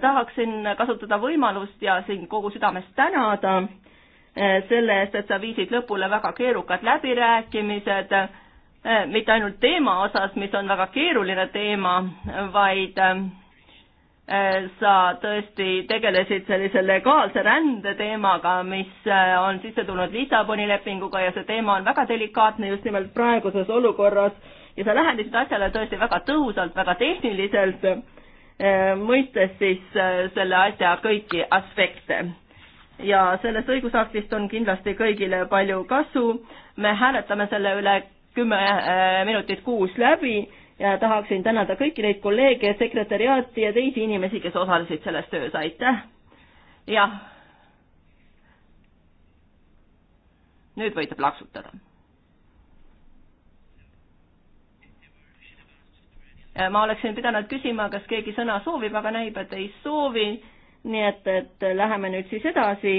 tahaksin kasutada võimalust ja sind kogu südamest tänada eh, selle eest, et sa viisid lõpule väga keerukad läbirääkimised, eh, mitte ainult teema osas, mis on väga keeruline teema, vaid eh, sa tõesti tegelesid sellise legaalse rände teemaga, mis on sisse tulnud Lissaboni lepinguga ja see teema on väga delikaatne just nimelt praeguses olukorras ja sa lähenesid asjale tõesti väga tõhusalt, väga tehniliselt Äh, mõistes siis äh, selle asja kõiki aspekte. ja sellest õigusaktist on kindlasti kõigile palju kasu. me hääletame selle üle kümme äh, minutit kuus läbi ja tahaksin tänada kõiki neid kolleege, sekretäriaati ja teisi inimesi, kes osalesid selles töös, aitäh! jah. nüüd võite plaksutada Äh, ma oleksin pidanud küsima, kas keegi sõna soovib, aga näib, et ei soovi. nii et, et läheme nüüd siis edasi.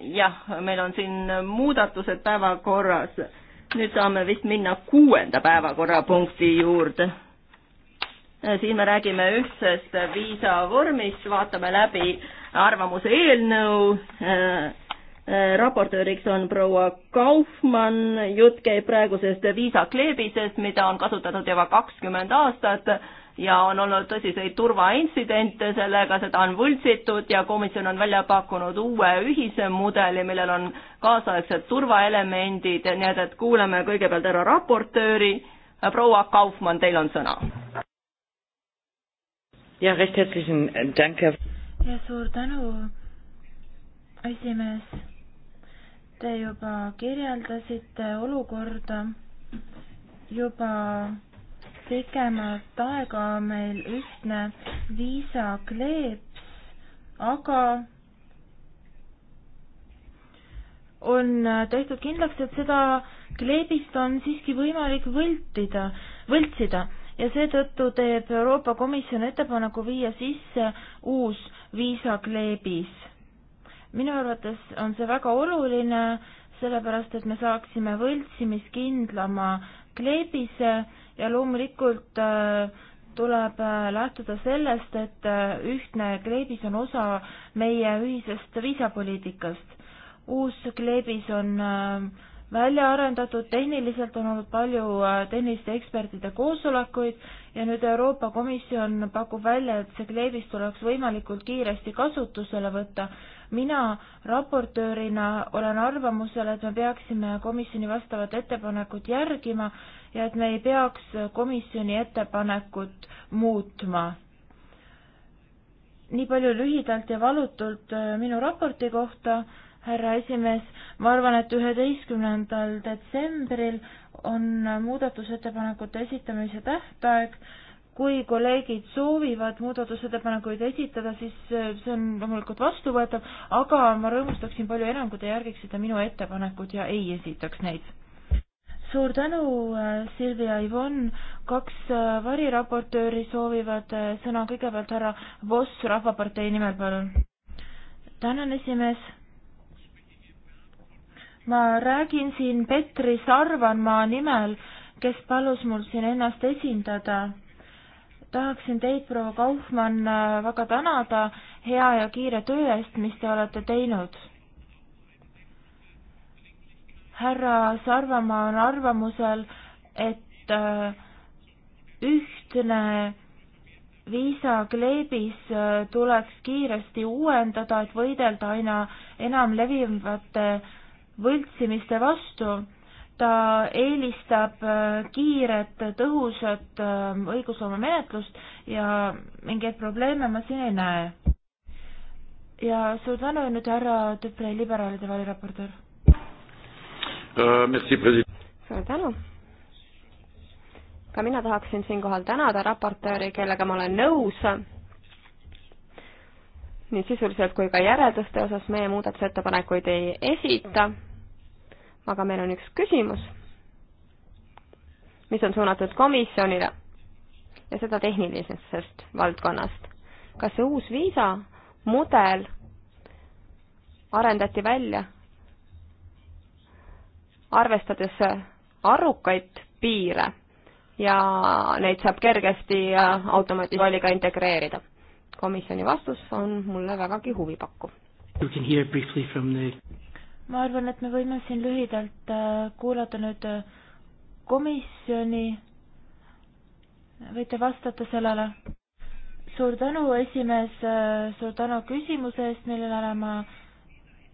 jah, meil on siin muudatused päevakorras. nüüd saame vist minna kuuenda päevakorrapunkti juurde. Äh, siin me räägime ühtsest viisavormist, vaatame läbi arvamuse eelnõu äh, Äh, raportööriks on proua Kaufmann, jutt käib praegusest viisakleebisest, mida on kasutatud juba kakskümmend aastat ja on olnud tõsiseid turvaintsidente sellega, seda on võltsitud ja komisjon on välja pakkunud uue ühise mudeli, millel on kaasaegsed turvaelemendid, nii et, et kuulame kõigepealt ära raportööri, proua Kaufmann, teil on sõna. ja, ja suur tänu, esimees Te juba kirjeldasite olukorda juba pikemat aega on meil ühtne viisakleeps, aga on tehtud kindlaks, et seda kleebist on siiski võimalik võltida, võltsida ja seetõttu teeb Euroopa Komisjon ettepaneku viia sisse uus viisakleebis minu arvates on see väga oluline, sellepärast et me saaksime võltsimiskindlama kleebise ja loomulikult äh, tuleb äh, lähtuda sellest, et äh, ühtne kleebis on osa meie ühisest viisapoliitikast. uus kleebis on välja arendatud, tehniliselt on olnud palju tehniliste ekspertide koosolekuid ja nüüd Euroopa Komisjon pakub välja, et see kleebis tuleks võimalikult kiiresti kasutusele võtta. mina raportöörina olen arvamusel, et me peaksime komisjoni vastavat ettepanekut järgima ja et me ei peaks komisjoni ettepanekut muutma. nii palju lühidalt ja valutult äh, minu raporti kohta härra esimees, ma arvan, et üheteistkümnendal detsembril on muudatusettepanekute esitamise tähtaeg. kui kolleegid soovivad muudatusettepanekuid esitada, siis see on loomulikult vastuvõetav, aga ma rõõmustaksin palju enam, kui te järgiksite minu ettepanekut ja ei esitaks neid. suur tänu, äh, Silvia Ivon, kaks äh, variraportööri soovivad äh, sõna, kõigepealt härra Voss Rahvapartei nimel, palun. tänan, esimees ma räägin siin Petri Sarvanmaa nimel, kes palus mul siin ennast esindada. tahaksin teid, proua Kaufmann, väga tänada hea ja kiire töö eest, mis te olete teinud. härra Sarvamaa on arvamusel, et äh, ühtne viisa kleebis äh, tuleks kiiresti uuendada, et võidelda aina enam levivate võltsimiste vastu. ta eelistab äh, kiiret, tõhusat äh, õigusloomemenetlust ja mingeid probleeme ma siin ei näe. ja suur tänu nüüd härra Tüpre, liberaalide valiraportöör uh,. suur tänu ka mina tahaksin siinkohal tänada raportööri, kellega ma olen nõus, nii sisuliselt kui ka järelduste osas meie muudatusettepanekuid ei esita, aga meil on üks küsimus, mis on suunatud komisjonile ja seda tehnilisest valdkonnast. kas see uus viisamudel arendati välja arvestades arukaid piire ja neid saab kergesti automatisooliga integreerida? komisjoni vastus on mulle vägagi huvipakkuv. The ma arvan, et me võime siin lühidalt äh, kuulata nüüd äh, komisjoni. võite vastata sellele? suur tänu, esimees, äh, suur tänu küsimuse eest, millele ma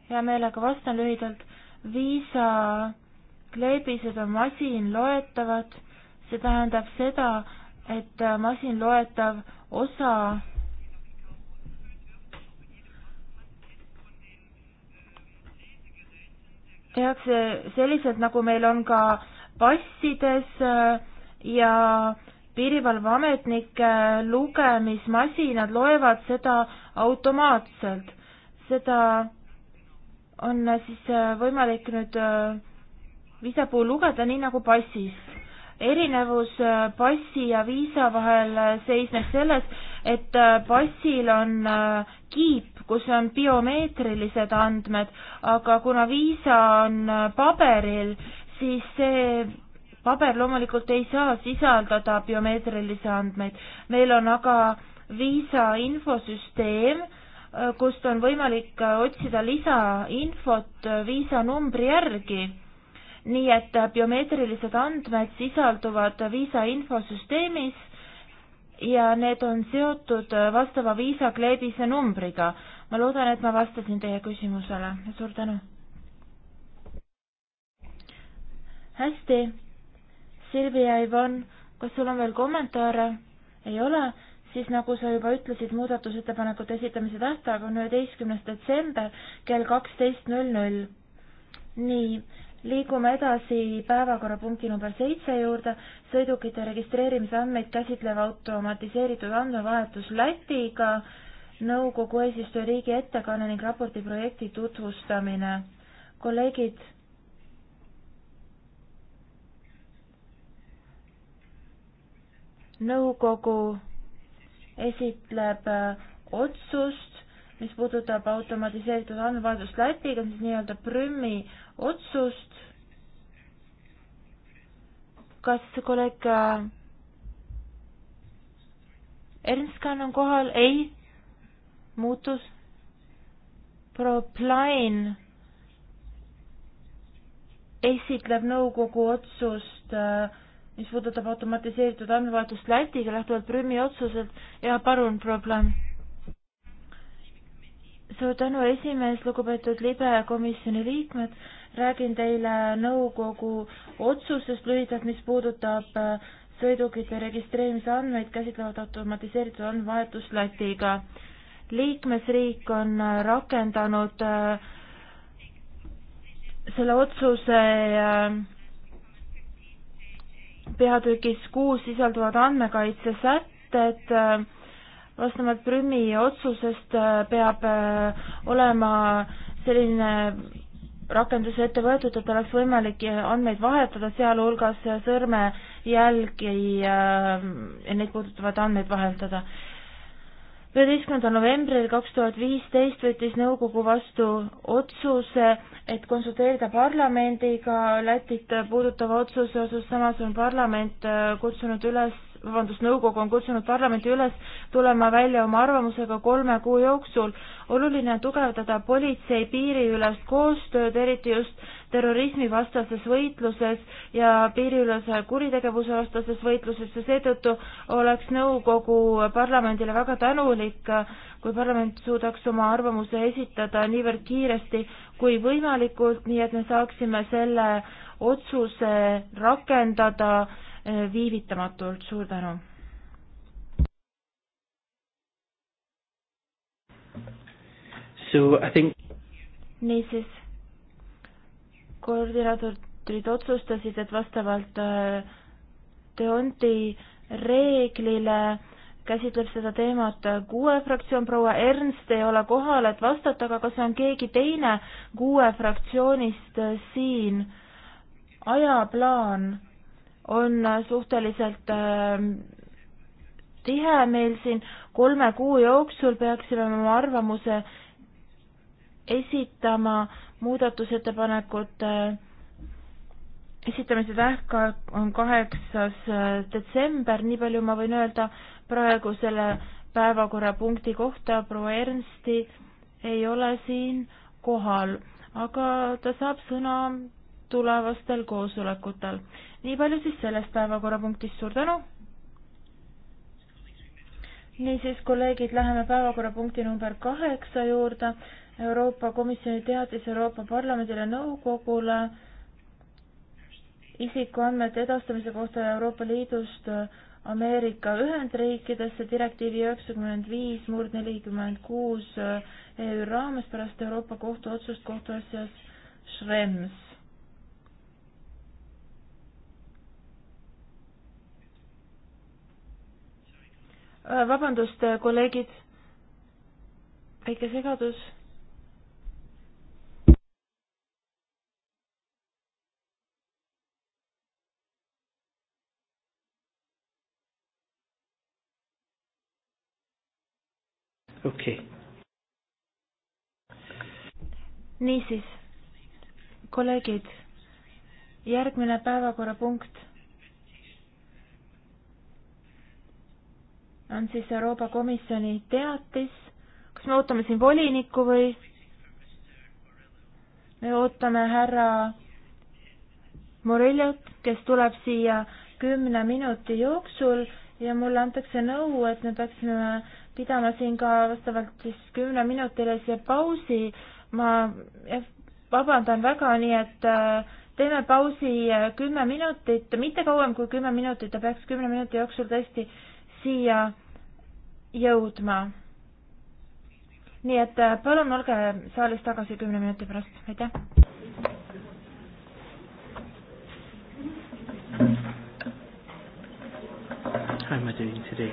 hea meelega vastan lühidalt. viisa kleebised on masinloetavad, see tähendab seda, et masinloetav osa tehakse selliselt, nagu meil on ka passides äh, ja piirivalveametnike lugemismasinad loevad seda automaatselt. seda on äh, siis äh, võimalik nüüd viisa puhul lugeda nii nagu passis. erinevus passi ja viisa vahel seisneb selles, et passil on kiip, kus on biomeetrilised andmed, aga kuna viisa on äh, paberil, siis see paber loomulikult ei saa sisaldada biomeetrilisi andmeid. meil on aga viisa infosüsteem, äh, kust on võimalik äh, otsida lisainfot viisanumbri järgi. nii et biomeetrilised andmed sisalduvad viisa infosüsteemis ja need on seotud vastava viisa kleebise numbriga ma loodan, et ma vastasin teie küsimusele, suur tänu. hästi, Silvia, Ivan, kas sul on veel kommentaare? ei ole, siis nagu sa juba ütlesid, muudatusettepanekute esitamise tähtaeg on üheteistkümnes detsember kell kaksteist null null. nii, liigume edasi päevakorrapunkti number seitse juurde, sõidukite registreerimise andmeid käsitlev automatiseeritud andmevahetus Lätiga nõukogu eesistujariigi ettekanne ning raporti projekti tutvustamine. kolleegid, nõukogu esitleb äh, otsust, mis puudutab automatiseeritud andmevahetust Lätiga, siis nii-öelda Prümi otsust. kas kolleeg äh, Ernst Kann on kohal? ei muutus. proua Plain esitleb nõukogu otsust, äh, mis puudutab automatiseeritud andmevahetust Lätiga lähtuvalt Prümi otsuselt ja palun, proua Plain. suur tänu, esimees, lugupeetud libe komisjoni liikmed räägin teile nõukogu otsusest lühidalt, mis puudutab äh, sõidukite registreerimise andmeid käsitlevat automatiseeritud andmevahetust Lätiga liikmesriik on äh, rakendanud äh, selle otsuse äh, peatükis kuus sisalduvad andmekaitsesätted, vastavalt Prümi otsusest peab olema selline rakendus ette võetud, et oleks võimalik andmeid vahetada, sealhulgas sõrmejälgi ja neid puudutavaid andmeid vahetada üheteistkümnendal novembril kaks tuhat viisteist võttis nõukogu vastu otsuse, et konsulteerida parlamendiga Lätit puudutava otsuse osas, samas on parlament äh, kutsunud üles, vabandust, nõukogu on kutsunud parlamenti üles tulema välja oma arvamusega kolme kuu jooksul. oluline on tugevdada politsei piiriülest koostööd, eriti just terrorismivastases võitluses ja piiriülese kuritegevuse vastases võitluses ja seetõttu oleks nõukogu parlamendile väga tänulik, kui parlament suudaks oma arvamuse esitada niivõrd kiiresti kui võimalikult, nii et me saaksime selle otsuse rakendada eh, viivitamatult, suur tänu. So I think niisiis koordinaatorid otsustasid, et vastavalt äh, Deonti reeglile käsitleb seda teemat kuue fraktsioon, proua Ernst ei ole kohal, et vastata, aga kas on keegi teine kuue fraktsioonist siin? ajaplaan on suhteliselt ähm, tihe meil siin, kolme kuu jooksul peaksime oma arvamuse esitama muudatusettepanekute esitamise tähtaeg on kaheksas detsember, nii palju ma võin öelda praegu selle päevakorrapunkti kohta, proua Ernsti ei ole siin kohal, aga ta saab sõna tulevastel koosolekutel. nii palju siis sellest päevakorrapunktist, suur tänu! niisiis, kolleegid, läheme päevakorrapunkti number kaheksa juurde Euroopa Komisjoni teadis Euroopa Parlamendile nõukogule isikuandmete edastamise kohta Euroopa Liidust Ameerika Ühendriikidesse direktiivi üheksakümmend viis murd nelikümmend kuus EÜ raames pärast Euroopa Kohtu otsust kohtuasjas Schrems. Äh, vabandust, kolleegid, väike segadus okei okay.. niisiis, kolleegid, järgmine päevakorrapunkt on siis Euroopa Komisjoni teatis. kas me ootame siin volinikku või? me ootame härra Morellot, kes tuleb siia kümne minuti jooksul ja mulle antakse nõu, et me peaksime pidama siin ka vastavalt siis kümneminutilise pausi. ma vabandan väga, nii et äh, teeme pausi äh, kümme minutit, mitte kauem kui kümme minutit, ta peaks kümne minuti jooksul tõesti siia jõudma. nii et äh, palun olge saalis tagasi kümne minuti pärast, aitäh. How am I doing today?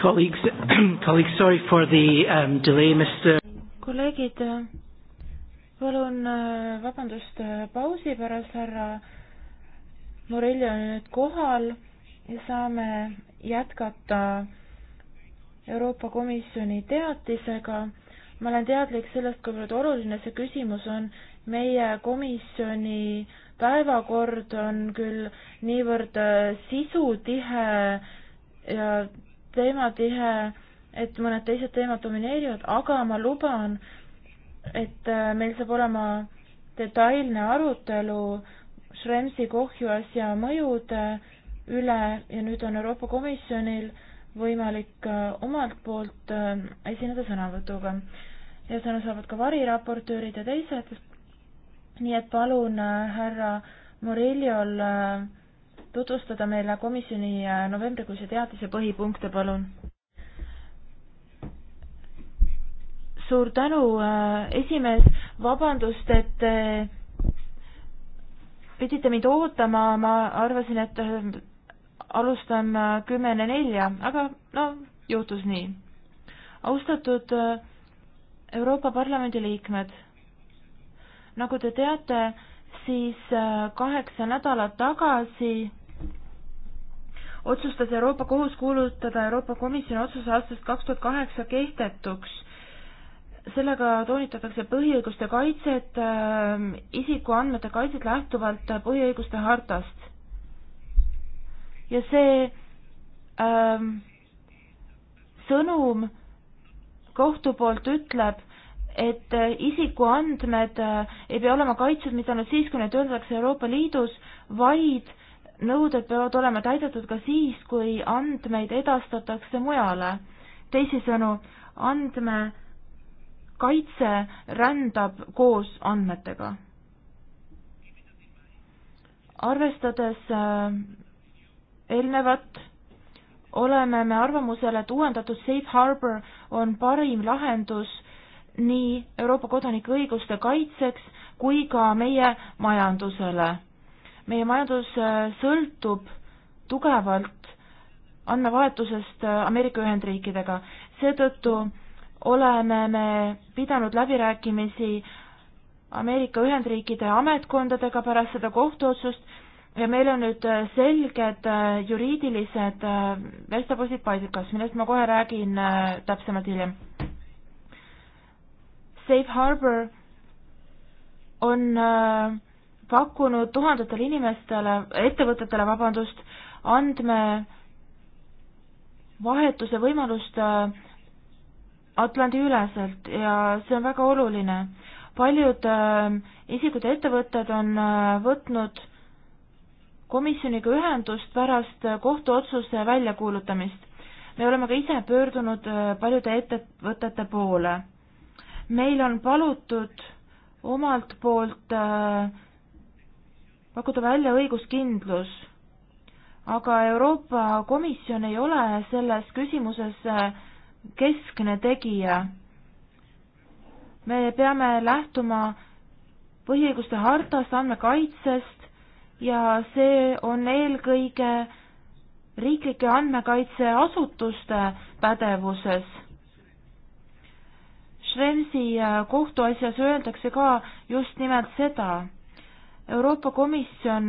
Colleagues, colleagues, sorry for the um, delay, Mr. kolleegid, äh, palun äh, vabandust äh, pausi pärast, härra Morelli on nüüd kohal ja saame jätkata Euroopa Komisjoni teatisega. ma olen teadlik sellest, kuivõrd oluline see küsimus on. meie komisjoni päevakord on küll niivõrd sisutihe ja teematihe, et mõned teised teemad domineerivad, aga ma luban, et äh, meil saab olema detailne arutelu Schremsi kohjuasja mõjude üle ja nüüd on Euroopa Komisjonil võimalik äh, omalt poolt äh, esineda sõnavõtuga. ja sõna saavad ka variraportöörid ja teised. nii et palun härra Morillol tutvustada meile komisjoni äh, novembrikuise teadise põhipunkte, palun? suur tänu, äh, esimees, vabandust, et äh, pidite mind ootama, ma arvasin, et alustan kümnene nelja, aga no juhtus nii. austatud Euroopa Parlamendi liikmed, nagu te teate, siis kaheksa nädalat tagasi otsustas Euroopa Kohus kuulutada Euroopa Komisjoni otsuse aastast kaks tuhat kaheksa kehtetuks. sellega toonitatakse põhiõiguste kaitset äh,, isikuandmete kaitset lähtuvalt põhiõiguste hartast. ja see äh, sõnum kohtu poolt ütleb, et äh, isikuandmed äh, ei pea olema kaitstud mitte ainult siis, kui need öeldakse Euroopa Liidus, vaid äh, nõuded peavad olema täidetud ka siis, kui andmeid edastatakse mujale. teisisõnu, andmekaitse rändab koos andmetega. arvestades äh, eelnevat, oleme me arvamusel, et uuendatud Safe Harbor on parim lahendus nii Euroopa kodanike õiguste kaitseks kui ka meie majandusele meie majandus äh, sõltub tugevalt andmevahetusest äh, Ameerika Ühendriikidega, seetõttu oleme me pidanud läbirääkimisi Ameerika Ühendriikide ametkondadega pärast seda kohtuotsust ja meil on nüüd äh, selged juriidilised verstaposid paigas, millest ma kohe räägin täpsemalt hiljem. Safe Harbor on pakkunud tuhandetele inimestele, ettevõtetele, vabandust, andmevahetuse võimalust äh, Atlandi-üleselt ja see on väga oluline. paljud äh, isikud ja ettevõtted on äh, võtnud komisjoniga ühendust pärast äh, kohtuotsuse väljakuulutamist. me oleme ka ise pöördunud äh, paljude ettevõtete poole. meil on palutud omalt poolt äh, pakkuda välja õiguskindlus, aga Euroopa Komisjon ei ole selles küsimuses äh, keskne tegija. me peame lähtuma põhiõiguste hartast, andmekaitsest ja see on eelkõige riiklike andmekaitseasutuste pädevuses. Šremsi äh, kohtuasjas öeldakse ka just nimelt seda Euroopa Komisjon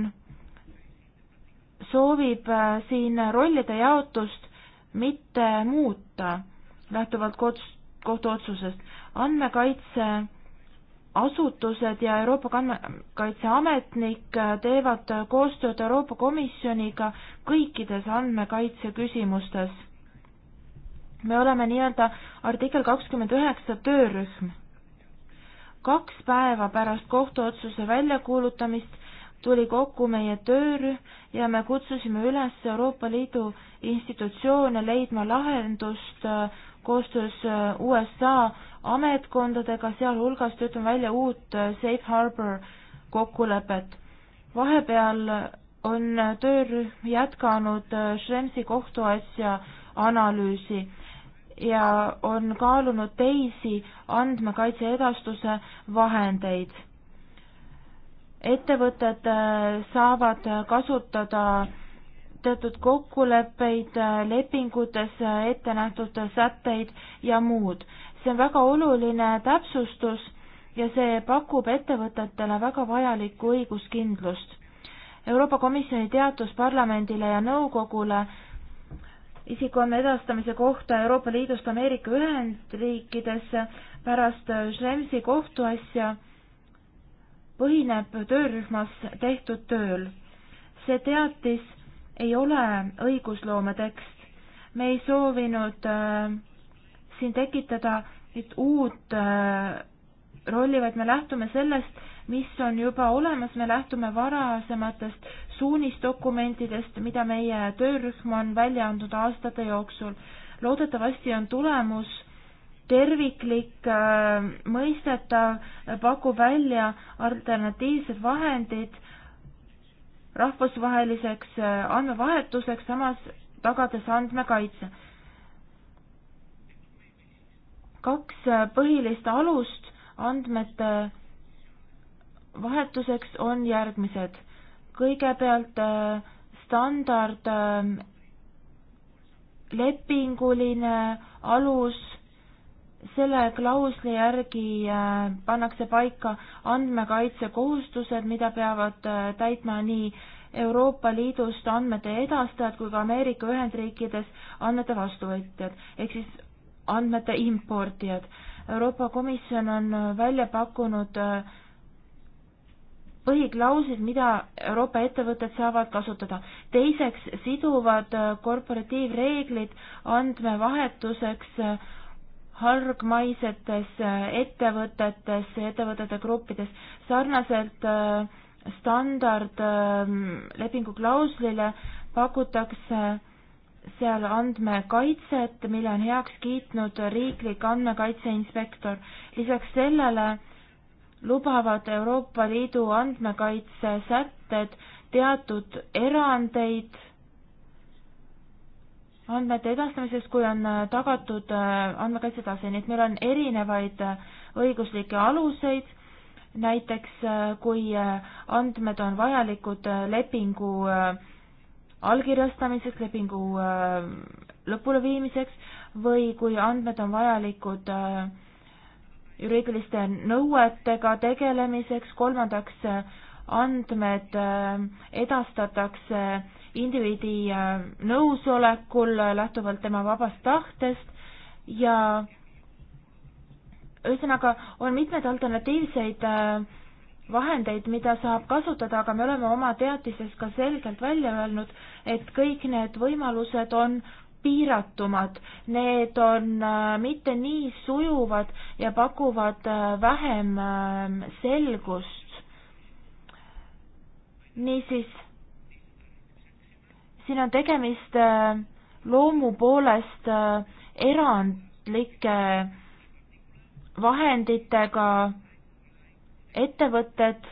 soovib äh, siin rollide jaotust mitte muuta lähtuvalt kohtuotsusest. andmekaitseasutused ja Euroopa Andmekaitseametnik äh, teevad äh, koostööd Euroopa Komisjoniga kõikides andmekaitse küsimustes. me oleme nii-öelda artikkel kakskümmend üheksa töörühm kaks päeva pärast kohtuotsuse väljakuulutamist tuli kokku meie töörühm ja me kutsusime üles Euroopa Liidu institutsioone leidma lahendust äh, koostöös äh, USA ametkondadega, sealhulgas töötame välja uut äh, Safe Harbor kokkulepet. vahepeal on töörühm jätkanud Schrems'i kohtuasja analüüsi ja on kaalunud teisi andmekaitse edastuse vahendeid. ettevõtted äh, saavad kasutada teatud kokkuleppeid, äh, lepingutes äh, ette nähtud sätteid ja muud. see on väga oluline täpsustus ja see pakub ettevõtetele väga vajalikku õiguskindlust. Euroopa Komisjoni teatus parlamendile ja nõukogule isikuandme edastamise kohta Euroopa Liidust Ameerika Ühendriikidesse pärast Schlemsi kohtuasja põhineb töörühmas tehtud tööl. see teatis ei ole õigusloome tekst. me ei soovinud äh, siin tekitada nüüd uut äh, rolli, vaid me lähtume sellest, mis on juba olemas, me lähtume varasematest suunisdokumentidest, mida meie töörühm on välja andnud aastate jooksul. loodetavasti on tulemus terviklik, äh, mõistetav, pakub välja alternatiivsed vahendid rahvusvaheliseks äh, andmevahetuseks, samas tagades andmekaitse kaks äh, põhilist alust andmete vahetuseks on järgmised. kõigepealt äh, standard äh, lepinguline alus, selle klausli järgi äh, pannakse paika andmekaitsekohustused, mida peavad täitma nii Euroopa Liidust andmete edastajad kui ka Ameerika Ühendriikides andmete vastuvõtjad ehk siis andmete importijad. Euroopa Komisjon on välja pakkunud äh, põhiklauslid, mida Euroopa ettevõtted saavad kasutada. teiseks, siduvad äh, korporatiivreeglid andmevahetuseks äh, hargmaisetes äh, ettevõtetes, ettevõtete gruppides, sarnaselt standardlepingu ähm, klauslile pakutakse seal andmekaitset, mille on heaks kiitnud riiklik andmekaitseinspektor. lisaks sellele lubavad Euroopa Liidu andmekaitse sätted teatud erandeid andmete edastamisest, kui on äh, tagatud äh, andmekaitse tase, nii et meil on erinevaid äh, õiguslikke aluseid, näiteks kui andmed on vajalikud lepingu allkirjastamiseks, lepingu lõpuleviimiseks või kui andmed on vajalikud äh, juriidiliste nõuetega tegelemiseks, kolmandaks andmed äh, edastatakse indiviidi äh, nõusolekul lähtuvalt tema vabast tahtest ja ühesõnaga on mitmeid alternatiivseid äh, vahendeid, mida saab kasutada, aga me oleme oma teatises ka selgelt välja öelnud, et kõik need võimalused on piiratumad, need on äh, mitte nii sujuvad ja pakuvad äh, vähem ähm, selgust. niisiis, siin on tegemist äh, loomu poolest erandlike vahenditega ettevõtted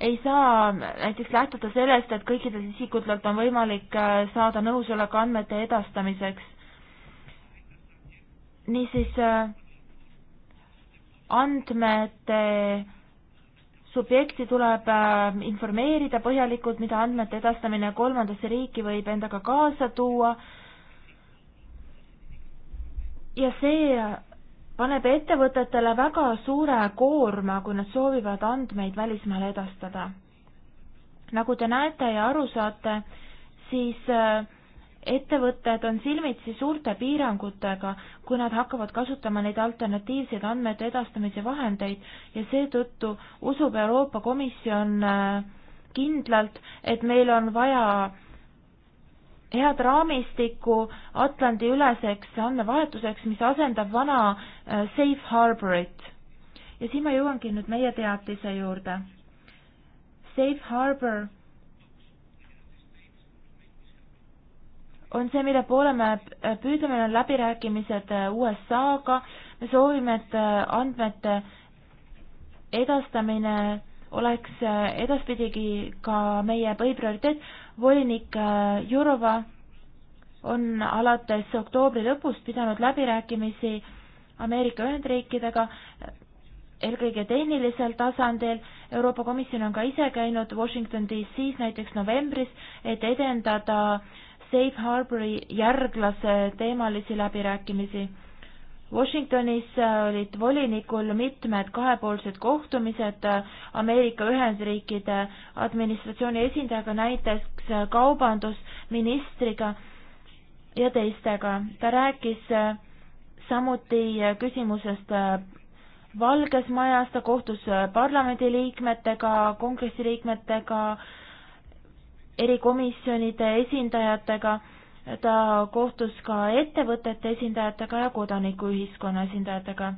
ei saa näiteks lähtuda sellest, et kõikidelt isikutelt on võimalik äh, saada nõusolek andmete edastamiseks. niisiis äh, andmete subjekti tuleb äh, informeerida põhjalikult, mida andmete edastamine kolmandasse riiki võib endaga kaasa tuua. ja see paneb ettevõtetele väga suure koorma, kui nad soovivad andmeid välismaale edastada. nagu te näete ja aru saate, siis äh, ettevõtted on silmitsi suurte piirangutega, kui nad hakkavad kasutama neid alternatiivseid andmete edastamise vahendeid ja seetõttu usub Euroopa Komisjon äh, kindlalt, et meil on vaja head raamistikku Atlandi-üleseks andmevahetuseks, mis asendab vana äh, safe harborit. ja siin ma jõuangi nüüd meie teatise juurde. Safe harbor on see, mille poole me püüdleme, on läbirääkimised äh, USA-ga, me soovime, et äh, andmete edastamine oleks edaspidigi ka meie põhiprioriteet, volinik äh, Jurova on alates oktoobri lõpust pidanud läbirääkimisi Ameerika Ühendriikidega, eelkõige tehnilisel tasandil. Euroopa Komisjon on ka ise käinud Washington DC-s näiteks novembris, et edendada Safe Harbori järglase teemalisi läbirääkimisi Washingtonis äh, olid volinikul mitmed kahepoolsed kohtumised äh, Ameerika Ühendriikide administratsiooni esindajaga, näiteks äh, kaubandusministriga ja teistega. ta rääkis samuti küsimusest Valges Majas, ta kohtus parlamendiliikmetega, kongressi liikmetega, erikomisjonide esindajatega ta kohtus ka ettevõtete esindajatega ja kodanikuühiskonna esindajatega.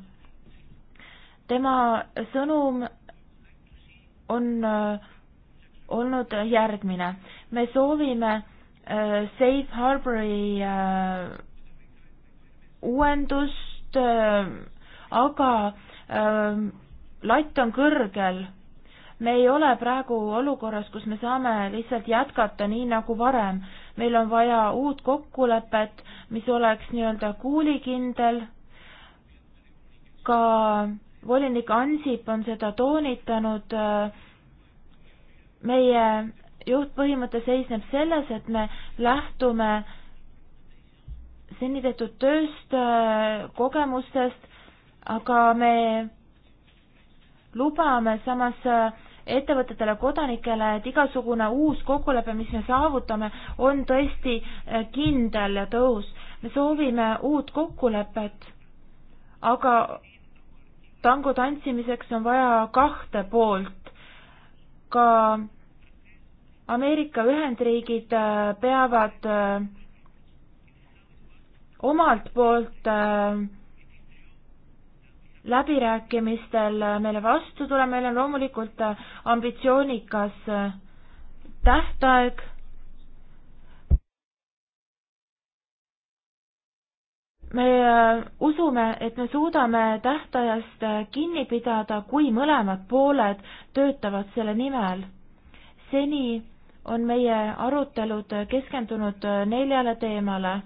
tema sõnum on äh, olnud järgmine. me soovime äh, Safe Harbori äh, uuendust, aga latt on kõrgel. me ei ole praegu olukorras, kus me saame lihtsalt jätkata nii nagu varem meil on vaja uut kokkulepet, mis oleks nii-öelda kuulikindel. ka volinik Ansip on seda toonitanud. meie juhtpõhimõte seisneb selles, et me lähtume seni tehtud tööst, kogemustest, aga me lubame samas ettevõtetele, kodanikele, et igasugune uus kokkulepe, mis me saavutame, on tõesti eh, kindel ja tõhus. me soovime uut kokkulepet, aga tango tantsimiseks on vaja kahte poolt. ka Ameerika Ühendriigid eh, peavad eh, omalt poolt äh, läbirääkimistel meile vastu tulema, meil on loomulikult ambitsioonikas tähtaeg. me usume, et me suudame tähtajast kinni pidada, kui mõlemad pooled töötavad selle nimel. seni on meie arutelud keskendunud neljale teemale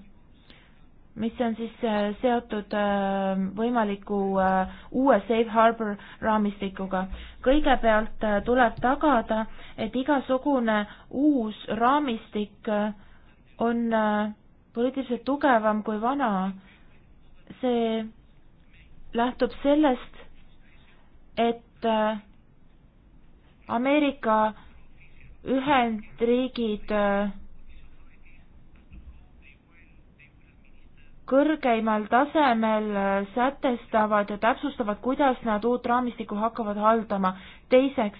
mis on siis äh, seotud äh, võimaliku äh, uue safe harbor raamistikuga. kõigepealt tuleb tagada, et igasugune uus raamistik on poliitiliselt tugevam kui vana. see lähtub sellest, et Ameerika Ühendriigid äh, kõrgeimal tasemel äh, sätestavad ja täpsustavad, kuidas nad uut raamistikku hakkavad haldama. teiseks,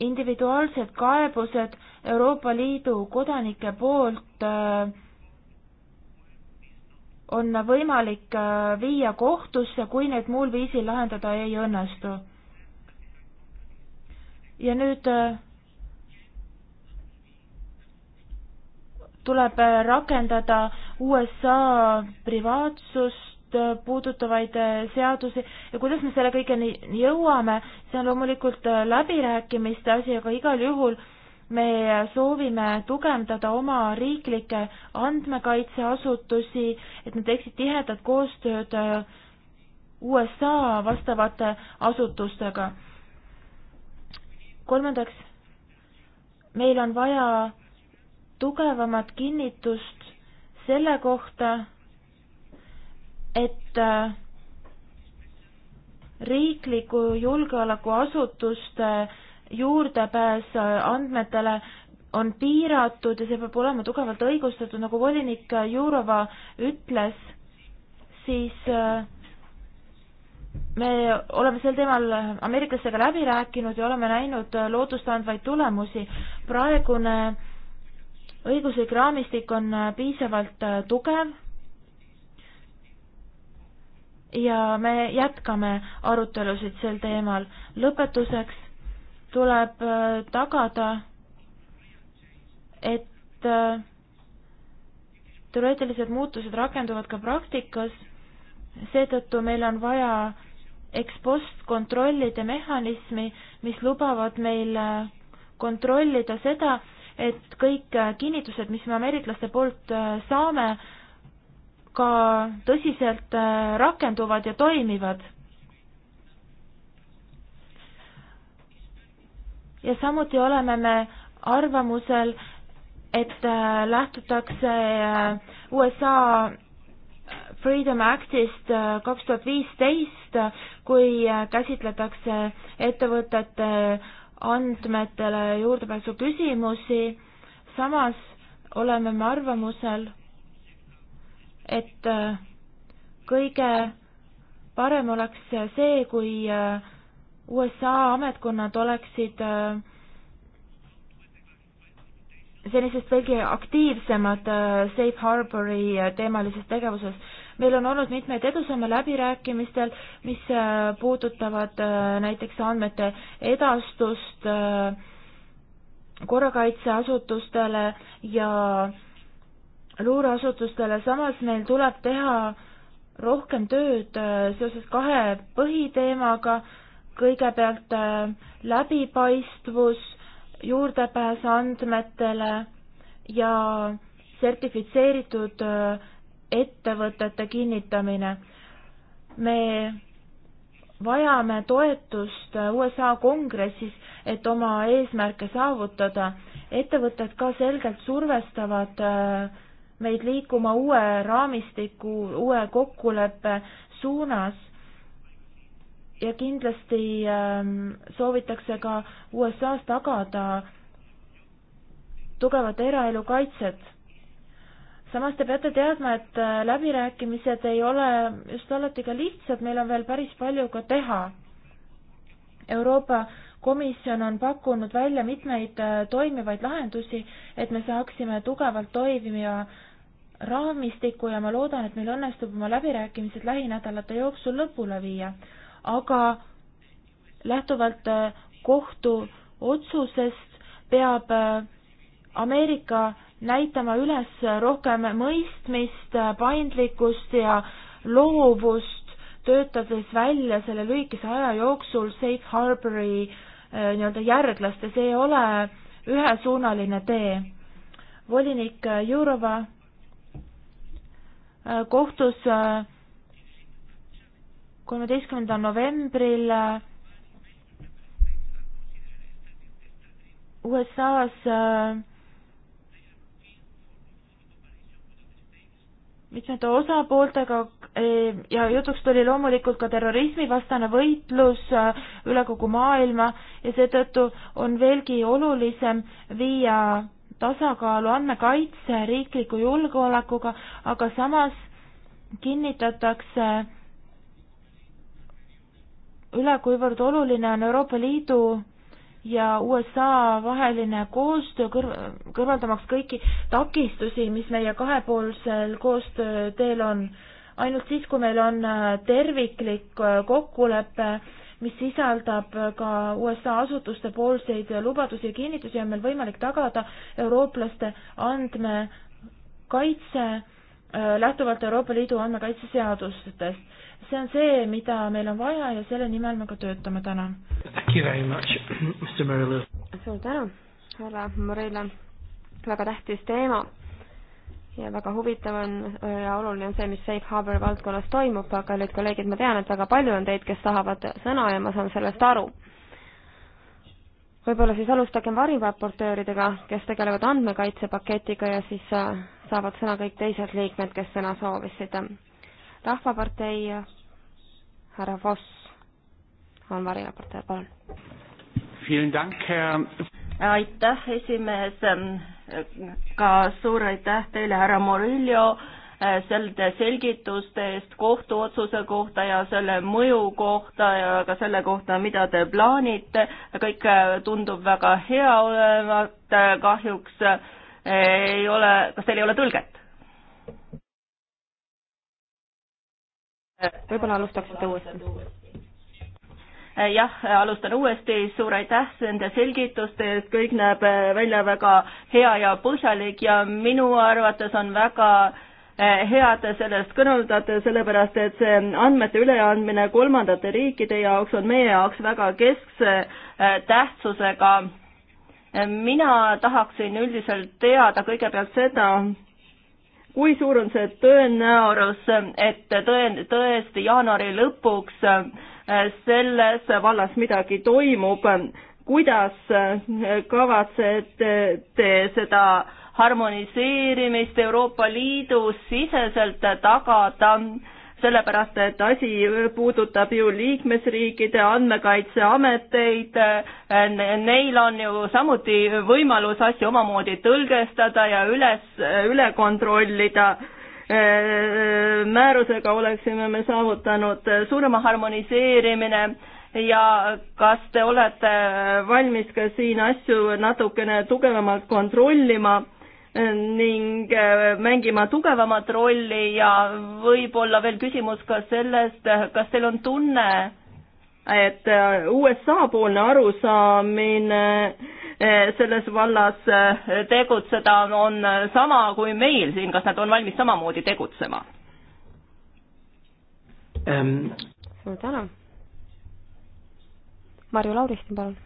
individuaalsed kaebused Euroopa Liidu kodanike poolt äh, on võimalik äh, viia kohtusse, kui need muul viisil lahendada ei õnnestu. ja nüüd tuleb rakendada USA privaatsust puudutavaid äh, seadusi ja kuidas me selle kõigeni jõuame, see on loomulikult äh, läbirääkimiste asi, aga igal juhul me soovime tugevdada oma riiklikke andmekaitseasutusi, et nad teeksid tihedat koostööd äh, USA vastavate asutustega. kolmandaks, meil on vaja tugevamat kinnitust selle kohta, et äh, riikliku julgeolekuasutuste juurdepääs äh, andmetele on piiratud ja see peab olema tugevalt õigustatud, nagu volinik Jurova ütles, siis äh, me oleme sel teemal ameeriklastega läbi rääkinud ja oleme näinud lootustandvaid tulemusi. praegune õiguslik raamistik on äh, piisavalt äh, tugev ja me jätkame arutelusid sel teemal. lõpetuseks tuleb äh, tagada, et teoreetilised muutused rakenduvad ka praktikas, seetõttu meil on vaja ekspost kontrollide mehhanismi, mis lubavad meil kontrollida seda, et kõik kinnitused, mis me ameeriklaste poolt äh, saame, ka tõsiselt äh, rakenduvad ja toimivad. ja samuti oleme me arvamusel, et äh, lähtutakse USA Freedom Actist kaks tuhat viisteist, kui käsitletakse ettevõtete andmetele juurdepääsu küsimusi, samas oleme me arvamusel, et äh, kõige parem oleks see, kui äh, USA ametkonnad oleksid äh, senisest veelgi aktiivsemad Safe Harbori teemalises tegevuses meil on olnud mitmeid edusamme läbirääkimistel, mis äh, puudutavad äh, näiteks andmete edastust äh, korrakaitseasutustele ja luureasutustele, samas meil tuleb teha rohkem tööd seoses kahe põhiteemaga, kõigepealt läbipaistvus, juurdepääs andmetele ja sertifitseeritud ettevõtete kinnitamine. me vajame toetust USA kongressis, et oma eesmärke saavutada. ettevõtted ka selgelt survestavad äh, meid liikuma uue raamistiku, uue kokkuleppe suunas. ja kindlasti ähm, soovitakse ka USA-s tagada tugevat eraelu kaitset samas te peate teadma, et äh, läbirääkimised ei ole just alati ka lihtsad, meil on veel päris palju ka teha. Euroopa Komisjon on pakkunud välja mitmeid äh, toimivaid lahendusi, et me saaksime tugevalt toimiva raamistiku ja ma loodan, et meil õnnestub oma läbirääkimised lähinädalate jooksul lõpule viia. aga lähtuvalt äh, kohtu otsusest peab Ameerika näitama üles rohkem mõistmist, paindlikkust ja loovust, töötades välja selle lühikese aja jooksul safe harbori eh, nii-öelda järglast ja see ei ole ühesuunaline tee. volinik Jurova eh, kohtus eh, kolmeteistkümnendal novembril USA-s mitmete osapooltega eh, ja jutuks tuli loomulikult ka terrorismivastane võitlus eh, üle kogu maailma ja seetõttu on veelgi olulisem viia tasakaalu andmekaitse riikliku julgeolekuga, aga samas kinnitatakse üle, kuivõrd oluline on Euroopa Liidu ja USA vaheline koostöö kõr-, kõrvaldamaks kõiki takistusi, mis meie kahepoolsel koostööteel on. ainult siis, kui meil on äh, terviklik äh, kokkulepe, mis sisaldab äh, ka USA asutuste poolseid lubadusi ja kinnitusi, on meil võimalik tagada eurooplaste andmekaitse lähtuvalt Euroopa Liidu andmekaitseseadustest see on see, mida meil on vaja ja selle nimel me ka töötame, tänan. suur tänu, härra Morello, väga tähtis teema ja väga huvitav on ja oluline on see, mis Safe Harbor valdkonnas toimub, aga nüüd kolleegid, ma tean, et väga palju on teid, kes tahavad sõna ja ma saan sellest aru. võib-olla siis alustagem variraportööridega, kes tegelevad andmekaitsepaketiga ja siis äh, saavad sõna kõik teised liikmed, kes sõna soovisid rahvapartei härra Voss on variraportöör, palun. aitäh, esimees. ka suur aitäh teile, härra Murillo, selle selgituste eest kohtuotsuse kohta ja selle mõju kohta ja ka selle kohta, mida te plaanite. kõik tundub väga hea olevat, kahjuks ei ole, kas teil ei ole tõlget? võib-olla alustaksite uuesti? Äh, jah, alustan uuesti, suur aitäh nende selgituste eest, kõik näeb äh, välja väga hea ja põhjalik ja minu arvates on väga äh, hea, et te sellest kõneldate, sellepärast et see andmete üleandmine kolmandate riikide jaoks on meie jaoks väga keskse tähtsusega. mina tahaksin üldiselt teada kõigepealt seda, kui suur on see tõenäosus, et tõen-, tõesti jaanuari lõpuks äh, selles vallas midagi toimub, kuidas äh, kavatsete te seda harmoniseerimist Euroopa Liidu siseselt tagada ta,, sellepärast et asi puudutab ju liikmesriikide andmekaitseameteid, neil on ju samuti võimalus asju omamoodi tõlgestada ja üles, üle kontrollida määrusega oleksime me saavutanud suurema harmoniseerimine ja kas te olete valmis ka siin asju natukene tugevamalt kontrollima ning äh, mängima tugevamat rolli ja võib-olla veel küsimus ka sellest, kas teil on tunne, et äh, USA-poolne arusaamine äh, selles vallas tegutseda on sama kui meil siin, kas nad on valmis samamoodi tegutsema ähm.? suur tänu. Marju Lauristin, palun,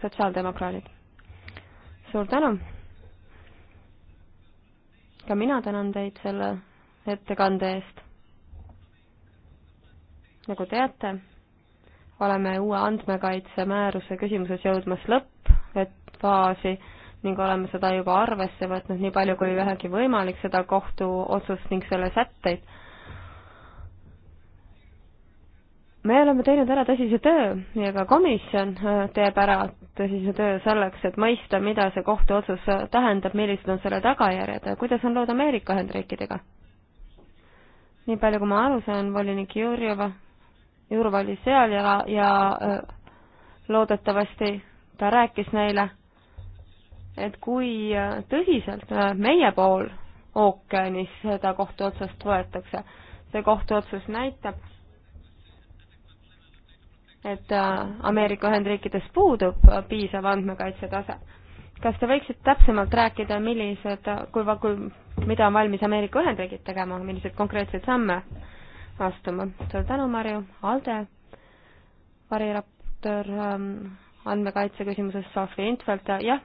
sotsiaaldemokraadid. suur tänu ka mina tänan teid selle ettekande eest. nagu teate, oleme uue andmekaitsemääruse küsimuses jõudmas lõppfaasi ning oleme seda juba arvesse võtnud nii palju kui vähegi võimalik, seda kohtuotsust ning selle sätteid me oleme teinud ära tõsise töö ja ka komisjon äh, teeb ära tõsise töö selleks, et mõista, mida see kohtuotsus äh, tähendab, millised on selle tagajärjed ja kuidas on lood Ameerika Ühendriikidega. nii palju, kui ma aru saan, volinik Jurjova, Jurva oli seal ja, ja äh, loodetavasti ta rääkis neile, et kui tõsiselt meie pool ookeanis seda kohtuotsust võetakse. see kohtuotsus näitab et äh, Ameerika Ühendriikides puudub äh, piisav andmekaitsetase. kas te võiksite täpsemalt rääkida, millised, äh, kui, kui, mida on valmis Ameerika Ühendriigid tegema, milliseid konkreetseid samme astuma? suur tänu, Marju, Alde, variraportöör ähm, andmekaitse küsimuses, Sofi Intvelt, jah,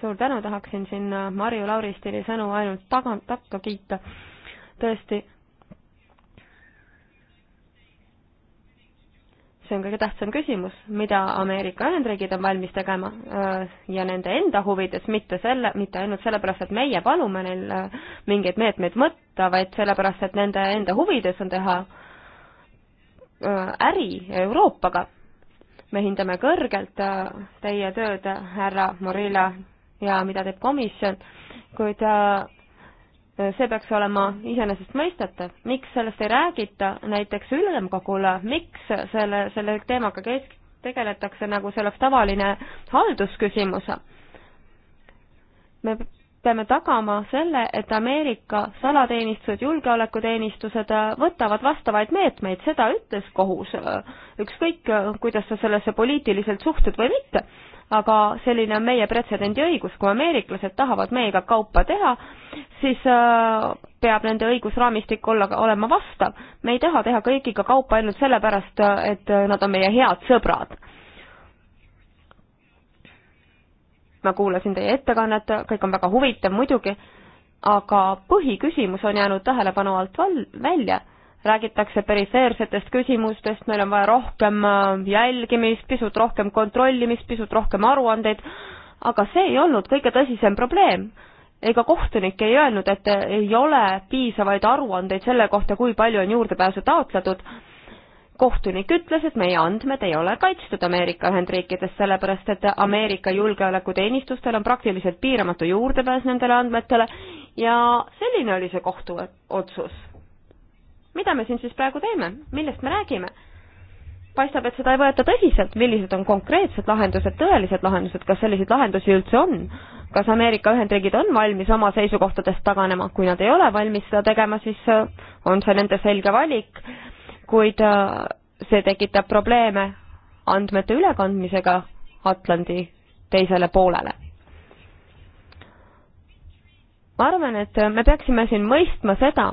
suur tänu, tahaksin siin Marju Lauristini sõnu ainult taga, takka kiita. tõesti see on kõige tähtsam küsimus, mida Ameerika Ühendriigid on valmis tegema äh, ja nende enda huvides, mitte selle, mitte ainult sellepärast, et meie palume neil äh, mingeid meetmeid võtta, vaid sellepärast, et nende enda huvides on teha äh, äri Euroopaga. me hindame kõrgelt teie tööd, härra Morilla, ja mida teeb komisjon, kuid ta see peaks olema iseenesestmõistetav, miks sellest ei räägita näiteks ülemkogule, miks selle, selle teemaga kesk-, tegeletakse nagu see oleks tavaline haldusküsimus? me peame tagama selle, et Ameerika salateenistused, julgeolekuteenistused võtavad vastavaid meetmeid, seda ütles kohus, ükskõik, kuidas sa sellesse poliitiliselt suhtud või mitte aga selline on meie pretsedendiõigus, kui ameeriklased tahavad meiega kaupa teha, siis äh, peab nende õigusraamistik olla, olema vastav. me ei taha teha kõigiga kaupa ainult sellepärast, et nad on meie head sõbrad. ma kuulasin teie ettekannet, kõik on väga huvitav muidugi, aga põhiküsimus on jäänud tähelepanu alt val-, välja räägitakse perifeersetest küsimustest, meil on vaja rohkem äh, jälgimist, pisut rohkem kontrollimist, pisut rohkem aruandeid, aga see ei olnud kõige tõsisem probleem. ega kohtunik ei öelnud, et ei ole piisavaid aruandeid selle kohta, kui palju on juurdepääsu taotletud, kohtunik ütles, et meie andmed ei ole kaitstud Ameerika Ühendriikides, sellepärast et Ameerika julgeolekuteenistustel on praktiliselt piiramatu juurdepääs nendele andmetele ja selline oli see kohtuotsus mida me siin siis praegu teeme, millest me räägime? paistab, et seda ei võeta tõsiselt, millised on konkreetsed lahendused, tõelised lahendused, kas selliseid lahendusi üldse on? kas Ameerika Ühendriigid on valmis oma seisukohtadest taganema, kui nad ei ole valmis seda tegema, siis äh, on see nende selge valik, kuid äh, see tekitab probleeme andmete ülekandmisega Atlandi teisele poolele. ma arvan, et äh, me peaksime siin mõistma seda,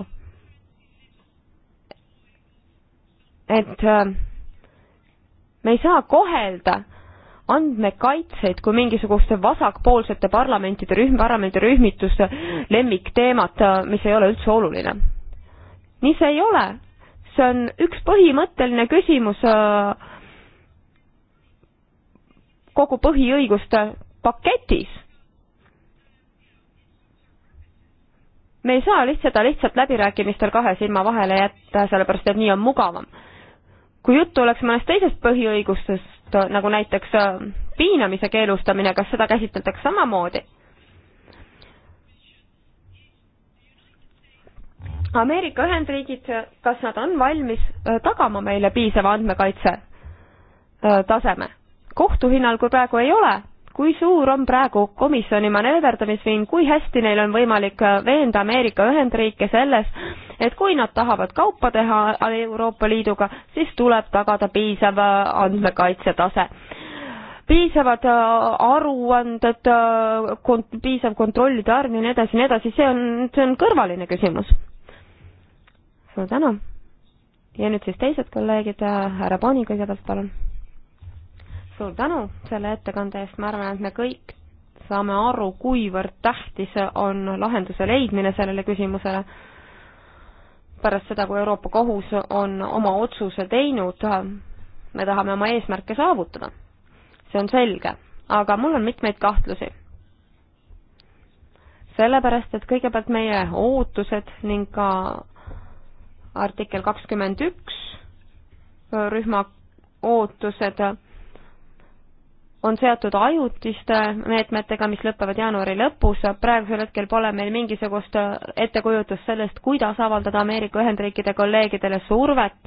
et äh, me ei saa kohelda andmekaitseid kui mingisuguste vasakpoolsete parlamentide rühm, parlamendirühmituste lemmikteemat, äh, mis ei ole üldse oluline. nii see ei ole. see on üks põhimõtteline küsimus äh, kogu põhiõiguste paketis. me ei saa lihtsalt seda lihtsalt läbirääkimistel kahe silma vahele jätta, sellepärast et nii on mugavam kui juttu oleks mõnest teisest põhiõigustest, nagu näiteks äh, piinamise keelustamine, kas seda käsitletakse samamoodi? Ameerika Ühendriigid, kas nad on valmis äh, tagama meile piisava andmekaitse äh, taseme? kohtu hinnangul praegu ei ole. kui suur on praegu komisjoni manööverdamisviin, kui hästi neil on võimalik veenda Ameerika Ühendriike selles, et kui nad tahavad kaupa teha Euroopa Liiduga, siis tuleb tagada piisav äh, andmekaitse tase piisavad äh, aruanded, äh, kont-, piisav kontrollide arv ja nii edasi, nii edasi, see on, see on kõrvaline küsimus. suur tänu. ja nüüd siis teised kolleegid, härra Pani kõigepealt, palun. suur tänu selle ettekande eest, ma arvan, et me kõik saame aru, kuivõrd tähtis on lahenduse leidmine sellele küsimusele pärast seda, kui Euroopa Kohus on oma otsuse teinud, me tahame oma eesmärke saavutada. see on selge, aga mul on mitmeid kahtlusi. sellepärast, et kõigepealt meie ootused ning ka artikkel kakskümmend üks rühma ootused on seotud ajutiste meetmetega, mis lõpevad jaanuari lõpus, praegusel hetkel pole meil mingisugust ettekujutust sellest, kuidas avaldada Ameerika Ühendriikide kolleegidele survet,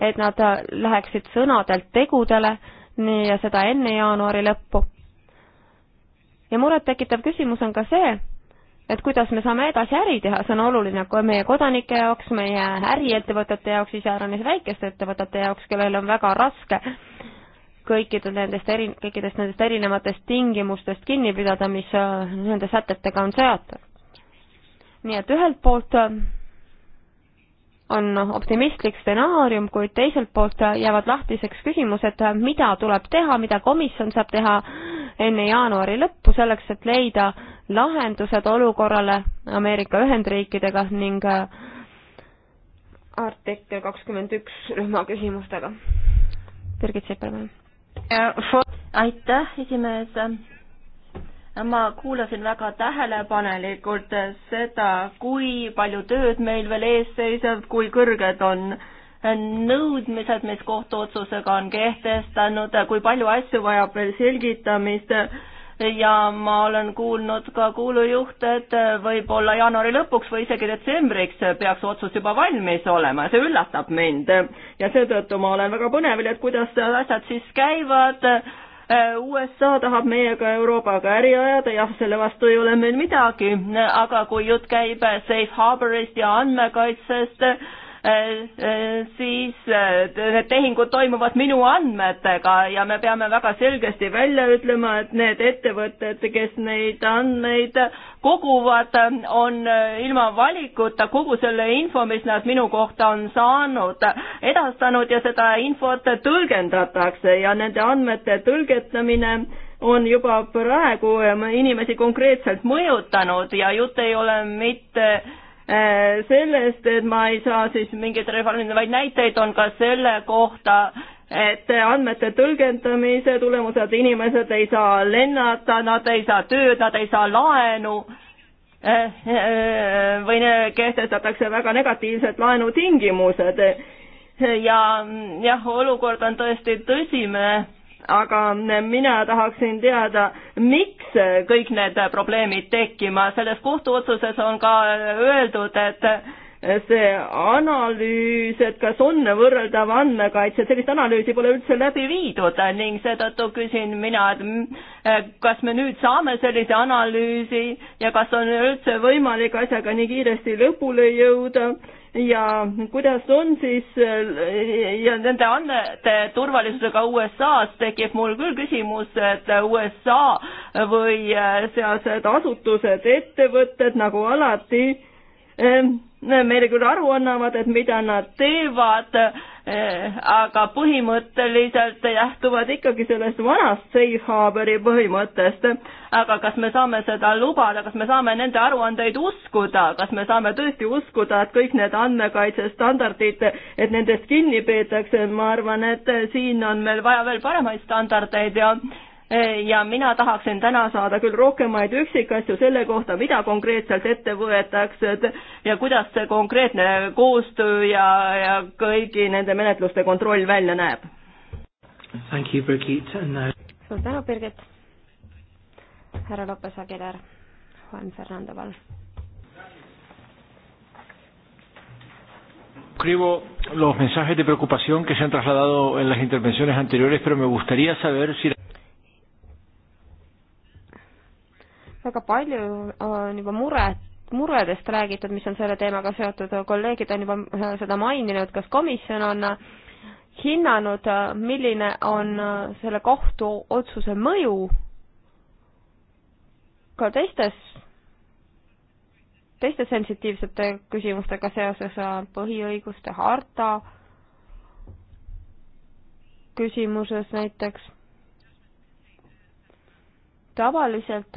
et nad läheksid sõnadelt tegudele, nii ja seda enne jaanuari lõppu. ja murettekitav küsimus on ka see, et kuidas me saame edasi äri teha, see on oluline meie kodanike jaoks, meie äriettevõtete jaoks, iseäranis väikeste ettevõtete jaoks, kellel on väga raske kõikidel nendest eri, kõikidest nendest erinevatest tingimustest kinni pidada, mis äh, nende sätetega on seatud. nii et ühelt poolt äh, on optimistlik stsenaarium, kuid teiselt poolt äh, jäävad lahtiseks küsimused, mida tuleb teha, mida komisjon saab teha enne jaanuari lõppu selleks, et leida lahendused olukorrale Ameerika Ühendriikidega ning artikkel kakskümmend üks rühma küsimustega. Birgit Sipelmann aitäh, esimees. ma kuulasin väga tähelepanelikult seda, kui palju tööd meil veel ees seisab, kui kõrged on nõudmised, mis kohtuotsusega on kehtestanud, kui palju asju vajab veel selgitamist ja ma olen kuulnud ka kuulujuhte, et võib-olla jaanuari lõpuks või isegi detsembriks peaks otsus juba valmis olema ja see üllatab mind. ja seetõttu ma olen väga põnevil, et kuidas asjad siis käivad. USA tahab meiega Euroopaga äri ajada, jah, selle vastu ei ole meil midagi, aga kui jutt käib safe harbor'ist ja andmekaitsest, Äh, äh, siis äh, need tehingud toimuvad minu andmetega ja me peame väga selgesti välja ütlema, et need ettevõtted, kes neid andmeid koguvad, on ilma valikuta kogu selle info, mis nad minu kohta on saanud, edastanud ja seda infot tõlgendatakse ja nende andmete tõlgetamine on juba praegu inimesi konkreetselt mõjutanud ja jutt ei ole mitte Äh, sellest, et ma ei saa siis mingeid reformivaid näiteid, on ka selle kohta, et andmete tõlgendamise tulemused inimesed ei saa lennata, nad ei saa tööd, nad ei saa laenu äh, äh, või kehtestatakse väga negatiivsed laenutingimused. ja jah, olukord on tõesti tõsine aga mina tahaksin teada, miks kõik need probleemid tekkima, selles kohtuotsuses on ka öeldud, et see analüüs, et kas on võrreldav andmekaitse, sellist analüüsi pole üldse läbi viidud ning seetõttu küsin mina, et kas me nüüd saame sellise analüüsi ja kas on üldse võimalik asjaga nii kiiresti lõpule jõuda ja kuidas on siis äh, ja nende andmete turvalisusega USA-s tekib mul küll küsimus, et USA või äh, sealsed asutused, ettevõtted nagu alati meile küll aru annavad, et mida nad teevad, eh, aga põhimõtteliselt lähtuvad ikkagi sellest vanast safe harbori põhimõttest. aga kas me saame seda lubada, kas me saame nende aruandeid uskuda, kas me saame tõesti uskuda, et kõik need andmekaitsestandardid, et nendest kinni peetakse, ma arvan, et siin on meil vaja veel paremaid standardeid ja ja mina tahaksin täna saada küll rohkemaid üksikasju selle kohta, mida konkreetselt ette võetakse ja kuidas see konkreetne koostöö ja, ja kõigi nende menetluste kontroll välja näeb. suur tänu, Birgit. härra Lopes Aguilar, Juan Fernando Val. suscribo los mensajes de preocupación que se han trasladado en las intervenciones anteriores, pero me gustaría saber si väga palju äh, on juba muret muredest räägitud, mis on selle teemaga seotud, kolleegid on juba äh, seda maininud, kas komisjon on äh, hinnanud, milline on selle kohtuotsuse mõju ka teistes, teiste sensitiivsete küsimustega seoses, põhiõiguste harta küsimuses näiteks. tavaliselt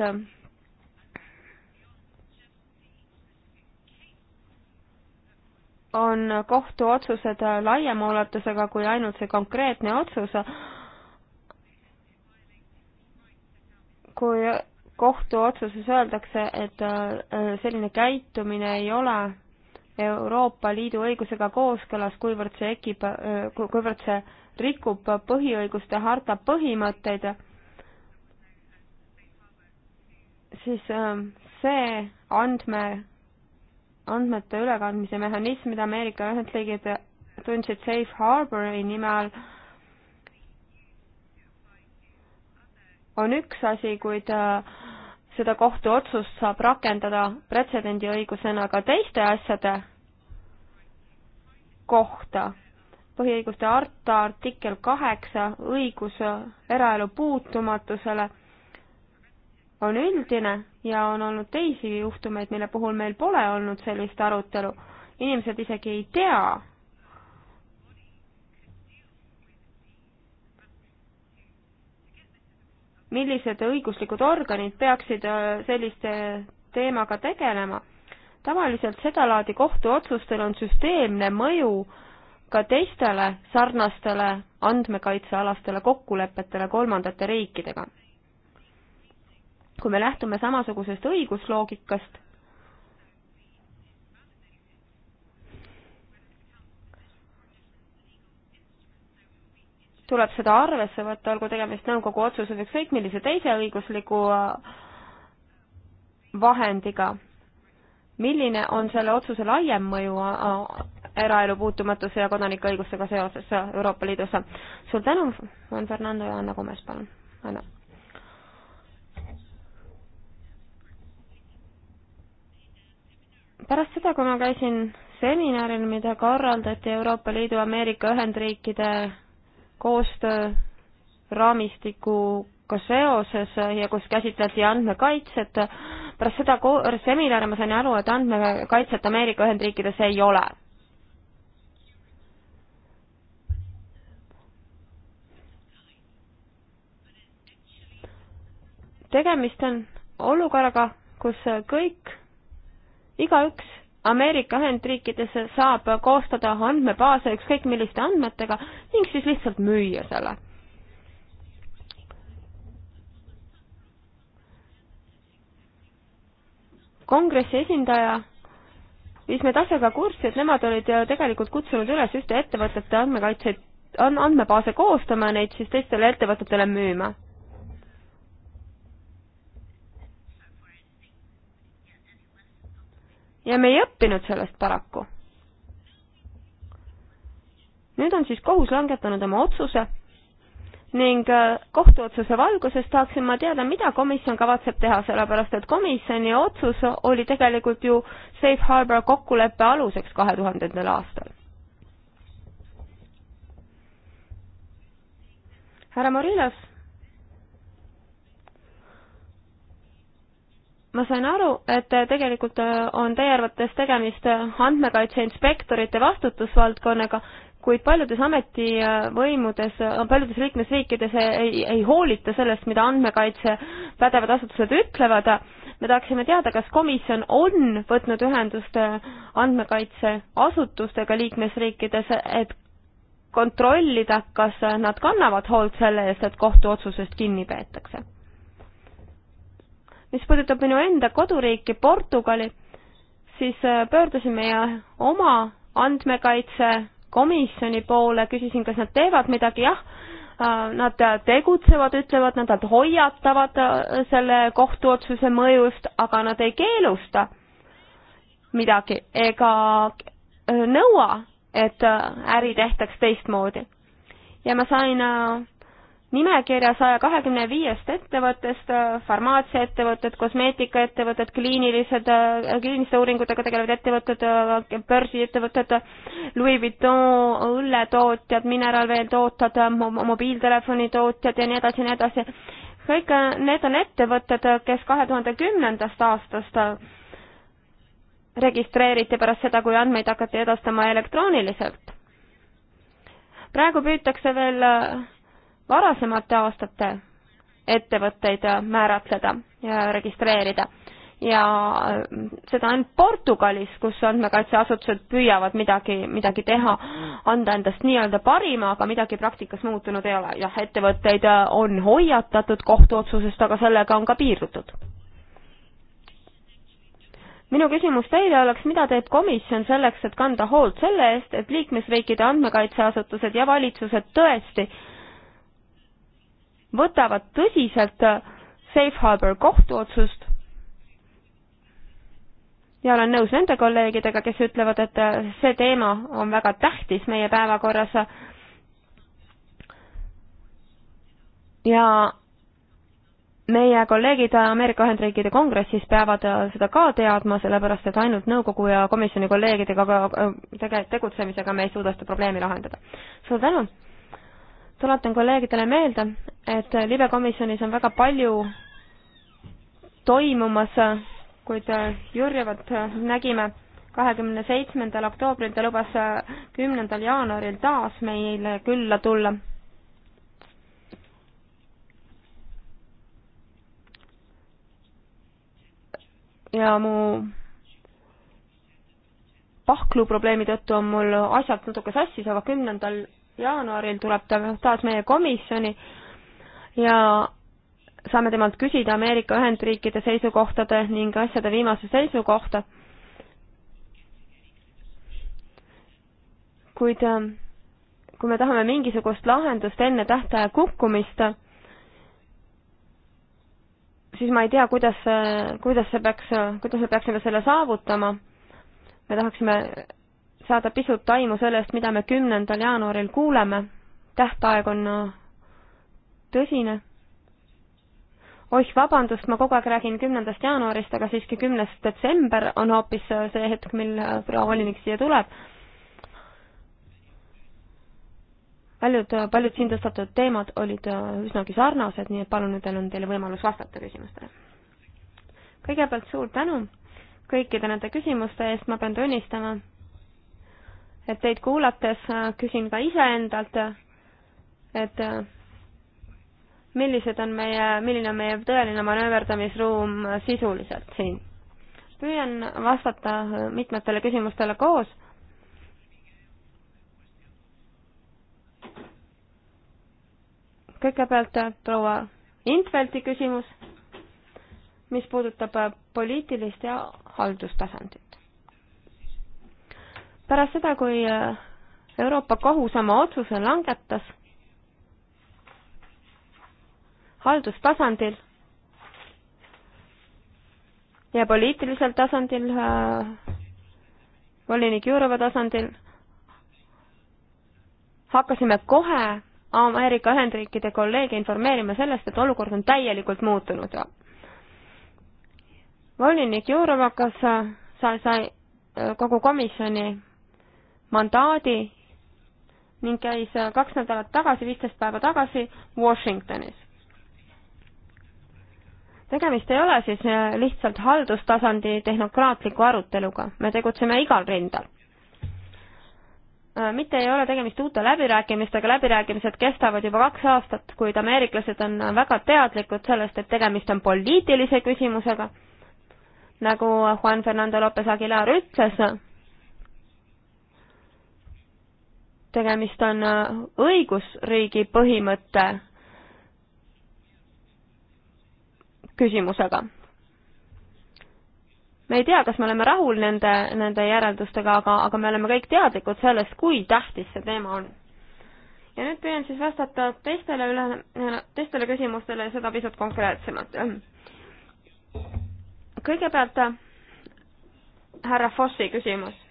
on kohtuotsused laiema ulatusega kui ainult see konkreetne otsus. kui kohtuotsuses öeldakse, et äh, selline käitumine ei ole Euroopa Liidu õigusega kooskõlas, kuivõrd see ekib, äh, kuivõrd see rikub põhiõiguste harta põhimõtteid, siis äh, see andme andmete ülekandmise mehhanism, mida Ameerika Ühendriigid tundsid Safe Harbori nime all, on üks asi, kuid äh, seda kohtuotsust saab rakendada pretsedendiõigusena ka teiste asjade kohta. põhiõiguste harta artikkel kaheksa, õigus äh, eraelu puutumatusele on üldine ja on olnud teisi juhtumeid, mille puhul meil pole olnud sellist arutelu. inimesed isegi ei tea, millised õiguslikud organid peaksid äh, selliste teemaga tegelema. tavaliselt sedalaadi kohtuotsustel on süsteemne mõju ka teistele sarnastele andmekaitsealastele kokkulepetele kolmandate riikidega kui me lähtume samasugusest õigusloogikast, tuleb seda arvesse võtta, olgu tegemist nõukogu otsuse või ükskõik millise teise õigusliku äh, vahendiga. milline on selle otsuse laiem mõju äh, eraelu puutumatuse ja kodanikuõigustega seoses Euroopa Liidus? suur tänu, Juan Fernando ja Anna Gomes, palun. Anna pärast seda, kui ma käisin seminaril, mida korraldati Euroopa Liidu Ameerika Ühendriikide koostöö raamistikuga seoses ja kus käsitleti andmekaitset, pärast seda seminari ma sain aru, et andmekaitset Ameerika Ühendriikides ei ole. tegemist on olukorraga, kus kõik igaüks Ameerika Ühendriikides saab koostada andmebaase ükskõik milliste andmetega ning siis lihtsalt müüa selle. kongressi esindaja viis meid asjaga kurssi, et nemad olid tegelikult kutsunud üles ühte ettevõtete andmekaitse, andmebaase koostama ja neid siis teistele ettevõtetele müüma ja me ei õppinud sellest paraku. nüüd on siis kohus langetanud oma otsuse ning äh, kohtuotsuse valguses tahaksin ma teada, mida komisjon kavatseb teha, sellepärast et komisjoni otsus oli tegelikult ju Safe Harbor kokkuleppe aluseks kahe tuhandendal aastal. härra Morilas ma sain aru, et äh, tegelikult äh, on teie arvates tegemist äh, andmekaitse inspektorite vastutusvaldkonnaga, kuid paljudes ametivõimudes, paljudes liikmesriikides ei, ei hoolita sellest, mida andmekaitse pädevad asutused ütlevad. me tahaksime teada, kas komisjon on võtnud ühendust andmekaitseasutustega liikmesriikides, et kontrollida, kas nad kannavad hoolt selle eest, et kohtuotsusest kinni peetakse mis puudutab minu enda koduriiki Portugali, siis äh, pöördusin meie oma andmekaitsekomisjoni poole, küsisin, kas nad teevad midagi, jah, äh, nad tegutsevad, ütlevad, nad hoiatavad äh, selle kohtuotsuse mõjust, aga nad ei keelusta midagi ega nõua, et äri tehtaks teistmoodi. ja ma sain nimekirja saja kahekümne viiest ettevõttest, farmaatsiaettevõtted, kosmeetikaettevõtted, kliinilised, kliiniliste uuringutega tegelevad ettevõtted, börsiettevõtted, Louis Vuitton õlletootjad, mineraalveetootjad, mobiiltelefonitootjad ja nii edasi ja nii edasi. kõik need on ettevõtted, kes kahe tuhande kümnendast aastast registreeriti pärast seda, kui andmeid hakati edastama elektrooniliselt. praegu püütakse veel varasemate aastate ettevõtteid määratleda ja registreerida. ja seda ainult Portugalis, kus andmekaitseasutused püüavad midagi, midagi teha, anda endast nii-öelda parima, aga midagi praktikas muutunud ei ole. jah, ettevõtteid on hoiatatud kohtuotsusest, aga sellega on ka piirdutud minu küsimus teile oleks, mida teeb komisjon selleks, et kanda hoolt selle eest, et liikmesriikide andmekaitseasutused ja valitsused tõesti äh, võtavad tõsiselt Safe Harbor kohtuotsust ja olen nõus nende kolleegidega, kes ütlevad, et see teema on väga tähtis meie päevakorras. ja meie kolleegid Ameerika Ühendriikide Kongressis peavad seda ka teadma, sellepärast et ainult nõukogu ja komisjoni kolleegidega äh, tege-, tegutsemisega me ei suuda seda probleemi lahendada. suur tänu! tuletan kolleegidele meelde, et libekomisjonis on väga palju toimumas, kuid jurjevat nägime kahekümne seitsmendal oktoobril ta lubas kümnendal jaanuaril taas meile külla tulla. ja mu pahkluprobleemi tõttu on mul asjad natuke sassis, aga kümnendal 10 jaanuaril tuleb ta taas meie komisjoni ja saame temalt küsida Ameerika Ühendriikide seisukohtade ning asjade viimase seisu kohta. kuid ähm, kui me tahame mingisugust lahendust enne tähtaja kukkumist, siis ma ei tea, kuidas, kuidas see peaks, kuidas me peaksime selle saavutama. me tahaksime saada pisut aimu sellest, mida me kümnendal jaanuaril kuuleme. tähtaeg on äh, tõsine. oih, vabandust, ma kogu aeg räägin kümnendast jaanuarist, aga siiski kümnes detsember on hoopis äh, see hetk, mil äh, proua volinik siia tuleb. paljud, paljud siin tõstatatud teemad olid üsnagi sarnased, nii et palun, nüüd teil on teile võimalus vastata küsimustele. kõigepealt suur tänu kõikide nende küsimuste eest, ma pean tunnistama et teid kuulates äh, küsin ka iseendalt, et äh, millised on meie, milline on meie tõeline manööverdamisruum sisuliselt siin. püüan vastata äh, mitmetele küsimustele koos. kõigepealt proua Intvelti küsimus, mis puudutab poliitilist ja haldustasandit pärast seda, kui äh, Euroopa Kohus oma otsuse langetas haldustasandil ja poliitilisel tasandil äh,, volinik Jurova tasandil, hakkasime kohe Ameerika Ühendriikide kolleege informeerima sellest, et olukord on täielikult muutunud. volinik Jurov hakkas, äh, sai, sai äh, kogu komisjoni mandaadi ning käis kaks nädalat tagasi, viisteist päeva tagasi Washingtonis. tegemist ei ole siis lihtsalt haldustasandi tehnokraatliku aruteluga, me tegutseme igal rindel. mitte ei ole tegemist uute läbirääkimistega, läbirääkimised kestavad juba kaks aastat, kuid ameeriklased on väga teadlikud sellest, et tegemist on poliitilise küsimusega, nagu Juan Fernando Lopez Aguilar ütles tegemist on äh, õigusriigi põhimõtte küsimusega. me ei tea, kas me oleme rahul nende, nende järeldustega, aga, aga me oleme kõik teadlikud sellest, kui tähtis see teema on. ja nüüd püüan siis vastata teistele üle, teistele küsimustele ja seda pisut konkreetsemalt. kõigepealt äh, härra Fossi küsimus.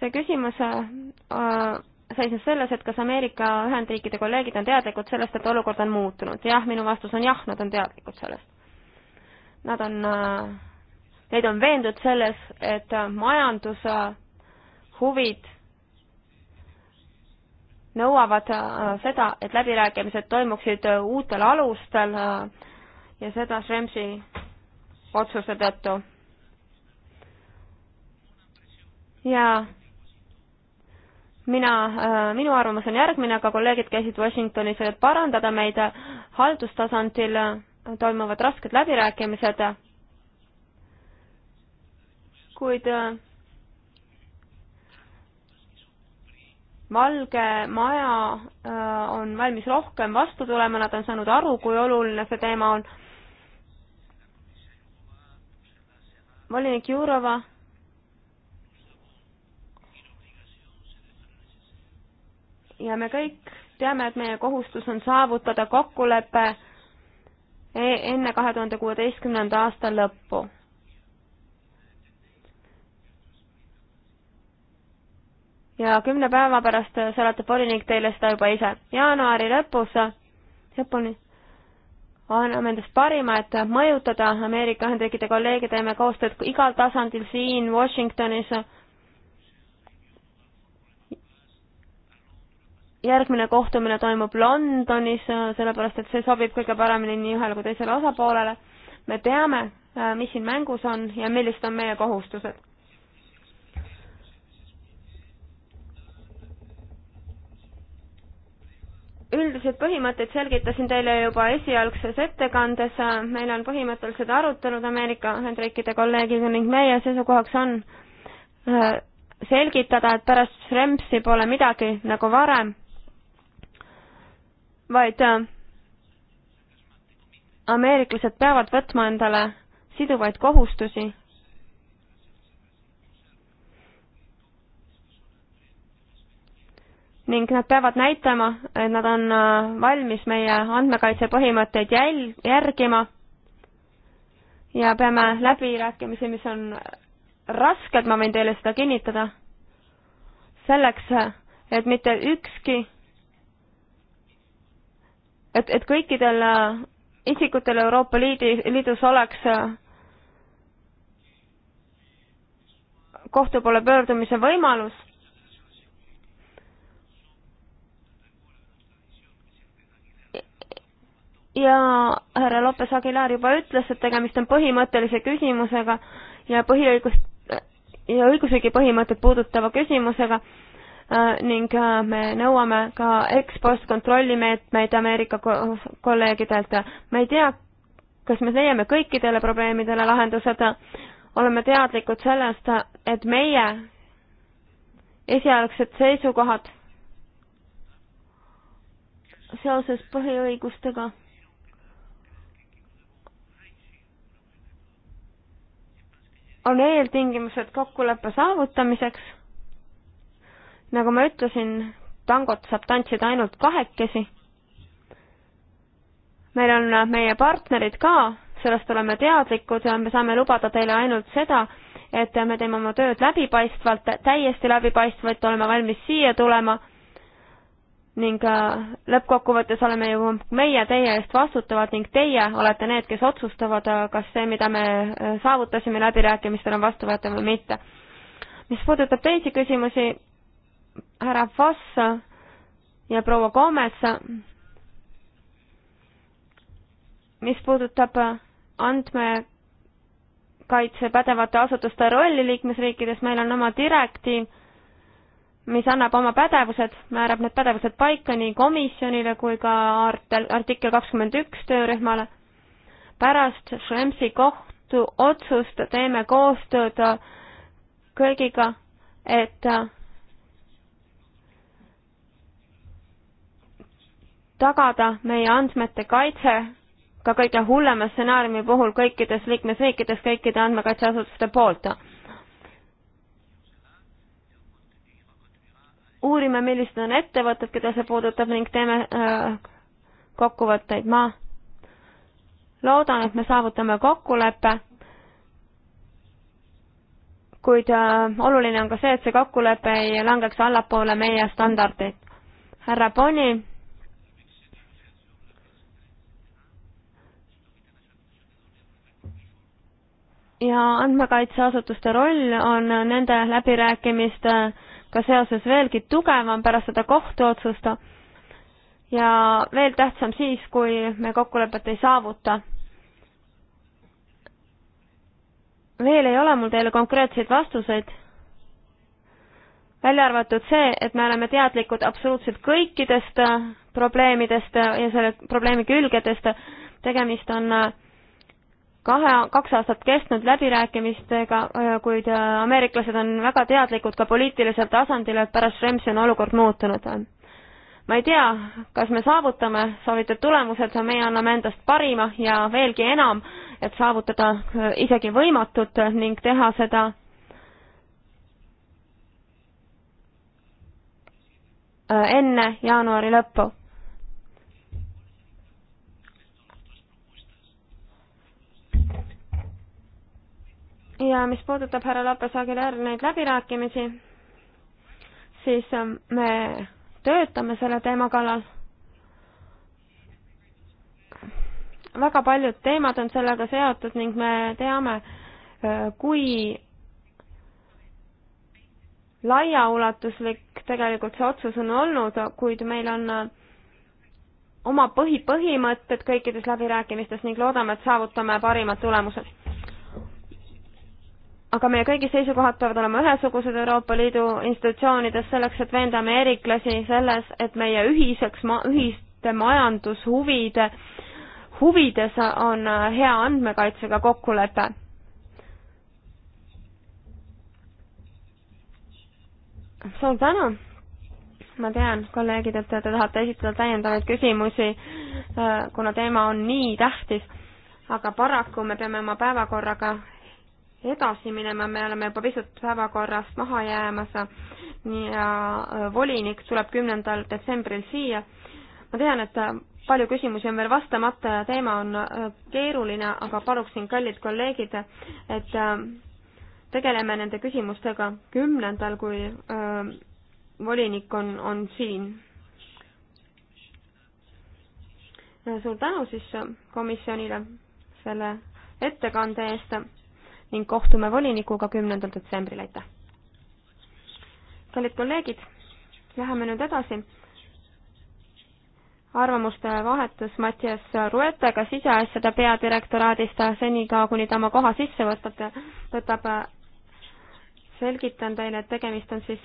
see küsimus äh, äh, seisnes selles, et kas Ameerika Ühendriikide kolleegid on teadlikud sellest, et olukord on muutunud. jah, minu vastus on jah, nad on teadlikud sellest. Nad on, äh, neid on veendud selles, et majanduse huvid nõuavad seda, et läbirääkimised toimuksid uutel alustel ja seda Schremsi otsuse tõttu. ja mina, äh, minu arvamus on järgmine, aga kolleegid käisid Washingtonis, et parandada meid äh, haldustasandil äh, toimuvad rasked läbirääkimised, kuid Valge Maja on valmis rohkem vastu tulema, nad on saanud aru, kui oluline see teema on. volinik Jurova ja me kõik teame, et meie kohustus on saavutada kokkulepe e, enne kahe tuhande kuueteistkümnenda aasta lõppu. ja kümne päeva pärast seletab volinik teile seda juba ise. jaanuari lõpus, lõpuni anname endast parima, et mõjutada Ameerika Ühendriikide kolleege, teeme koostööd igal tasandil siin Washingtonis järgmine kohtumine toimub Londonis, sellepärast et see sobib kõige paremini nii ühele kui teisele osapoolele. me teame, äh, mis siin mängus on ja millised on meie kohustused. üldised põhimõtted selgitasin teile juba esialgses ettekandes, meil on põhimõttelised arutelud Ameerika Ühendriikide kolleegiga ning meie seisukohaks on äh, selgitada, et pärast Schrempsi pole midagi nagu varem vaid äh, ameeriklased peavad võtma endale siduvaid kohustusi. ning nad peavad näitama, et nad on äh, valmis meie andmekaitse põhimõtteid jäl-, järgima ja peame läbirääkimisi, mis on rasked, ma võin teile seda kinnitada, selleks, äh, et mitte ükski et, et kõikidel äh, isikutel Euroopa Liidi, Liidus oleks äh, kohtu poole pöördumise võimalus. ja härra Lopes Aguilar juba ütles, et tegemist on põhimõttelise küsimusega ja põhiõigust ja õigusriigi põhimõtted puudutava küsimusega Äh, ning äh, me nõuame ka ekspost kontrollimeetmeid Ameerika kolleegidelt. ma ei tea, kas me leiame kõikidele probleemidele lahendused, oleme teadlikud sellest, et meie esialgsed seisukohad seoses põhiõigustega on eeltingimused kokkuleppe saavutamiseks nagu ma ütlesin, tangot saab tantsida ainult kahekesi. meil on meie partnerid ka, sellest oleme teadlikud ja me saame lubada teile ainult seda, et me teeme oma tööd läbipaistvalt, täiesti läbipaistvalt, oleme valmis siia tulema ning äh, lõppkokkuvõttes oleme ju meie teie eest vastutavad ning teie olete need, kes otsustavad, äh, kas see, mida me äh, saavutasime läbirääkimistel, on vastuvõetav või mitte. mis puudutab teisi küsimusi, härra Foss ja proua Gomes, mis puudutab andmekaitse pädevate asutuste rolli liikmesriikides, meil on oma direktiiv, mis annab oma pädevused, määrab need pädevused paika nii komisjonile kui ka art-, artikkel kakskümmend üks töörühmale. pärast Schremsi kohtu otsust teeme koostööd kõigiga, et tagada meie andmete kaitse ka kõige hullema stsenaariumi puhul kõikides liikmesriikides kõikide andmekaitseasutuste poolt. uurime, millised on ettevõtted, keda see puudutab ning teeme äh, kokkuvõtteid. ma loodan, et me saavutame kokkuleppe kuid äh, oluline on ka see, et see kokkulepe ei langeks allapoole meie standardeid. härra Boni ja andmekaitseasutuste roll on nende läbirääkimistega seoses veelgi tugevam pärast seda kohtuotsust ja veel tähtsam siis, kui me kokkulepet ei saavuta. veel ei ole mul teile konkreetseid vastuseid, välja arvatud see, et me oleme teadlikud absoluutselt kõikidest probleemidest ja selle probleemi külgedest, tegemist on äh, kahe, kaks aastat kestnud läbirääkimistega, kuid ameeriklased on väga teadlikud ka poliitilisel tasandil, et pärast Remsi on olukord muutunud. ma ei tea, kas me saavutame soovitud tulemused, meie anname endast parima ja veelgi enam, et saavutada isegi võimatut ning teha seda enne jaanuari lõppu ja mis puudutab härra Lopes Aguilar neid läbirääkimisi, siis ähm, me töötame selle teema kallal. väga paljud teemad on sellega seotud ning me teame, äh, kui laiaulatuslik tegelikult see otsus on olnud, kuid meil on äh, oma põhipõhimõtted kõikides läbirääkimistes ning loodame, et saavutame parimad tulemused aga meie kõigi seisukohad peavad olema ühesugused Euroopa Liidu institutsioonides selleks, et veenda ameeriklasi selles, et meie ühiseks ma-, ühiste majandushuvide huvides on hea andmekaitsega kokkulepe. suur tänu! ma tean, kolleegid, et te tahate esitada täiendavaid küsimusi, äh, kuna teema on nii tähtis, aga paraku me peame oma päevakorraga edasi minema, me oleme juba pisut päevakorrast maha jäämas ja äh, volinik tuleb kümnendal detsembril siia. ma tean, et äh, palju küsimusi on veel vastamata ja teema on äh, keeruline, aga paluksin, kallid kolleegid, et tegeleme nende küsimustega kümnendal, kui äh, volinik on, on siin. suur tänu siis komisjonile selle ettekande eest ning kohtume volinikuga kümnendal detsembril, aitäh! kallid kolleegid, läheme nüüd edasi. arvamuste vahetus Mattias Ruetega siseasjade peadirektoraadist, senikaua kuni ta oma koha sisse võtab, võtab, selgitan teile, et tegemist on siis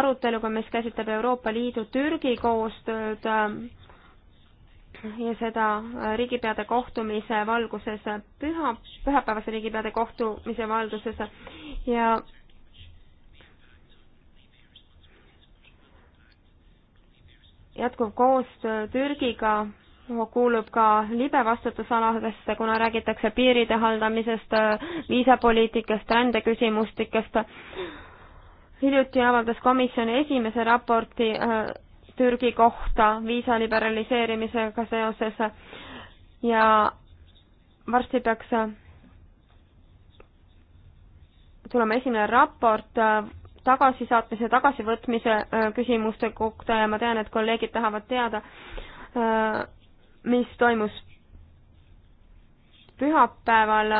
aruteluga, mis käsitleb Euroopa Liidu Türgi koostööd ja seda riigipeade kohtumise valguses püha, pühapäevase riigipeade kohtumise valguses ja jätkuv koostöö Türgiga kuulub ka libe vastutusaladesse, kuna räägitakse piiride haldamisest, viisapoliitikast, rändeküsimustikest. hiljuti avaldas komisjoni esimese raporti Türgi kohta viisa liberaliseerimisega seoses ja varsti peaks äh, tulema esimene raport äh, tagasisaatmise ja tagasivõtmise äh, küsimuste kohta ja ma tean, et kolleegid tahavad teada, mis toimus pühapäeval,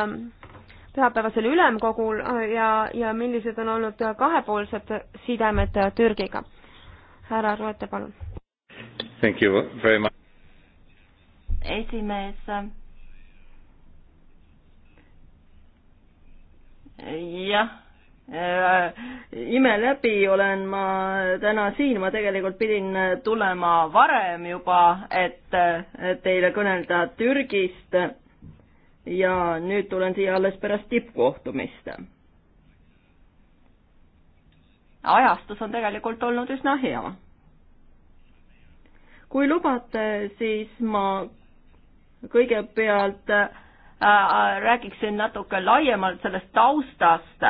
pühapäevasel ülemkogul ja, ja millised on olnud kahepoolsed sidemed Türgiga härra Roete, palun. Thank you very much. esimees. jah äh,, ime läbi olen ma täna siin, ma tegelikult pidin tulema varem juba, et teile kõnelda Türgist ja nüüd tulen siia alles pärast tippkohtumist ajastus on tegelikult olnud üsna hea. kui lubate, siis ma kõigepealt äh, räägiksin natuke laiemalt sellest taustast,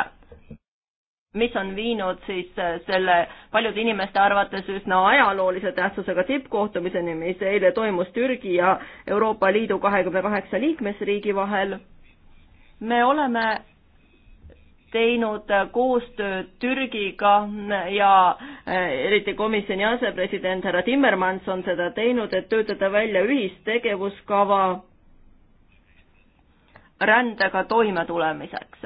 mis on viinud siis äh, selle paljude inimeste arvates üsna ajaloolise tähtsusega tippkohtumiseni, mis eile toimus Türgi ja Euroopa Liidu kahekümne kaheksa liikmesriigi vahel. me oleme teinud koostööd Türgiga ja eh, eriti komisjoni asepresident härra Timmermans on seda teinud, et töötada välja ühistegevuskava rändega toimetulemiseks.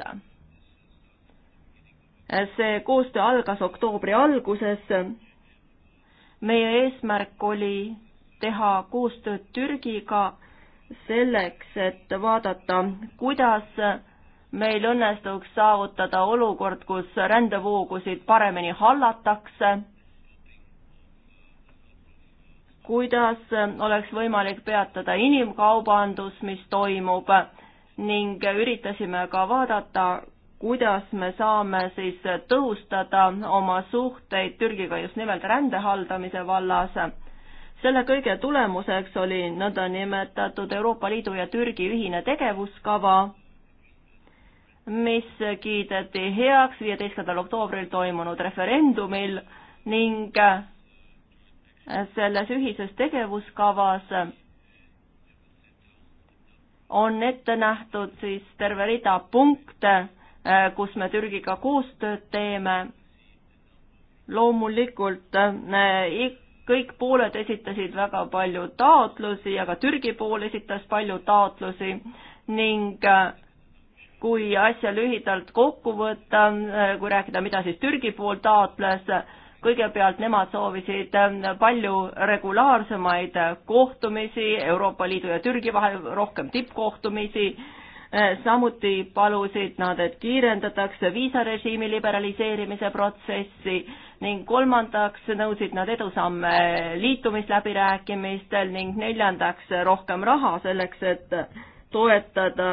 see koostöö algas oktoobri alguses. meie eesmärk oli teha koostööd Türgiga selleks, et vaadata, kuidas meil õnnestuks saavutada olukord, kus rändevoogusid paremini hallatakse kuidas oleks võimalik peatada inimkaubandus, mis toimub ning üritasime ka vaadata, kuidas me saame siis tõhustada oma suhteid Türgiga just nimelt rände haldamise vallas. selle kõige tulemuseks oli nõndanimetatud Euroopa Liidu ja Türgi ühine tegevuskava mis kiideti heaks viieteistkümnendal oktoobril toimunud referendumil ning äh, selles ühises tegevuskavas on ette nähtud siis terve rida punkte, äh, kus me Türgiga koostööd teeme. loomulikult äh, kõik pooled esitasid väga palju taotlusi ja ka Türgi pool esitas palju taotlusi ning kui asja lühidalt kokku võtta, kui rääkida, mida siis Türgi pool taotles, kõigepealt nemad soovisid ähm, palju regulaarsemaid kohtumisi Euroopa Liidu ja Türgi vahel, rohkem tippkohtumisi, äh, samuti palusid nad, et kiirendatakse viisarežiimi liberaliseerimise protsessi ning kolmandaks nõusid nad edusamme liitumisläbirääkimistel ning neljandaks rohkem raha selleks, et toetada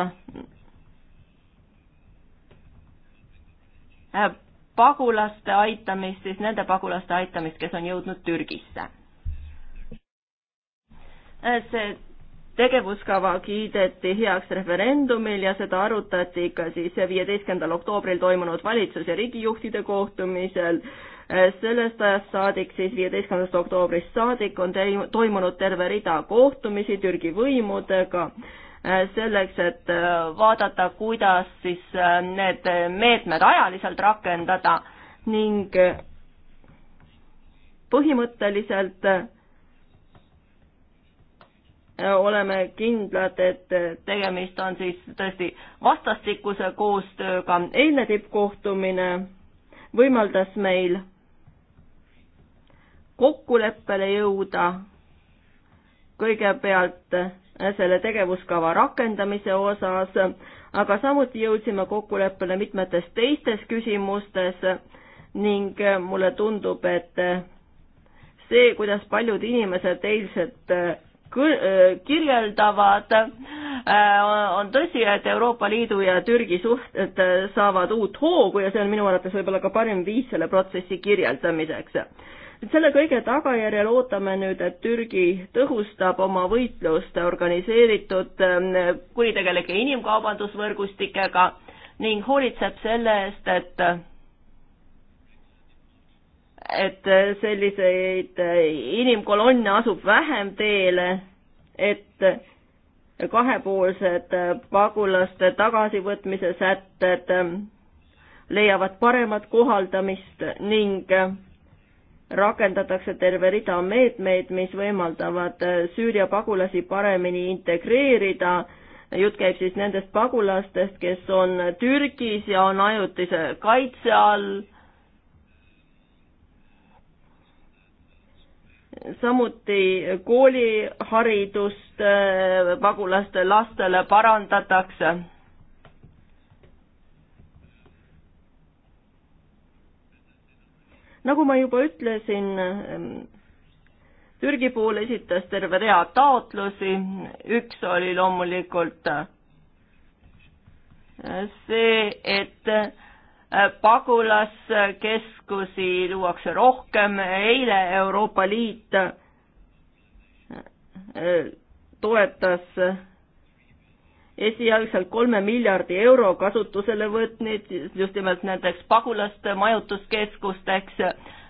Äh, pagulaste aitamist, siis nende pagulaste aitamist, kes on jõudnud Türgisse. Äh, see tegevuskava kiideti heaks referendumil ja seda arutati ka siis viieteistkümnendal oktoobril toimunud valitsus- ja riigijuhtide kohtumisel. Äh, sellest ajast saadik, siis viieteistkümnendast oktoobrist saadik on toimunud terve rida kohtumisi Türgi võimudega Äh, selleks, et äh, vaadata, kuidas siis äh, need meetmed ajaliselt rakendada ning põhimõtteliselt oleme kindlad, et tegemist on siis tõesti vastastikuse koostööga. eilne tippkohtumine võimaldas meil kokkuleppele jõuda kõigepealt selle tegevuskava rakendamise osas, aga samuti jõudsime kokkuleppele mitmetes teistes küsimustes ning mulle tundub, et see, kuidas paljud inimesed eilset kirjeldavad, on tõsi, et Euroopa Liidu ja Türgi suhted saavad uut hoogu ja see on minu arvates võib-olla ka parim viis selle protsessi kirjeldamiseks selle kõige tagajärjel ootame nüüd, et Türgi tõhustab oma võitlust organiseeritud ähm, kuritegelike inimkaubandusvõrgustikega ning hoolitseb selle eest, et et selliseid äh, inimkolonne asub vähem teele, et kahepoolsed äh, pagulaste tagasivõtmise sätted ähm, leiavad paremat kohaldamist ning äh, rakendatakse terve rida meetmeid, mis võimaldavad äh, Süüria pagulasi paremini integreerida. jutt käib siis nendest pagulastest, kes on Türgis ja on ajutise kaitse all. samuti kooliharidust äh, pagulaste lastele parandatakse nagu ma juba ütlesin, ehm, Türgi puhul esitas terve rea taotlusi, üks oli loomulikult eh, see, et eh, pagulaskeskusi luuakse rohkem, eile Euroopa Liit eh, toetas esialgselt kolme miljardi euro kasutusele võtnud just nimelt nendeks pagulaste majutuskeskusteks.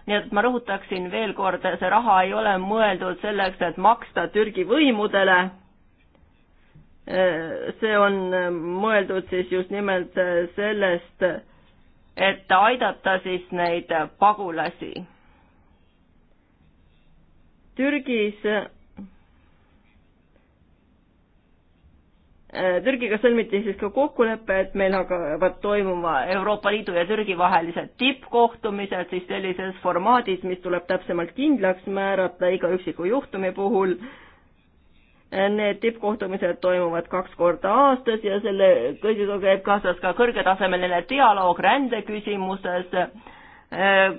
nii et ma rõhutaksin veel kord, see raha ei ole mõeldud selleks, et maksta Türgi võimudele. see on mõeldud siis just nimelt sellest, et aidata siis neid pagulasi. Türgis Äh, Türgiga sõlmiti siis ka kokkulepe, et meil hakkavad toimuma Euroopa Liidu ja Türgi vahelised tippkohtumised siis sellises formaadis, mis tuleb täpsemalt kindlaks määrata iga üksiku juhtumi puhul. Äh, Need tippkohtumised toimuvad kaks korda aastas ja selle kõigega käib kaasas ka kõrgetasemeline dialoog rändeküsimuses, äh,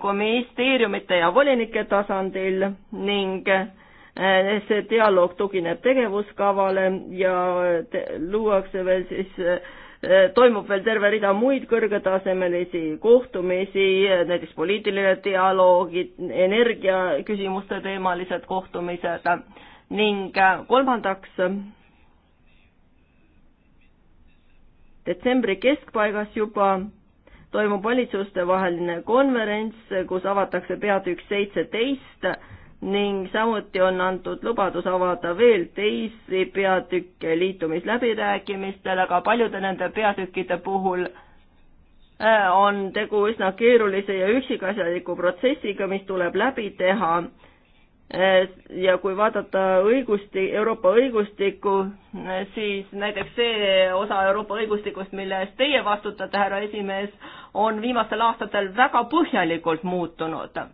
ministeeriumite ja volinike tasandil ning Eh, see dialoog tugineb tegevuskavale ja te luuakse veel siis eh, toimub veel terve rida muid kõrgetasemelisi kohtumisi, eh, näiteks poliitiline dialoog, energiaküsimuste teemalised kohtumised ning kolmandaks detsembri keskpaigas juba toimub valitsustevaheline konverents, kus avatakse peatükk seitseteist ning samuti on antud lubadus avada veel teisi peatükke liitumisläbirääkimistel, aga paljude nende peatükkide puhul äh, on tegu üsna keerulise ja üksikasjaliku protsessiga, mis tuleb läbi teha. Äh, ja kui vaadata õigusti, Euroopa õigustikku, äh, siis näiteks see osa Euroopa õigustikust, mille eest teie vastutate, härra esimees, on viimastel aastatel väga põhjalikult muutunud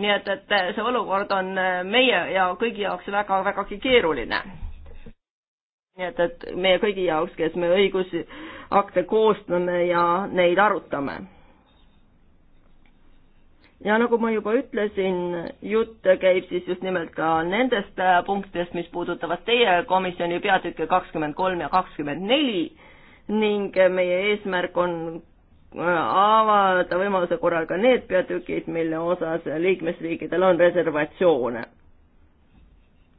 nii et, et see olukord on äh, meie ja kõigi jaoks väga-vägagi keeruline. nii et, et meie kõigi jaoks, kes me õigusakte koostame ja neid arutame. ja nagu ma juba ütlesin, jutt käib siis just nimelt ka nendest äh, punktidest, mis puudutavad teie komisjoni peatükke kakskümmend kolm ja kakskümmend neli ning meie eesmärk on avada võimaluse korral ka need peatükid, mille osas liikmesriikidel on reservatsioone.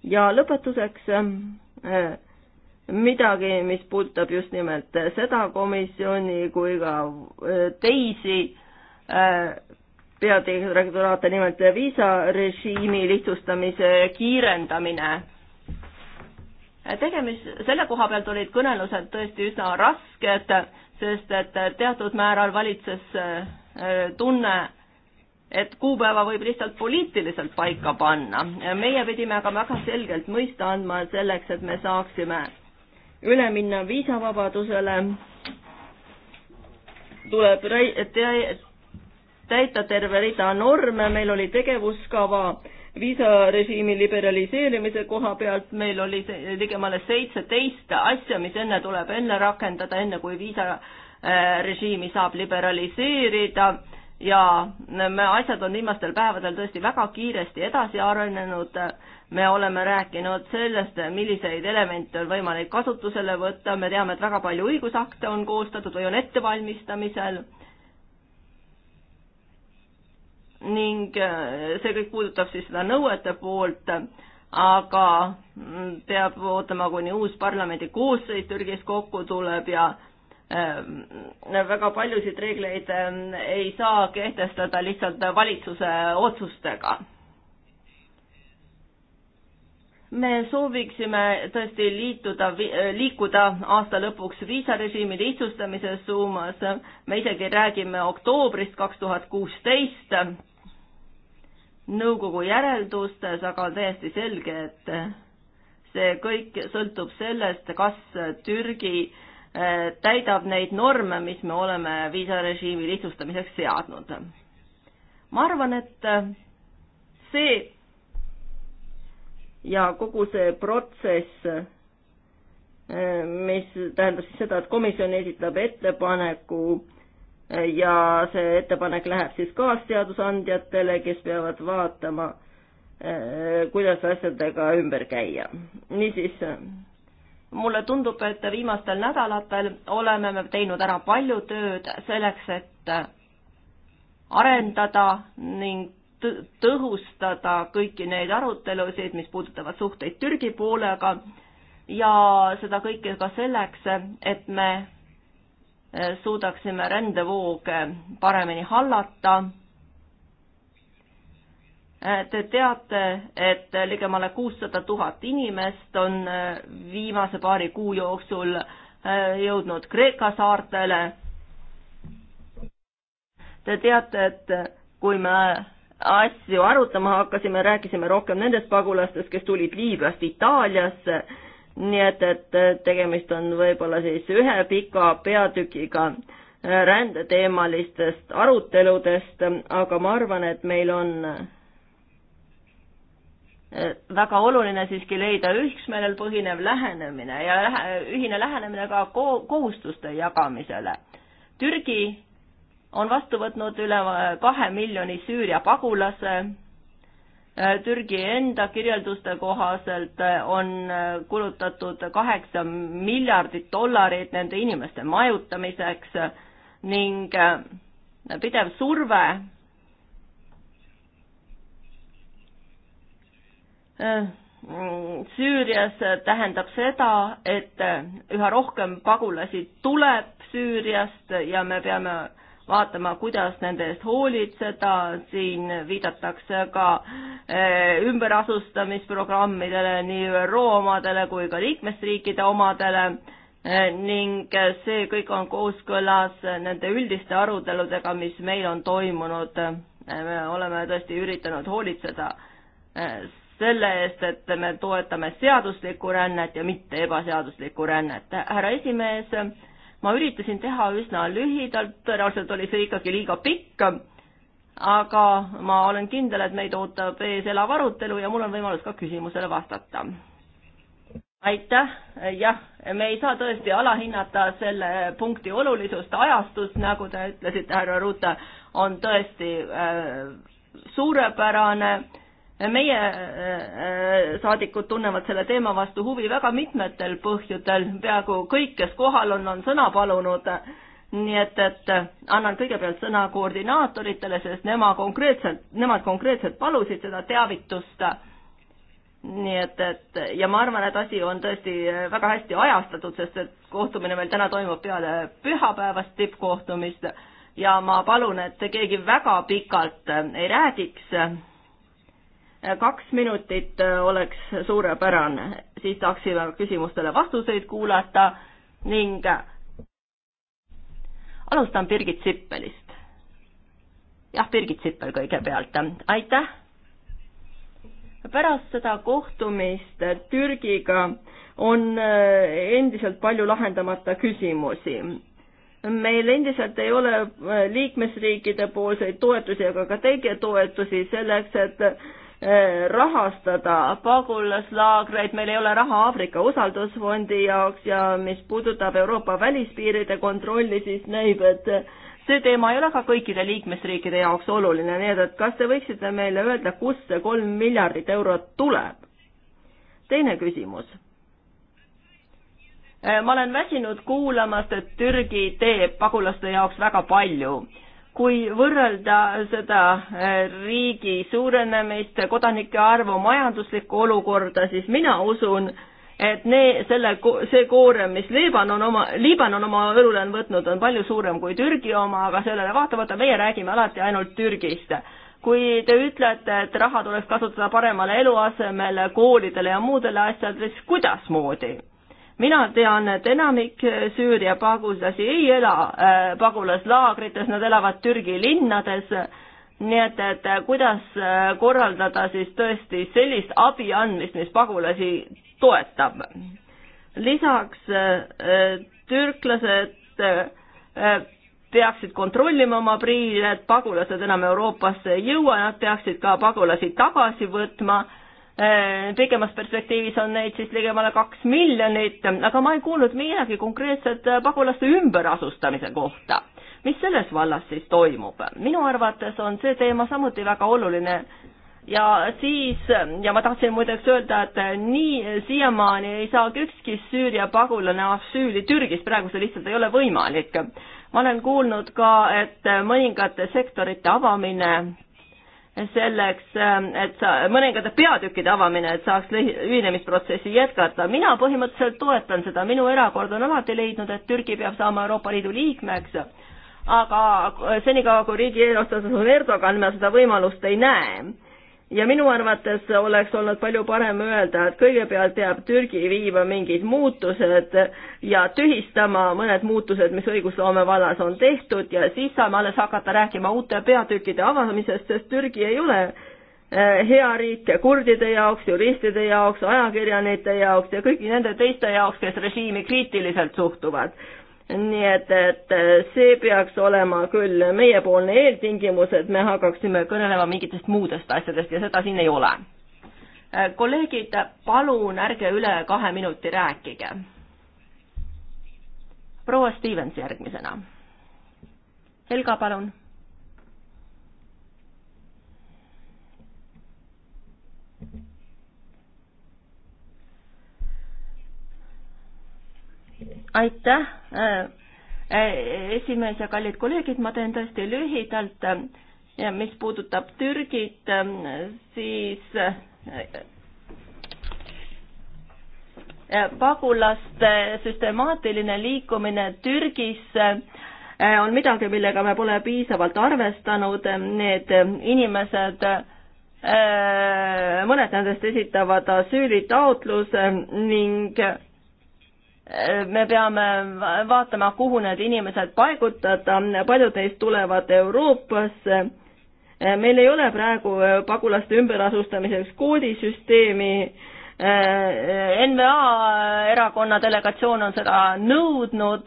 ja lõpetuseks äh, midagi, mis puudutab just nimelt seda komisjoni kui ka äh, teisi äh, peadirektoraate, nimelt viisarežiimi lihtsustamise kiirendamine tegemist, selle koha pealt olid kõnelused tõesti üsna rasked, sest et teatud määral valitses äh, tunne, et kuupäeva võib lihtsalt poliitiliselt paika panna. meie pidime aga väga selgelt mõista andma, et selleks, et me saaksime üle minna viisavabadusele, tuleb täita terve rida norme, meil oli tegevuskava viisarežiimi liberaliseerimise koha pealt meil oli ligemale seitseteist asja, mis enne tuleb enne rakendada, enne kui viisarežiimi saab liberaliseerida ja me, asjad on viimastel päevadel tõesti väga kiiresti edasi arenenud. me oleme rääkinud sellest, milliseid elemente on võimalik kasutusele võtta, me teame, et väga palju õigusakte on koostatud või on ettevalmistamisel ning äh, see kõik puudutab siis seda nõuete poolt, aga mm, peab ootama, kuni uus parlamendi koosseis Türgis kokku tuleb ja ähm, väga paljusid reegleid ähm, ei saa kehtestada lihtsalt valitsuse otsustega me sooviksime tõesti liituda, äh, liikuda aasta lõpuks viisarežiimi lihtsustamise suunas, me isegi räägime oktoobrist kaks tuhat kuusteist nõukogu järeldustes, aga on täiesti selge, et see kõik sõltub sellest, kas Türgi äh, täidab neid norme, mis me oleme viisarežiimi lihtsustamiseks seadnud. ma arvan, et äh, see ja kogu see protsess, mis tähendab siis seda, et komisjon esitab ettepaneku ja see ettepanek läheb siis kaasseadusandjatele, kes peavad vaatama, kuidas asjadega ümber käia. niisiis, mulle tundub, et viimastel nädalatel oleme me teinud ära palju tööd selleks, et arendada ning tõhustada kõiki neid arutelusid, mis puudutavad suhteid Türgi poolega ja seda kõike ka selleks, et me e, suudaksime rändevooge paremini hallata. E, te teate, et ligemale kuussada tuhat inimest on e, viimase paari kuu jooksul jõudnud Kreeka saartele. Te teate, et kui me asju arutama hakkasime, rääkisime rohkem nendest pagulastest, kes tulid Liibüast Itaaliasse, nii et, et tegemist on võib-olla siis ühe pika peatükiga äh, rändeteemalistest aruteludest, aga ma arvan, et meil on äh, väga oluline siiski leida üksmeelel põhinev lähenemine ja ühine lähenemine ka kohustuste jagamisele. Türgi on vastu võtnud üle kahe miljoni Süüria pagulase. Äh, Türgi enda kirjelduste kohaselt äh, on äh, kulutatud kaheksa miljardit dollarit nende inimeste majutamiseks ning pidev surve Süürias tähendab seda, et üha rohkem pagulasi tuleb Süüriast ja me peame vaatama, kuidas nende eest hoolitseda, siin viidatakse ka eh, ümberasustamisprogrammidele, nii ÜRO omadele kui ka liikmesriikide omadele eh, ning see kõik on kooskõlas nende üldiste aruteludega, mis meil on toimunud. Eh, me oleme tõesti üritanud hoolitseda selle eest, et me toetame seaduslikku rännet ja mitte ebaseaduslikku rännet. härra esimees ma üritasin teha üsna lühidalt, tõenäoliselt oli see ikkagi liiga pikk, aga ma olen kindel, et meid ootab ees elav arutelu ja mul on võimalus ka küsimusele vastata. aitäh, jah, me ei saa tõesti alahinnata selle punkti olulisust, ajastus, nagu te ütlesite, härra Ruuta, on tõesti äh, suurepärane meie äh, äh, saadikud tunnevad selle teema vastu huvi väga mitmetel põhjudel, peaaegu kõik, kes kohal on, on sõna palunud. nii et, et äh, annan kõigepealt sõna koordinaatoritele, sest nemad konkreetselt, nemad konkreetselt palusid seda teavitust. nii et, et ja ma arvan, et asi on tõesti väga hästi ajastatud, sest et kohtumine meil täna toimub peale pühapäevast tippkohtumist ja ma palun, et keegi väga pikalt ei räägiks kaks minutit äh, oleks suurepärane, siis saaksime küsimustele vastuseid kuulata ning äh, alustan Birgit Sippelist. jah, Birgit Sippel kõigepealt, aitäh! pärast seda kohtumist Türgiga on äh, endiselt palju lahendamata küsimusi. meil endiselt ei ole liikmesriikide poolseid toetusi, aga ka teie toetusi selleks, et Eh, rahastada pagulaslaagreid, meil ei ole raha Aafrika usaldusfondi jaoks ja mis puudutab Euroopa välispiiride kontrolli, siis näib, et see teema ei ole ka kõikide liikmesriikide jaoks oluline, nii et, et kas te võiksite meile öelda, kust see kolm miljardit eurot tuleb? teine küsimus. Eh, ma olen väsinud kuulamast, et Türgi teeb pagulaste jaoks väga palju kui võrrelda seda äh, riigi suurenemist, kodanike arvu, majanduslikku olukorda, siis mina usun, et nee, selle, see koorem, mis Liibanon oma, Liibanon oma õlule on võtnud, on palju suurem kui Türgi oma, aga sellele vaatamata meie räägime alati ainult Türgist. kui te ütlete, et raha tuleks kasutada paremale eluasemele, koolidele ja muudele asjadele, siis kuidasmoodi? mina tean, et enamik Süüria pagulasi ei ela äh, pagulaslaagrites, nad elavad Türgi linnades, nii et, et äh, kuidas äh, korraldada siis tõesti sellist abi andmist, mis pagulasi toetab. lisaks türklased peaksid kontrollima oma priile, et pagulased enam Euroopasse ei jõua, nad peaksid ka pagulasi tagasi võtma Äh, pikemas perspektiivis on neid siis ligemale kaks miljonit, aga ma ei kuulnud midagi konkreetset äh, pagulaste ümberasustamise kohta. mis selles vallas siis toimub? minu arvates on see teema samuti väga oluline ja siis, ja ma tahtsin muideks öelda, et nii siiamaani ei saagi ükski Süüria pagulane asüüli Türgis, praegu see lihtsalt ei ole võimalik. ma olen kuulnud ka, et mõningate sektorite avamine selleks, ähm, et sa, mõningate peatükkide avamine, et saaks ühinemisprotsessi jätkata. mina põhimõtteliselt toetan seda, minu erakord on alati leidnud, et Türgi peab saama Euroopa Liidu liikmeks, aga äh, senikaua, kui riigi eesotsas on Erdogan, me seda võimalust ei näe ja minu arvates oleks olnud palju parem öelda, et kõigepealt peab Türgi viima mingid muutused ja tühistama mõned muutused, mis õigusloome vallas on tehtud ja siis saame alles hakata rääkima uute peatükkide avamisest, sest Türgi ei ole eh, hea riik kurdide jaoks, juristide jaoks, ajakirjanike jaoks ja kõigi nende teiste jaoks, kes režiimi kriitiliselt suhtuvad nii et, et see peaks olema küll meiepoolne eeltingimus, et me hakkaksime kõnelema mingitest muudest asjadest ja seda siin ei ole. kolleegid, palun ärge üle kahe minuti rääkige. proua Stevens järgmisena. Helga, palun. aitäh, äh, äh, esimees ja kallid kolleegid, ma teen tõesti lühidalt. ja mis puudutab Türgit, äh, siis pagulaste süstemaatiline liikumine Türgisse on midagi, millega me pole piisavalt arvestanud, need inimesed mõned nendest esitavad asüülitaotluse ning me peame vaatama, kuhu need inimesed paigutada, paljud neist tulevad Euroopasse. meil ei ole praegu pagulaste ümberasustamiseks koodisüsteemi. NVA erakonna delegatsioon on seda nõudnud.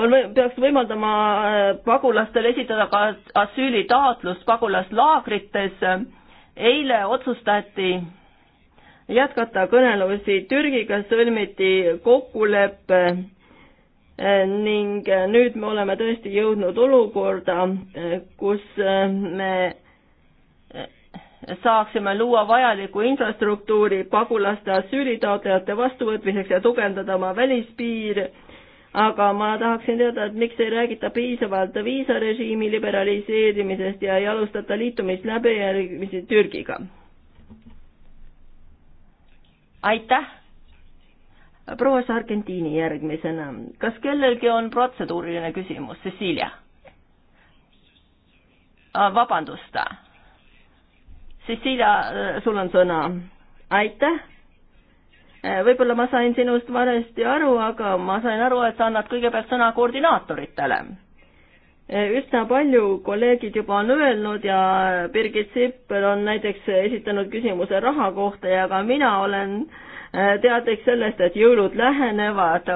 on, peaks võimaldama pagulastel esitada ka asüülitaotlust pagulaslaagrites eile otsustati jätkata kõnelusi Türgiga, sõlmiti kokkulepe eh, ning nüüd me oleme tõesti jõudnud olukorda, eh, kus eh, me saaksime luua vajaliku infrastruktuuri pagulaste asüülitaotlejate vastuvõtmiseks ja tugevdada oma välispiir aga ma tahaksin teada, et miks ei räägita piisavalt viisarežiimi liberaliseerimisest ja ei alustata liitumisläbirääkimisi Türgiga? aitäh! proua Sargentini järgmisena, kas kellelgi on protseduuriline küsimus, Cecilia? Ah, vabandust. Cecilia, sul on sõna. aitäh Äh, võib-olla ma sain sinust valesti aru, aga ma sain aru, et sa annad kõigepealt sõna koordinaatoritele. Äh, üsna palju kolleegid juba on öelnud ja Birgit Sippel on näiteks esitanud küsimuse raha kohta ja ka mina olen äh, teadlik sellest, et jõulud lähenevad,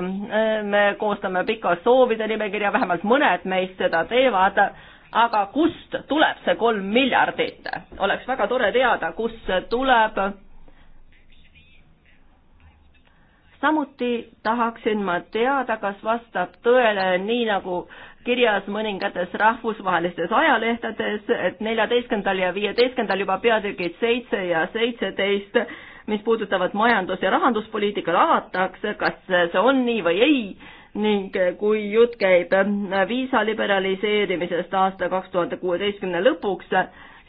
me koostame pika soovide nimekirja, vähemalt mõned meist seda teevad, aga kust tuleb see kolm miljardit? oleks väga tore teada, kust see tuleb samuti tahaksin ma teada, kas vastab tõele, nii nagu kirjas mõningates rahvusvahelistes ajalehtedes, et neljateistkümnendal ja viieteistkümnendal juba peatükid seitse ja seitseteist, mis puudutavad majandus- ja rahanduspoliitikale avatakse, kas see on nii või ei ning kui jutt käib viisa liberaliseerimisest aasta kaks tuhat kuueteistkümne lõpuks,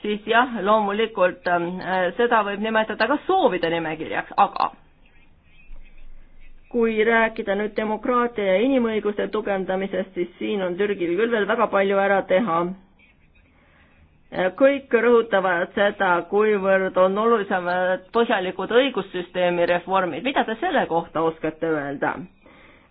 siis jah, loomulikult äh, seda võib nimetada ka soovide nimekirjaks, aga kui rääkida nüüd demokraatia ja inimõiguste tugevdamisest, siis siin on Türgil küll veel väga palju ära teha. kõik rõhutavad seda, kuivõrd on olulisemad põhjalikud õigussüsteemi reformid, mida te selle kohta oskate öelda?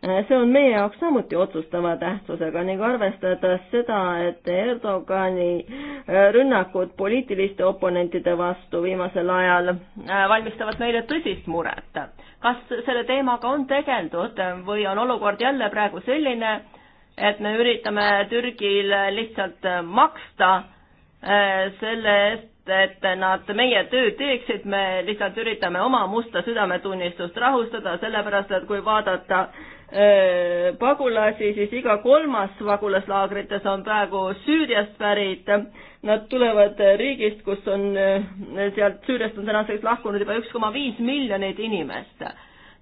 Äh, see on meie jaoks samuti otsustava tähtsusega ning arvestades seda, et Erdogani äh, rünnakud poliitiliste oponentide vastu viimasel ajal äh, valmistavad meile tõsist muret. kas selle teemaga on tegeldud või on olukord jälle praegu selline, et me üritame Türgile lihtsalt maksta selle eest, et nad meie tööd teeksid, me lihtsalt üritame oma musta südametunnistust rahustada, sellepärast et kui vaadata äh, Äh, pagulasi, siis iga kolmas pagulaslaagrites on praegu Süüriast pärit. Nad tulevad riigist, kus on, äh, sealt Süüriast on tänaseks lahkunud juba üks koma viis miljonit inimest.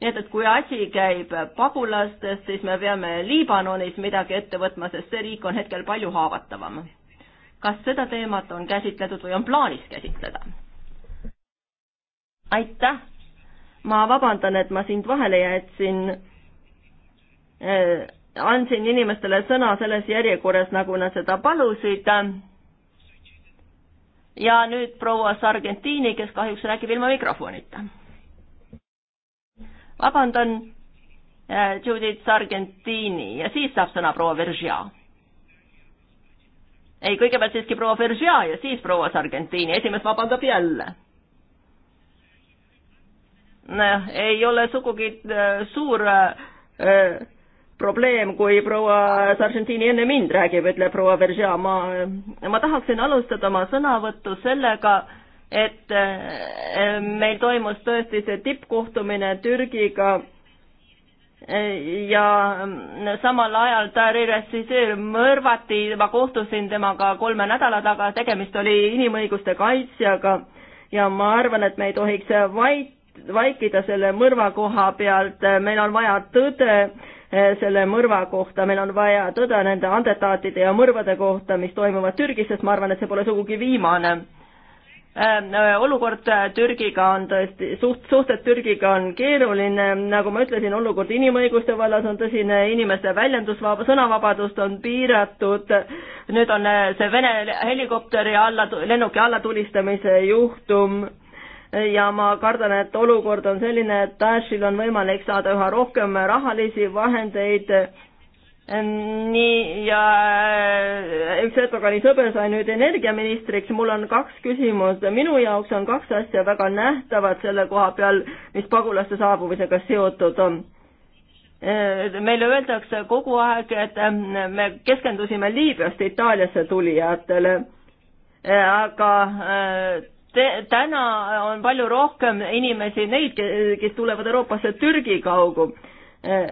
nii et, et kui asi käib pagulastest, siis me peame Liibanonis midagi ette võtma, sest see riik on hetkel palju haavatavam. kas seda teemat on käsitletud või on plaanis käsitleda? aitäh! ma vabandan, et ma sind vahele jätsin Äh, andsin inimestele sõna selles järjekorras, nagu nad seda palusid. ja nüüd proua Sargentini, kes kahjuks räägib ilma mikrofonita. vabandan, äh, Judith Sargentini ja siis saab sõna proua Veržia. ei, kõigepealt siiski proua Veržia ja siis proua Sargentini, esimees vabandab jälle noh, ei ole sugugi äh, suur probleem, kui proua Sargentini enne mind räägib, ütleb proua Veržea, ma, ma tahaksin alustada oma sõnavõttu sellega, et eh, meil toimus tõesti see tippkohtumine Türgiga ja samal ajal Tahrir Assisir mõrvati, ma kohtusin temaga kolme nädala taga, tegemist oli inimõiguste kaitsjaga ja ma arvan, et me ei tohiks vait, vaikida selle mõrva koha pealt, meil on vaja tõde Eh, selle mõrva kohta, meil on vaja tõde nende andetaatide ja mõrvade kohta, mis toimuvad Türgis, sest ma arvan, et see pole sugugi viimane eh, eh, olukord Türgiga on tõesti, suht-, suhted Türgiga on keeruline, nagu ma ütlesin, olukord inimõiguste vallas on tõsine, inimeste väljendusvaba, sõnavabadust on piiratud, nüüd on see Vene helikopteri alla, lennuki allatulistamise juhtum ja ma kardan, et olukord on selline, et Daeshil on võimalik saada üha rohkem rahalisi vahendeid nii ja äh, üks Erdogan'i sõber sai nüüd energiaministriks, mul on kaks küsimust, minu jaoks on kaks asja väga nähtavad selle koha peal, mis pagulaste saabumisega seotud on. Äh, meile öeldakse kogu aeg, et me keskendusime Liibüast Itaaliasse tulijatele, äh, aga te, täna on palju rohkem inimesi, neid, kes tulevad Euroopasse Türgi kaugu. Äh,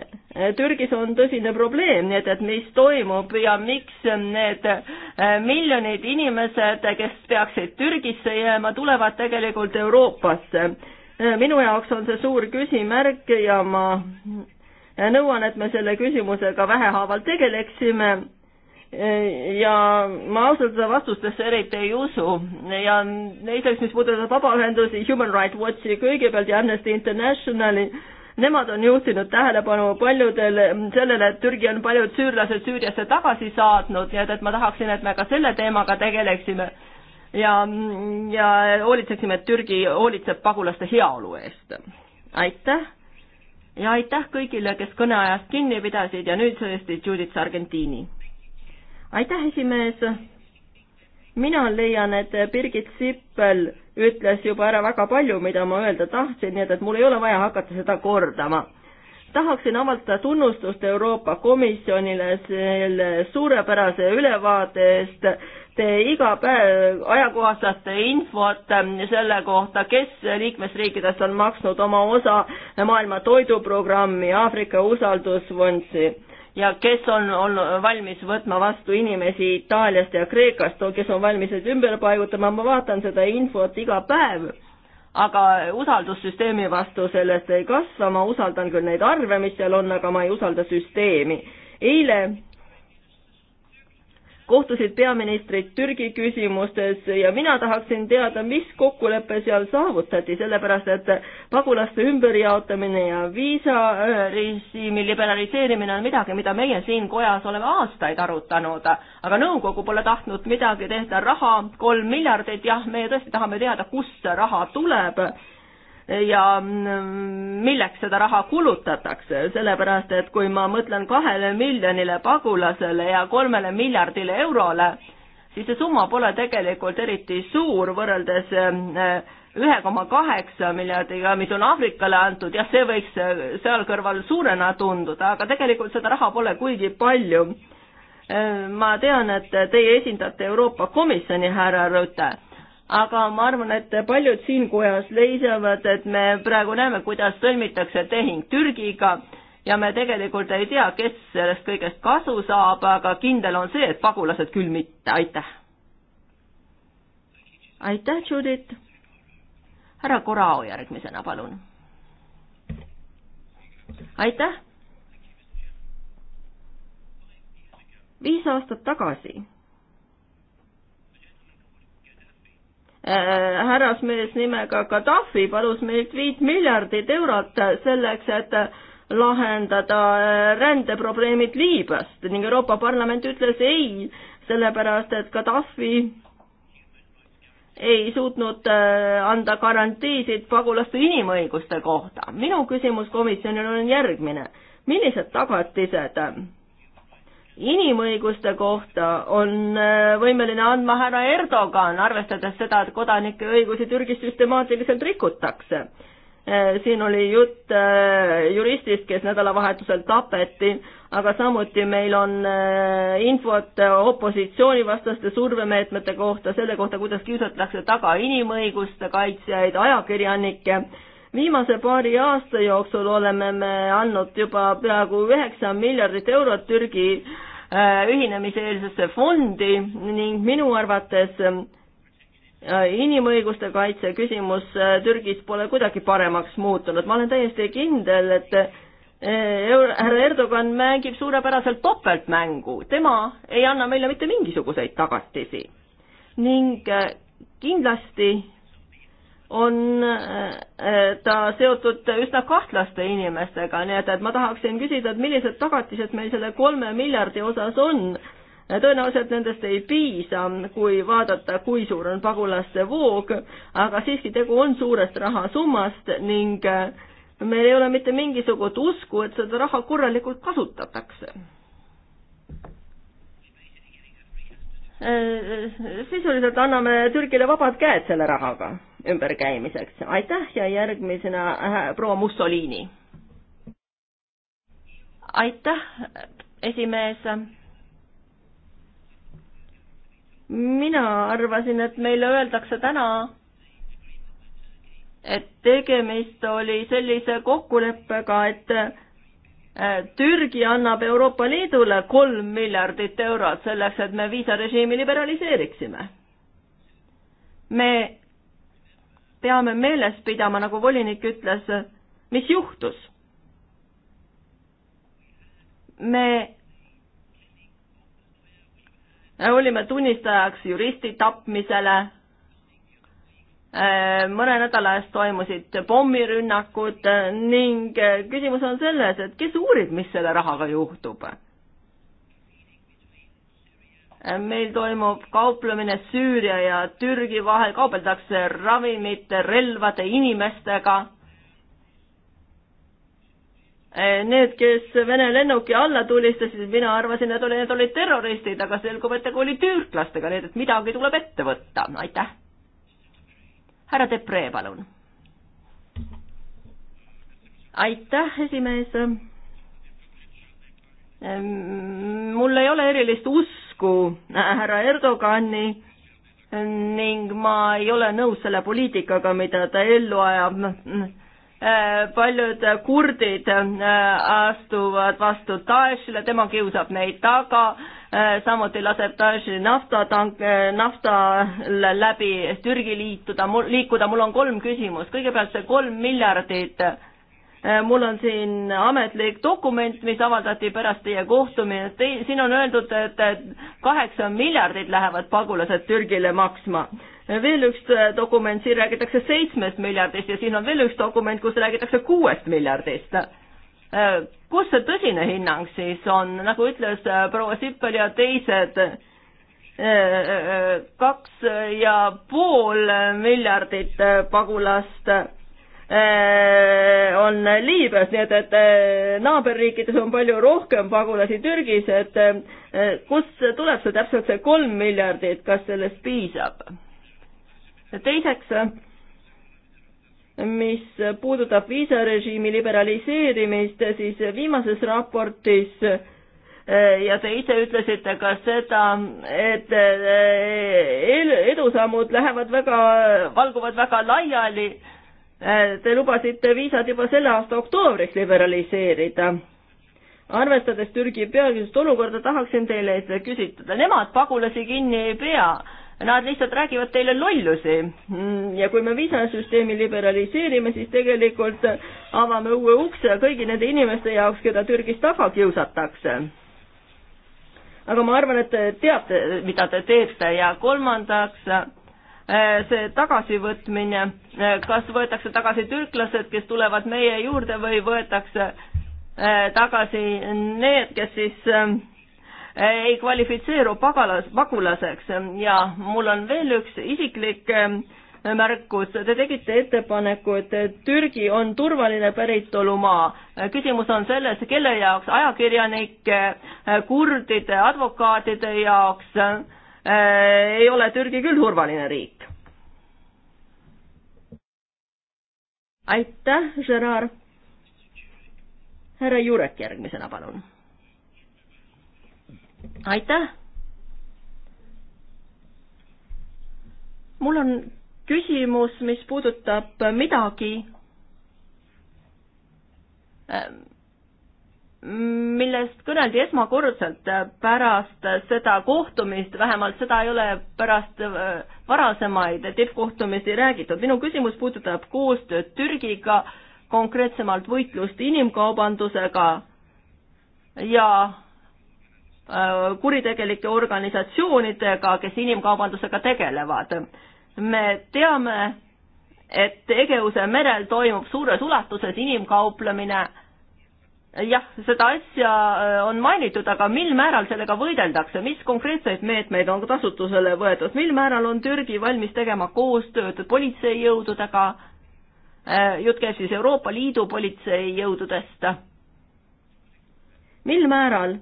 Türgis on tõsine probleem, nii et, et mis toimub ja miks need äh, miljonid inimesed, kes peaksid Türgisse jääma, tulevad tegelikult Euroopasse. Äh, minu jaoks on see suur küsimärk ja ma nõuan, et me selle küsimusega vähehaaval tegeleksime ja ma ausalt seda vastustesse eriti ei usu ja näiteks, mis puudutab vabaühendusi, Human Rights Watchi kõigepealt ja Amnesty Internationali, nemad on juhtinud tähelepanu paljudele sellele, et Türgi on paljud süürlased Süüriasse tagasi saatnud, nii et, et ma tahaksin, et me ka selle teemaga tegeleksime ja, ja hoolitseksime, et Türgi hoolitseb pagulaste heaolu eest. aitäh ja aitäh kõigile, kes kõneajast kinni pidasid ja nüüd tõesti Judith Sargentini aitäh, esimees. mina leian, et Birgit Sippel ütles juba ära väga palju, mida ma öelda tahtsin, nii et, et mul ei ole vaja hakata seda kordama. tahaksin avaldada tunnustust Euroopa Komisjonile selle suurepärase ülevaate eest. Te iga päev ajakohastate infot selle kohta, kes liikmesriikidest on maksnud oma osa maailma toiduprogrammi, Aafrika usaldusfondsi ja kes on, on valmis võtma vastu inimesi Itaaliast ja Kreekast, kes on valmis neid ümber paigutama, ma vaatan seda infot iga päev, aga usaldussüsteemi vastu sellest ei kasva, ma usaldan küll neid arve, mis seal on, aga ma ei usalda süsteemi. eile kohtusid peaministrid Türgi küsimustes ja mina tahaksin teada, mis kokkulepe seal saavutati, sellepärast et pagulaste ümberjaotamine ja viisarežiimi liberaliseerimine on midagi, mida meie siin kojas oleme aastaid arutanud, aga nõukogu pole tahtnud midagi tehta, raha kolm miljardit, jah, meie tõesti tahame teada, kust see raha tuleb ja milleks seda raha kulutatakse, sellepärast et kui ma mõtlen kahele miljonile pagulasele ja kolmele miljardile eurole, siis see summa pole tegelikult eriti suur võrreldes eh, ühe koma kaheksa miljardiga, mis on Aafrikale antud, jah, see võiks eh, seal kõrval suurena tunduda, aga tegelikult seda raha pole kuigi palju. Eh, ma tean, et teie esindate Euroopa Komisjoni, härra Rõõte aga ma arvan, et paljud siin kojas leidavad, et me praegu näeme, kuidas sõlmitakse tehing Türgiga ja me tegelikult ei tea, kes sellest kõigest kasu saab, aga kindel on see, et pagulased küll mitte, aitäh. aitäh, Judith. härra Korao järgmisena, palun. aitäh. viis aastat tagasi Äh, härrasmees nimega Gaddafi palus meilt viit miljardit eurot selleks, et lahendada äh, rändeprobleemid Liibüast ning Euroopa Parlament ütles ei, sellepärast et Gaddafi ei suutnud äh, anda garantiisid pagulaste inimõiguste kohta. minu küsimus komisjonile on järgmine. millised tagatised inimõiguste kohta on äh, võimeline andma härra Erdogan, arvestades seda, et kodanike õigusi Türgis süstemaatiliselt rikutakse. Äh, siin oli jutt äh, juristist, kes nädalavahetusel tapeti, aga samuti meil on infot opositsioonivastaste survemeetmete kohta, selle kohta, kuidas kiusatakse taga inimõiguste kaitsjaid, ajakirjanikke viimase paari aasta jooksul oleme me andnud juba peaaegu üheksa miljardit eurot Türgi Äh, ühinemiseelsesse fondi ning minu arvates äh, inimõiguste kaitse küsimus äh, Türgis pole kuidagi paremaks muutunud, ma olen täiesti kindel, et härra Erdogan mängib suurepäraselt topeltmängu, tema ei anna meile mitte mingisuguseid tagatisi ning kindlasti on äh, ta seotud üsna kahtlaste inimestega, nii et, et ma tahaksin küsida, et millised tagatised meil selle kolme miljardi osas on. tõenäoliselt nendest ei piisa, kui vaadata, kui suur on pagulaste voog, aga siiski tegu on suurest rahasummast ning äh, meil ei ole mitte mingisugust usku, et seda raha korralikult kasutatakse äh, sisuliselt anname Türgile vabad käed selle rahaga ümberkäimiseks. aitäh ja järgmisena äh, proua Mussolini. aitäh, esimees. mina arvasin, et meile öeldakse täna, et tegemist oli sellise kokkuleppega, et äh, Türgi annab Euroopa Liidule kolm miljardit eurot selleks, et me viisarežiimi liberaliseeriksime. me peame meeles pidama, nagu volinik ütles, mis juhtus. me olime tunnistajaks juristi tapmisele, äh, mõne nädala eest toimusid pommirünnakud ning äh, küsimus on selles, et kes uurib, mis selle rahaga juhtub meil toimub kauplemine Süüria ja Türgi vahel, kaubeldakse ravimite, relvade, inimestega. E, need, kes Vene lennuki alla tulistasid, mina arvasin, et olid, need olid terroristid, aga selgub, et tegu oli türklastega, nii et midagi tuleb ette võtta, aitäh. härra Depree, palun. aitäh, esimees mul ei ole erilist usku usku äh, härra Erdogani ning ma ei ole nõus selle poliitikaga, mida ta ellu ajab. Äh, paljud kurdid äh, astuvad vastu Daeshile, tema kiusab neid taga, samuti laseb Daeshi naftatank, naftal läbi Türgi liituda, liikuda. mul on kolm küsimust, kõigepealt see kolm miljardit Äh, mul on siin ametlik dokument, mis avaldati pärast teie kohtumist, siin on öeldud, et kaheksa miljardit lähevad pagulased Türgile maksma. veel üks äh, dokument, siin räägitakse seitsmest miljardist ja siin on veel üks dokument, kus räägitakse kuuest miljardist. Äh, kus see tõsine hinnang siis on, nagu ütles proua Sippel ja teised, kaks ja pool miljardit pagulast Äh, on Liibüas, nii et, et äh, naaberriikides on palju rohkem pagulasi Türgis, et äh, kust tuleb see täpselt see kolm miljardit, kas sellest piisab? teiseks, mis puudutab viisarežiimi liberaliseerimist, siis viimases raportis ja te ise ütlesite ka seda, et edusammud lähevad väga, valguvad väga laiali Äh, te lubasite viisad juba selle aasta oktoobriks liberaliseerida. arvestades Türgi pealinnas olukorda, tahaksin teile küsitleda, nemad pagulasi kinni ei pea nad lihtsalt räägivad teile lollusi. Mm, ja kui me viisasüsteemi liberaliseerime, siis tegelikult avame uue ukse kõigi nende inimeste jaoks, keda Türgis taga kiusatakse. aga ma arvan, et te teate, mida te teete ja kolmandaks Äh, see tagasivõtmine, äh, kas võetakse tagasi türklased, kes tulevad meie juurde või võetakse äh, tagasi need, kes siis ei kvalifitseeru pagalas, pagulaseks ja mul on veel üks isiklik märkus, te tegite ettepaneku, et Türgi on turvaline päritolumaa. küsimus on selles, kelle jaoks, ajakirjanike, kurdide, advokaatide jaoks äh, ei ole Türgi küll turvaline riik. aitäh, Gerard. härra Jurek järgmisena, palun. aitäh. mul on küsimus, mis puudutab midagi, millest kõneldi esmakordselt pärast seda kohtumist, vähemalt seda ei ole pärast äh, varasemaid tippkohtumisi räägitud. minu küsimus puudutab koostööd Türgiga, konkreetsemalt võitlust inimkaubandusega ja äh, kuritegelike organisatsioonidega, kes inimkaubandusega tegelevad. me teame, et Egeuse merel toimub suures ulatuses inimkauplemine jah, seda asja äh, on mainitud, aga mil määral sellega võideldakse, mis konkreetseid meetmeid on kasutusele võetud, mil määral on Türgi valmis tegema koostööd politseijõududega, äh, jutt käib siis Euroopa Liidu politseijõududest, mil määral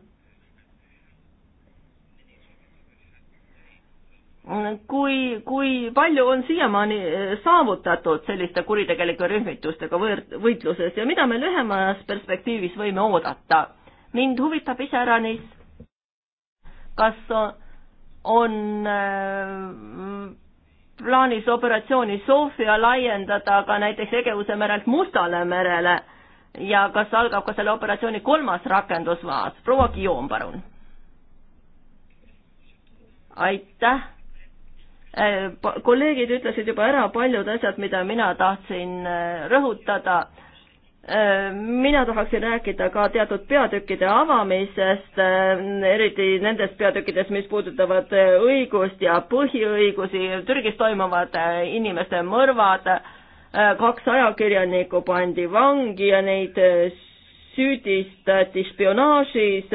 kui, kui palju on siiamaani eh, saavutatud selliste kuritegelike rühmitustega võõr-, võitluses ja mida me lühemas perspektiivis võime oodata? mind huvitab iseäranis, kas on eh, plaanis operatsiooni Sofia laiendada ka näiteks Egeuse merelt Mustale merele ja kas algab ka selle operatsiooni kolmas rakendusfaas? proua Guillaume, palun. aitäh Äh, kolleegid ütlesid juba ära paljud asjad, mida mina tahtsin äh, rõhutada. Äh, mina tahaksin rääkida ka teatud peatükkide avamisest, eriti nendest peatükkidest, mis puudutavad õigust ja põhiõigusi, Türgis toimuvad inimeste mõrvad, kaks ajakirjanikku pandi vangi ja neid süüdistati spionaažis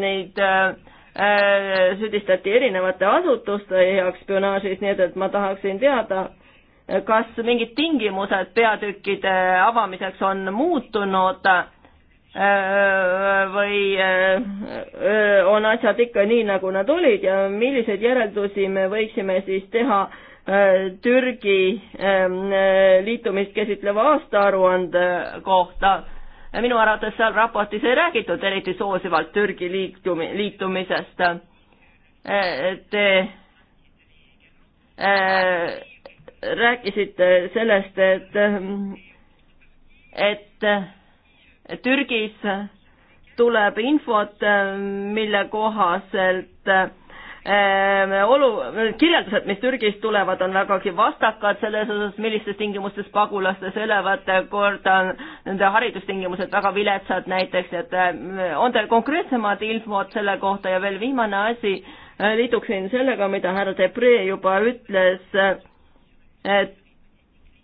neid äh, süüdistati erinevate asutuste heaks spionaažis, nii et, et ma tahaksin teada, kas mingid tingimused peatükkide avamiseks on muutunud äh, või äh, on asjad ikka nii, nagu nad olid ja milliseid järeldusi me võiksime siis teha Türgi ähm, liitumist käsitleva aastaaruande kohta minu arvates seal raportis ei räägitud eriti soosivalt Türgi liitumi, liitumisest. Äh, te äh, rääkisite sellest, et, et Türgis tuleb infot, mille kohaselt Ehm, olu, kirjeldused, mis Türgist tulevad, on vägagi vastakad selles osas, millistes tingimustes pagulastes elavad, kord on nende haridustingimused väga viletsad näiteks, et ehm, on teil konkreetsemad infod selle kohta ja veel viimane asi, äh, liituksin sellega, mida härra Debre juba ütles, et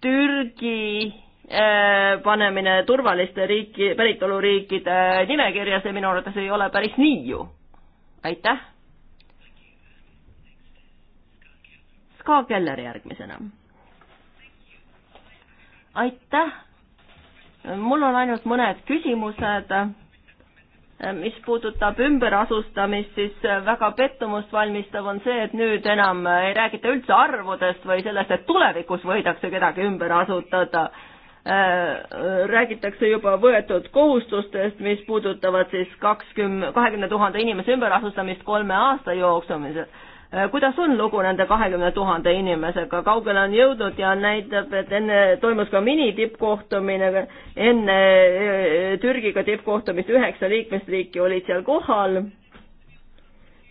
Türgi ehm, panemine turvaliste riiki, päritoluriikide nimekirja, see minu arvates ei ole päris nii ju. aitäh Ska Keller järgmisena. aitäh. mul on ainult mõned küsimused. mis puudutab ümberasustamist, siis väga pettumust valmistav on see, et nüüd enam ei räägita üldse arvudest või sellest, et tulevikus võidakse kedagi ümber asutada räägitakse juba võetud kohustustest, mis puudutavad siis kakskümmend, kahekümne tuhande inimese ümberasustamist kolme aasta jooksul, Äh, kuidas on lugu nende kahekümne tuhande inimesega, kaugele on jõudnud ja näitab, et enne toimus ka minitippkohtumine, enne äh, Türgiga tippkohtumist üheksa liikmesriiki olid seal kohal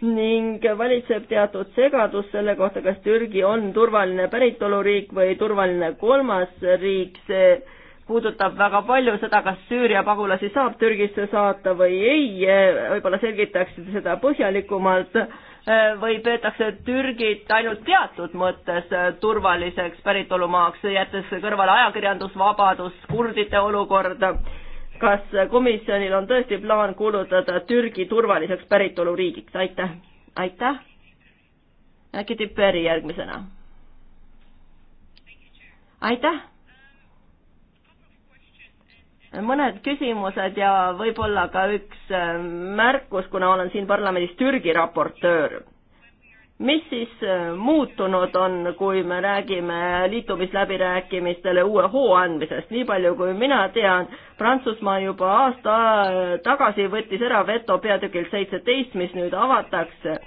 ning valitseb teatud segadus selle kohta, kas Türgi on turvaline päritoluriik või turvaline kolmas riik, see puudutab väga palju seda, kas Süüria pagulasi saab Türgisse saata või ei, äh, võib-olla selgitaksite seda põhjalikumalt Äh, või peetakse Türgit ainult teatud mõttes äh, turvaliseks päritolumaaks, jättes kõrvale ajakirjandusvabadus, kurdide olukord. kas komisjonil on tõesti plaan kuulutada Türgi turvaliseks päritoluriigiks, aitäh, aitäh. äkki Tipperi järgmisena? aitäh mõned küsimused ja võib-olla ka üks äh, märkus, kuna olen siin parlamendis Türgi raportöör. mis siis äh, muutunud on, kui me räägime liitumisläbirääkimistele uue hoo andmisest, nii palju kui mina tean, Prantsusmaa juba aasta äh, tagasi võttis ära veto peatükilt seitseteist, mis nüüd avatakse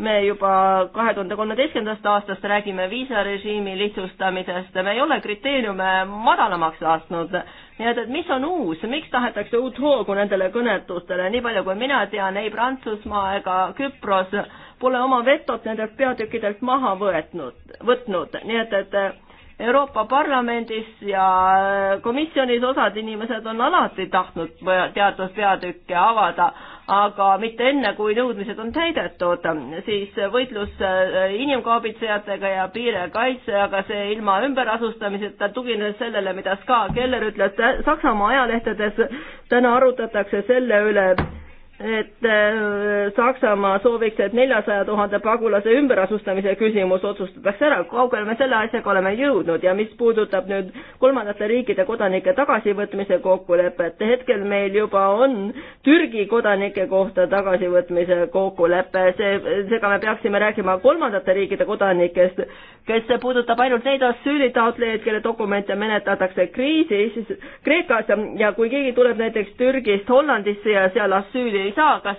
me juba kahe tuhande kolmeteistkümnendast aastast räägime viisarežiimi lihtsustamisest, me ei ole kriteeriume madalamaks lasknud, nii et, et mis on uus, miks tahetakse uut hoogu nendele kõnetustele, nii palju kui mina tean, ei Prantsusmaa ega Küpros pole oma vetot nendelt peatükkidelt maha võetnud, võtnud, nii et, et eh, Euroopa Parlamendis ja eh, komisjonis osad inimesed on alati tahtnud eh, teatud peatükke avada, aga mitte enne, kui nõudmised on täidetud, siis võitlus äh, inimkaubitsejatega ja piirikaitse, aga see ilma ümberasustamiseta, tuginedes sellele, mida Ska Keller ütles Saksamaa ajalehtedes, täna arutatakse selle üle, et äh, Saksamaa sooviks, et neljasaja tuhande pagulase ümberasustamise küsimus otsustatakse ära, kaugele me selle asjaga oleme jõudnud ja mis puudutab nüüd kolmandate riikide kodanike tagasivõtmise kokkulepet, hetkel meil juba on Türgi kodanike kohta tagasivõtmise kokkulepe, see, seega me peaksime rääkima kolmandate riikide kodanikest, kes puudutab ainult neid asüülitaotlejaid, kelle dokumente menetletakse kriisis, Kreekas ja kui keegi tuleb näiteks Türgist Hollandisse ja seal asüüli ei saa, kas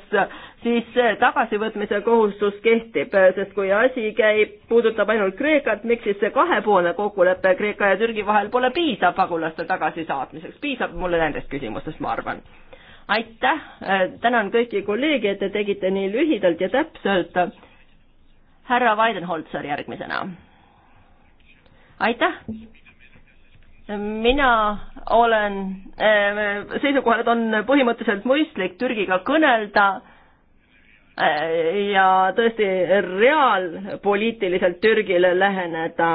siis tagasivõtmise kohustus kehtib, sest kui asi käib, puudutab ainult Kreekat, miks siis see kahepoolne kokkulepe Kreeka ja Türgi vahel pole piisav pagulaste tagasisaatmiseks, piisab mulle nendest küsimustest, ma arvan. aitäh, tänan kõiki kolleege, et te tegite nii lühidalt ja täpselt. härra Weidenholzer järgmisena. aitäh mina olen ähm, seisukohal, et on põhimõtteliselt mõistlik Türgiga kõnelda äh, ja tõesti reaalpoliitiliselt Türgile läheneda.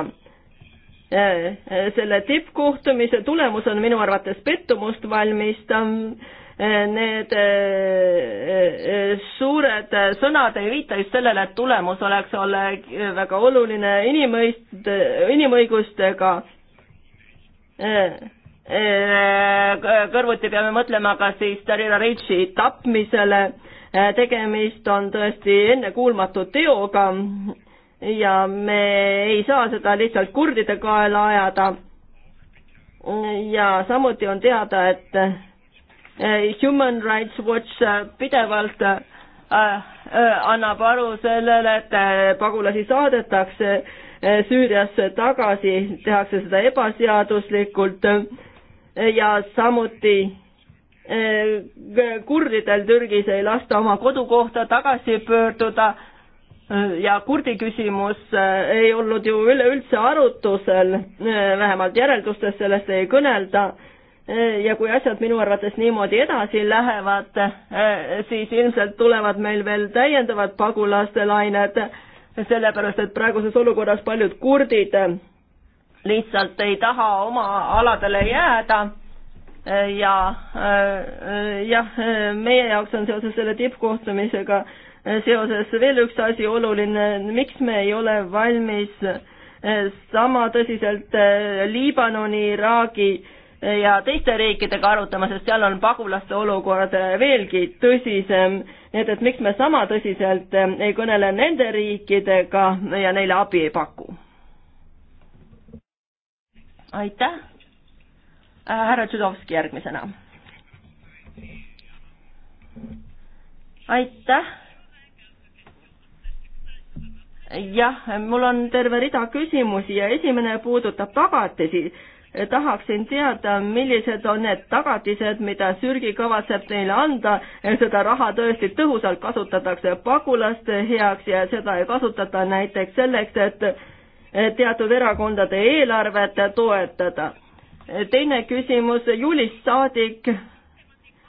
Äh, selle tippkohtumise tulemus on minu arvates pettumust valmistav. Äh, need suured sõnad ei viita just sellele, et tulemus oleks ole väga oluline inimõist, inimõigustega Äh, äh, kõrvuti peame mõtlema ka siis Darila Reitsi tapmisele, äh, tegemist on tõesti ennekuulmatu teoga ja me ei saa seda lihtsalt kurdide kaela ajada. ja samuti on teada, et Human Rights Watch pidevalt annab aru sellele, et pagulasi saadetakse Eh, Süüriasse tagasi, tehakse seda ebaseaduslikult eh, ja samuti eh, kurdidel Türgis ei lasta oma kodukohta tagasi pöörduda ja kurdi küsimus ei olnud ju üleüldse arutusel, vähemalt järeldustes sellest ei kõnelda ja kui asjad minu arvates niimoodi edasi lähevad, siis ilmselt tulevad meil veel täiendavad pagulaste lained sellepärast et praeguses olukorras paljud kurdid lihtsalt ei taha oma aladele jääda ja äh, jah, meie jaoks on seoses selle tippkohtumisega seoses veel üks asi oluline, miks me ei ole valmis sama tõsiselt Liibanoni, Iraagi ja teiste riikidega arutama, sest seal on pagulaste olukord veelgi tõsisem. nii et, et miks me sama tõsiselt eh, ei kõnele nende riikidega ja neile abi ei paku? aitäh. Äh, härra Tšudovski järgmisena. aitäh. jah, mul on terve rida küsimusi ja esimene puudutab tagatisi tahaksin teada, millised on need tagatised, mida Sürgi kavatseb neile anda, et seda raha tõesti tõhusalt kasutatakse pagulaste heaks ja seda ei kasutata näiteks selleks, et teatud erakondade eelarvet toetada. teine küsimus, juulist saadik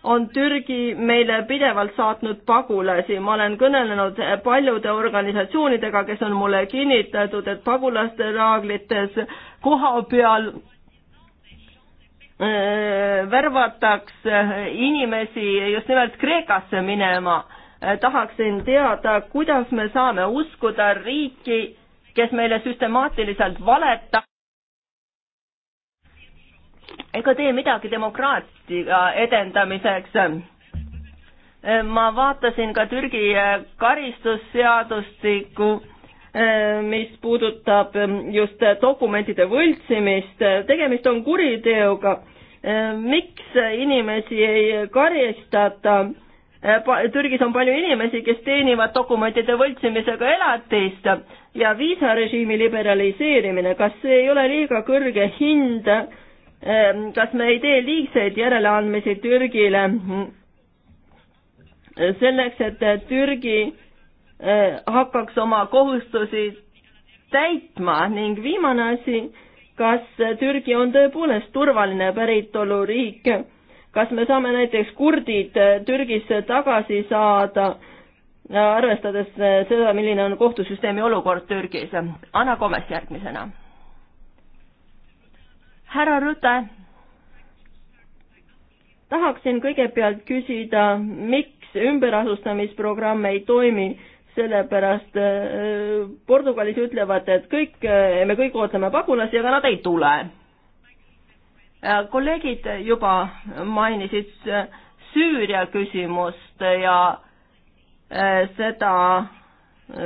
on Türgi meile pidevalt saatnud pagulasi. ma olen kõnelenud paljude organisatsioonidega, kes on mulle kinnitatud, et pagulaste laaglites koha peal värvatakse inimesi just nimelt Kreekasse minema. tahaksin teada, kuidas me saame uskuda riiki, kes meile süstemaatiliselt valetab ega tee midagi demokraatia edendamiseks. ma vaatasin ka Türgi karistusseadustikku Äh, mis puudutab ähm, just äh, dokumentide võltsimist, äh, tegemist on kuriteoga. miks inimesi ei karistata? Türgis on palju inimesi, kes teenivad dokumentide võltsimisega elatist ja viisarežiimi liberaliseerimine, kas see ei ole liiga kõrge hind? Ähm, kas me ei tee liigseid järeleandmisi Türgile selleks, et Türgi Äh, hakkaks oma kohustusi täitma ning viimane asi, kas Türgi on tõepoolest turvaline päritoluriik, kas me saame näiteks kurdid Türgisse tagasi saada, äh, arvestades äh, seda, milline on kohtusüsteemi olukord Türgis. Anna Komes järgmisena. härra Rüte tahaksin kõigepealt küsida, miks ümberasustamisprogramm ei toimi sellepärast äh, Portugalis ütlevad, et kõik, äh, me kõik ootame pagulasi, aga nad ei tule. Äh, kolleegid juba mainisid Süüria küsimust ja seda,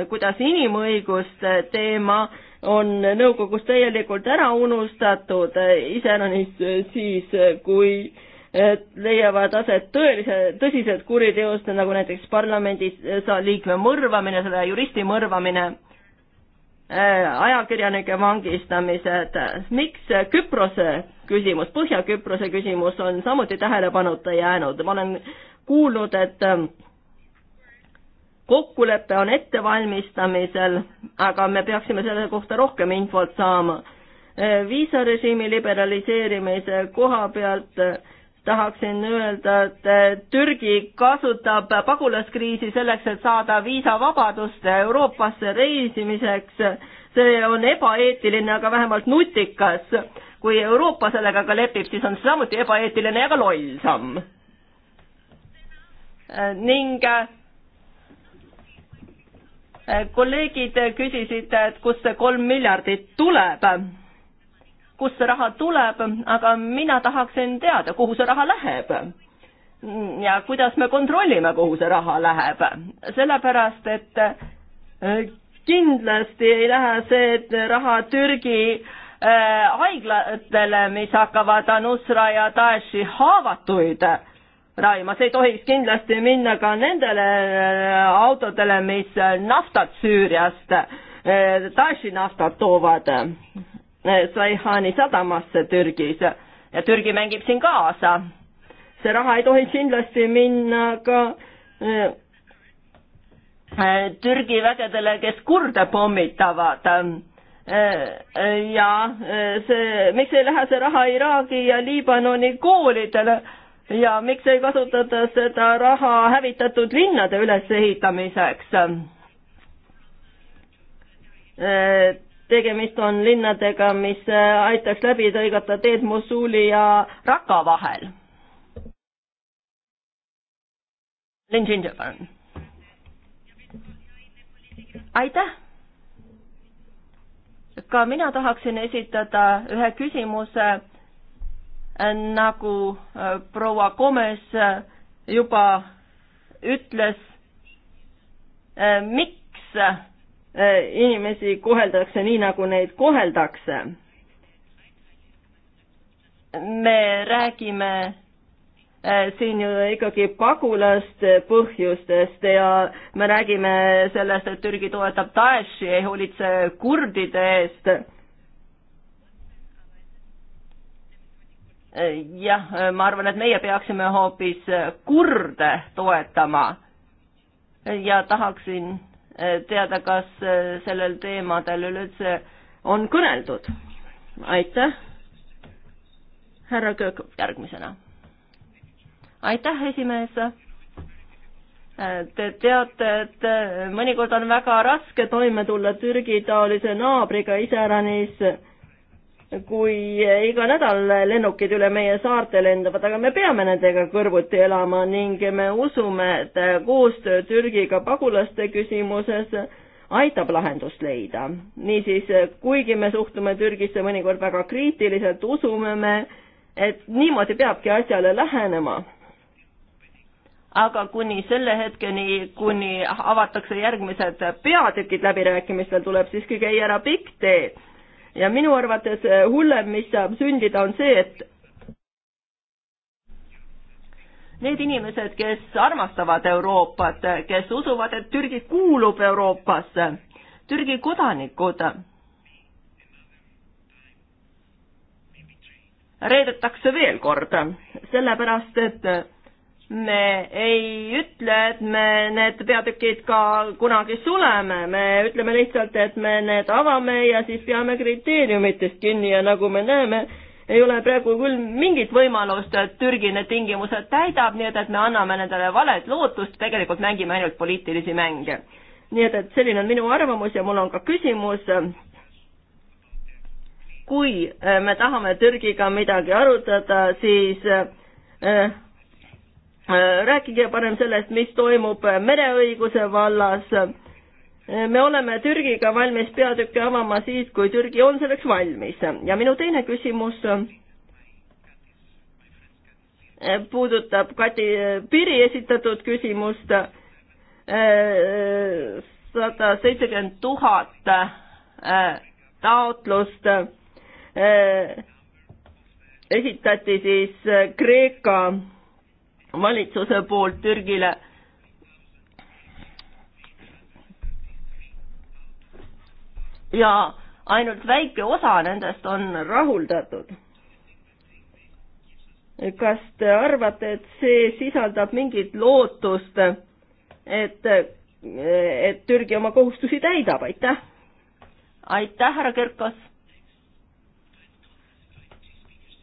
kuidas inimõiguste teema on nõukogus täielikult ära unustatud, iseäranis siis, kui äh, leiavad aset tõelise, tõsised kuriteost, nagu näiteks parlamendis liikme mõrvamine, selle juristi mõrvamine, äh, ajakirjanike vangistamised. miks Küprose küsimus, Põhja-Küprose küsimus on samuti tähelepanuta jäänud, ma olen kuulnud, et ähm, kokkulepe on ettevalmistamisel, aga me peaksime selle kohta rohkem infot saama. Äh, viisarežiimi liberaliseerimise koha pealt äh, tahaksin öelda, et Türgi kasutab pagulaskriisi selleks, et saada viisavabadust Euroopasse reisimiseks. see on ebaeetiline, aga vähemalt nutikas. kui Euroopa sellega ka lepib, siis on see samuti ebaeetiline ja ka loll samm. ning kolleegid küsisid, et kust see kolm miljardit tuleb kust see raha tuleb, aga mina tahaksin teada, kuhu see raha läheb. ja kuidas me kontrollime, kuhu see raha läheb, sellepärast et äh, kindlasti ei lähe see raha Türgi äh, haiglatele, mis hakkavad Anusra ja Daeshi haavatuid raima, see ei tohiks kindlasti minna ka nendele äh, autodele, mis naftat Süüriast, Daeshi naftat toovad. Äh, Saihani sadamasse Türgis ja Türgi mängib siin kaasa. see raha ei tohiks kindlasti minna ka äh, äh, Türgi vägedele, kes kurde pommitavad. ja see, miks ei lähe see raha Iraagi ja Liibanoni koolidele ja miks ei kasutata seda raha hävitatud linnade ülesehitamiseks? tegemist on linnadega, mis äh, aitaks läbi tõigata teed Mosuli ja Raqqa vahel. Lynn Ginger, palun. aitäh. ka mina tahaksin esitada ühe küsimuse, äh, nagu äh, proua Gomes juba ütles, miks Äh, inimesi koheldakse nii, nagu neid koheldakse. me räägime äh, siin ju ikkagi pagulaste põhjustest ja me räägime sellest, et Türgi toetab Daeshi, ei hoolitse kurdide eest. Äh, jah, ma arvan, et meie peaksime hoopis kurde toetama ja tahaksin Eh, teada, kas eh, sellel teemadel üleüldse on kõneldud. aitäh. härra Köök järgmisena. aitäh, esimees. Eh, te teate, et mõnikord on väga raske toime tulla Türgi-taolise naabriga, iseäranis kui eh, iga nädal lennukid üle meie saarte lendavad, aga me peame nendega kõrvuti elama ning me usume, et eh, koostöö Türgiga pagulaste küsimuses aitab lahendust leida. niisiis, eh, kuigi me suhtume Türgisse mõnikord väga kriitiliselt, usume me, et niimoodi peabki asjale lähenema. aga kuni selle hetkeni, kuni avatakse järgmised peatükid läbirääkimistel, tuleb siiski käia ära pikk tee ja minu arvates äh, hullem, mis saab sündida, on see, et need inimesed, kes armastavad Euroopat, kes usuvad, et Türgi kuulub Euroopasse, Türgi kodanikud reedetakse veel kord, sellepärast et me ei ütle, et me need peatükid ka kunagi suleme, me ütleme lihtsalt, et me need avame ja siis peame kriteeriumitest kinni ja nagu me näeme, ei ole praegu küll mingit võimalust, et Türgi need tingimused täidab, nii et, et me anname nendele valet lootust, tegelikult mängime ainult poliitilisi mänge. nii et, et selline on minu arvamus ja mul on ka küsimus kui eh, me tahame Türgiga midagi arutada, siis eh, Äh, rääkige parem sellest, mis toimub äh, mereõiguse vallas. Äh, me oleme Türgiga valmis peatükki avama siis, kui Türgi on selleks valmis ja minu teine küsimus puudutab Kati Piri esitatud küsimust sada seitsekümmend tuhat taotlust esitati siis Kreeka valitsuse poolt Türgile ja ainult väike osa nendest on rahuldatud. kas te arvate, et see sisaldab mingit lootust, et, et Türgi oma kohustusi täidab, aitäh! aitäh, härra Kirkos!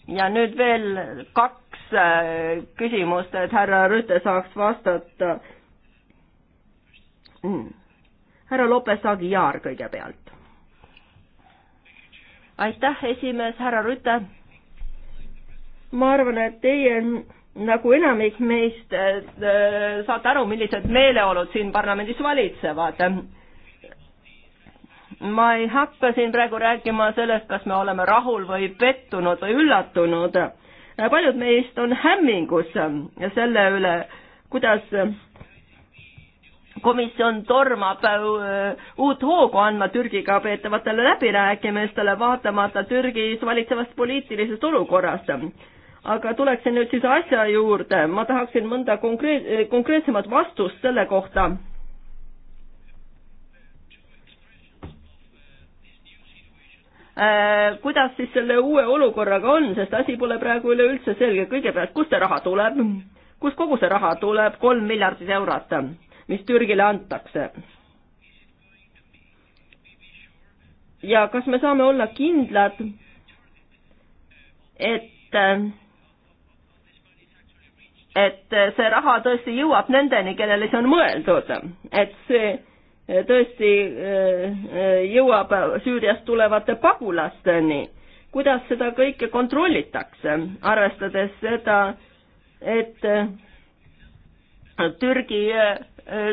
ja nüüd veel kaks kaks äh, küsimust, et härra Rüütel saaks vastata. Mm. härra Lopes Aguiar kõigepealt. aitäh, esimees, härra Rüütel. ma arvan, et teie nagu enamik meist äh, saate aru, millised meeleolud siin parlamendis valitsevad ma ei hakka siin praegu rääkima sellest, kas me oleme rahul või pettunud või üllatunud paljud meist on hämmingus ähm, selle üle, kuidas ähm, komisjon tormab äh, uut hoogu andma Türgiga peetavatele läbirääkimistele, vaatamata Türgis valitsevast poliitilisest olukorrast. aga tuleksin nüüd siis asja juurde, ma tahaksin mõnda konkreet-, konkreetsemat vastust selle kohta Äh, kuidas siis selle uue olukorraga on, sest asi pole praegu üleüldse selge. kõigepealt, kust see raha tuleb, kust kogu see raha tuleb, kolm miljardit eurot, mis Türgile antakse? ja kas me saame olla kindlad, et et see raha tõesti jõuab nendeni, kellele see on mõeldud, et see tõesti äh, äh, jõuab Süüriast tulevate pagulasteni. kuidas seda kõike kontrollitakse, arvestades seda, et äh, Türgi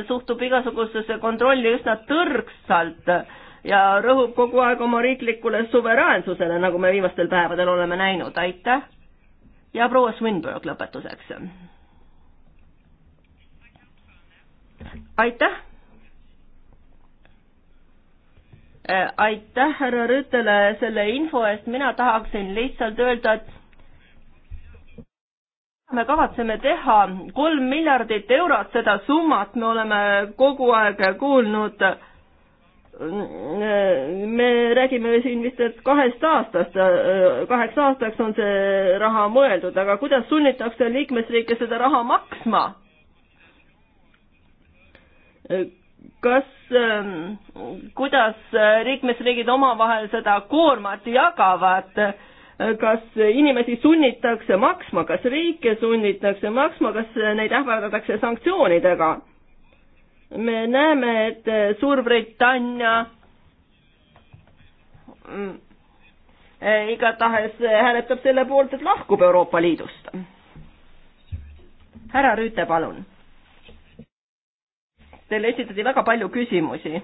suhtub igasugusesse kontrolli üsna tõrgsalt ja rõhub kogu aeg oma riiklikule suveräänsusele, nagu me viimastel päevadel oleme näinud, aitäh. ja proua Swinburne lõpetuseks. aitäh aitäh härra Rüütele selle info eest, mina tahaksin lihtsalt öelda, et me kavatseme teha kolm miljardit eurot, seda summat me oleme kogu aeg kuulnud. me räägime siin vist, et kahest aastast, kaheks aastaks on see raha mõeldud, aga kuidas sunnitakse liikmesriike seda raha maksma? kas, ähm, kuidas liikmesriigid omavahel seda koormat jagavad, kas inimesi sunnitakse maksma, kas riike sunnitakse maksma, kas neid ähvardatakse sanktsioonidega? me näeme, et Suurbritannia mm, eh, igatahes hääletab selle poolt, et lahkub Euroopa Liidust. härra Rüütel, palun Teile esitati väga palju küsimusi.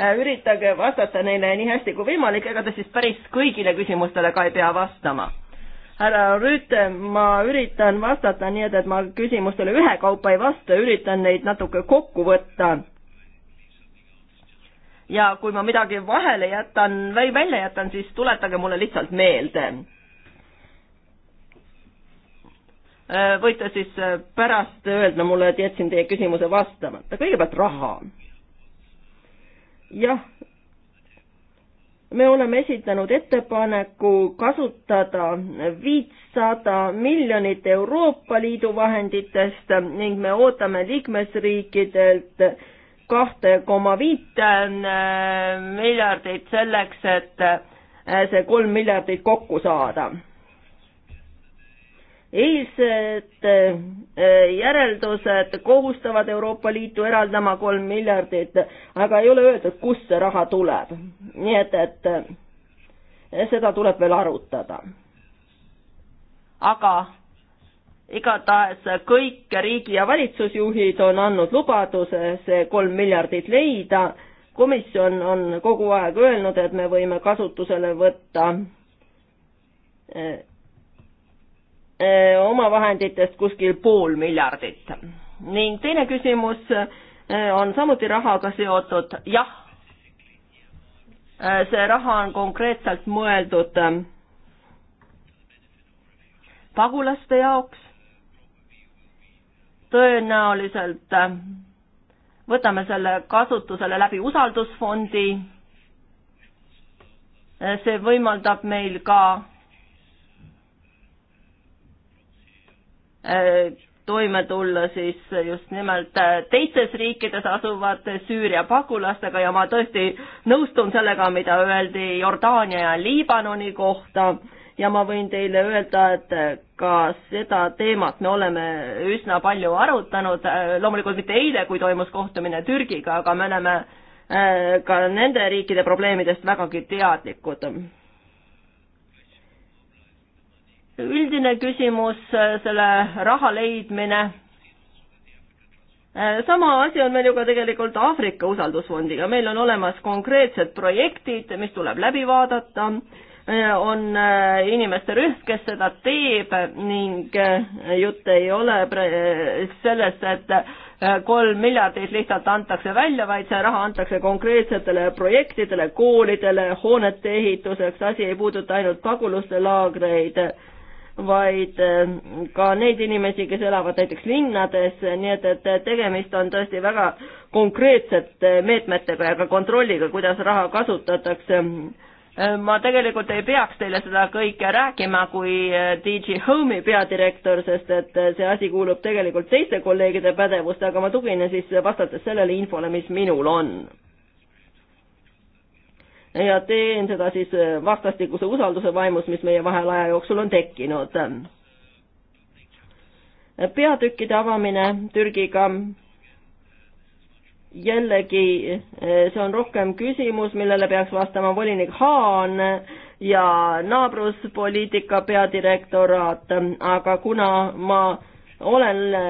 Äh, üritage vastata neile nii hästi kui võimalik, ega te siis päris kõigile küsimustele ka ei pea vastama. härra Rüütel, ma üritan vastata nii, et, et ma küsimustele ühekaupa ei vasta, üritan neid natuke kokku võtta ja kui ma midagi vahele jätan või välja jätan, siis tuletage mulle lihtsalt meelde Äh, võite siis äh, pärast öelda mulle, et jätsin teie küsimuse vastamata. kõigepealt raha. jah, me oleme esitanud ettepaneku kasutada viissada miljonit Euroopa Liidu vahenditest ning me ootame liikmesriikidelt kahte koma viite äh, miljardit selleks, et see kolm miljardit kokku saada eilsed äh, järeldused kohustavad Euroopa Liitu eraldama kolm miljardit, aga ei ole öeldud, kust see raha tuleb. nii et, et äh, seda tuleb veel arutada. aga igatahes kõik riigi- ja valitsusjuhid on andnud lubaduse see kolm miljardit leida. komisjon on kogu aeg öelnud, et me võime kasutusele võtta äh, Eh, omavahenditest kuskil pool miljardit. ning teine küsimus eh, on samuti rahaga seotud, jah, eh, see raha on konkreetselt mõeldud pagulaste jaoks, tõenäoliselt võtame selle kasutusele läbi usaldusfondi, see võimaldab meil ka Äh, toime tulla siis just nimelt äh, teistes riikides asuvate Süüria pagulastega ja ma tõesti nõustun sellega, mida öeldi Jordaania ja Liibanoni kohta ja ma võin teile öelda, et äh, ka seda teemat me oleme üsna palju arutanud, loomulikult mitte eile, kui toimus kohtumine Türgiga, aga me oleme ka nende riikide probleemidest vägagi teadlikud üldine küsimus, äh, selle raha leidmine. Äh, sama asi on meil ju ka tegelikult Aafrika usaldusfondiga, meil on olemas konkreetsed projektid, mis tuleb läbi vaadata, äh, on inimeste rühm, kes seda teeb ning jutt ei ole sellest, et kolm miljardit lihtsalt antakse välja, vaid see raha antakse konkreetsetele projektidele, koolidele, hoonete ehituseks, asi ei puuduta ainult pagulaste laagreid vaid ähm, ka neid inimesi, kes elavad näiteks linnades, nii et, et tegemist on tõesti väga konkreetsete meetmetega ja ka kontrolliga, kuidas raha kasutatakse. Äh, ma tegelikult ei peaks teile seda kõike rääkima kui äh, DJ Home'i peadirektor, sest et äh, see asi kuulub tegelikult teiste kolleegide pädevuste, aga ma tuginen siis vastates sellele infole, mis minul on ja teen seda siis äh, vastastikuse usalduse vaimus, mis meie vahel aja jooksul on tekkinud. peatükkide avamine Türgiga. jällegi, äh, see on rohkem küsimus, millele peaks vastama volinik Haan ja naabruspoliitika peadirektoraat, aga kuna ma olen äh,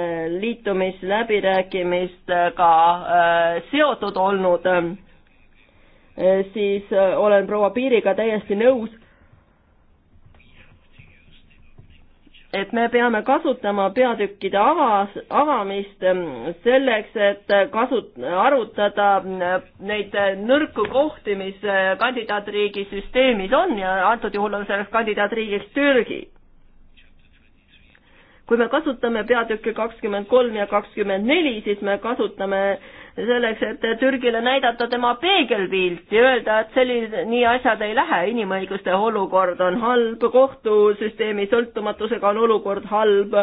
liitumisläbirääkimistega seotud olnud, Eh, siis eh, olen proua Piiriga täiesti nõus, et me peame kasutama peatükkide avas, avamist eh, selleks, et kasut-, arutada neid nõrku kohti, mis kandidaatriigi süsteemis on ja antud juhul on selleks kandidaatriigiks Türgi. kui me kasutame peatükke kakskümmend kolm ja kakskümmend neli, siis me kasutame selleks, et Türgile näidata tema peegelpilti, öelda, et sellise, nii asjad ei lähe, inimõiguste olukord on halb, kohtusüsteemi sõltumatusega on olukord halb.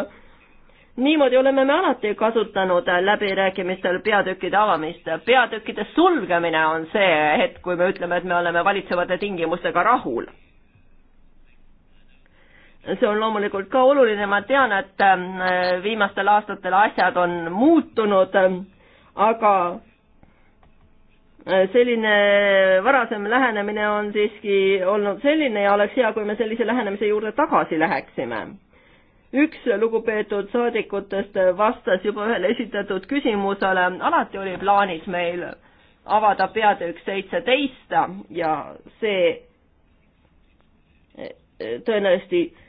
niimoodi oleme me alati kasutanud läbirääkimistel peatükkide avamist. peatükkide sulgemine on see hetk, kui me ütleme, et me oleme valitsevate tingimustega rahul see on loomulikult ka oluline, ma tean, et äh, viimastel aastatel asjad on muutunud aga äh, selline varasem lähenemine on siiski olnud selline ja oleks hea, kui me sellise lähenemise juurde tagasi läheksime. üks lugupeetud saadikutest vastas juba ühele esitatud küsimusele, alati oli plaanis meil avada peatükk seitseteist ja see äh, tõenäoliselt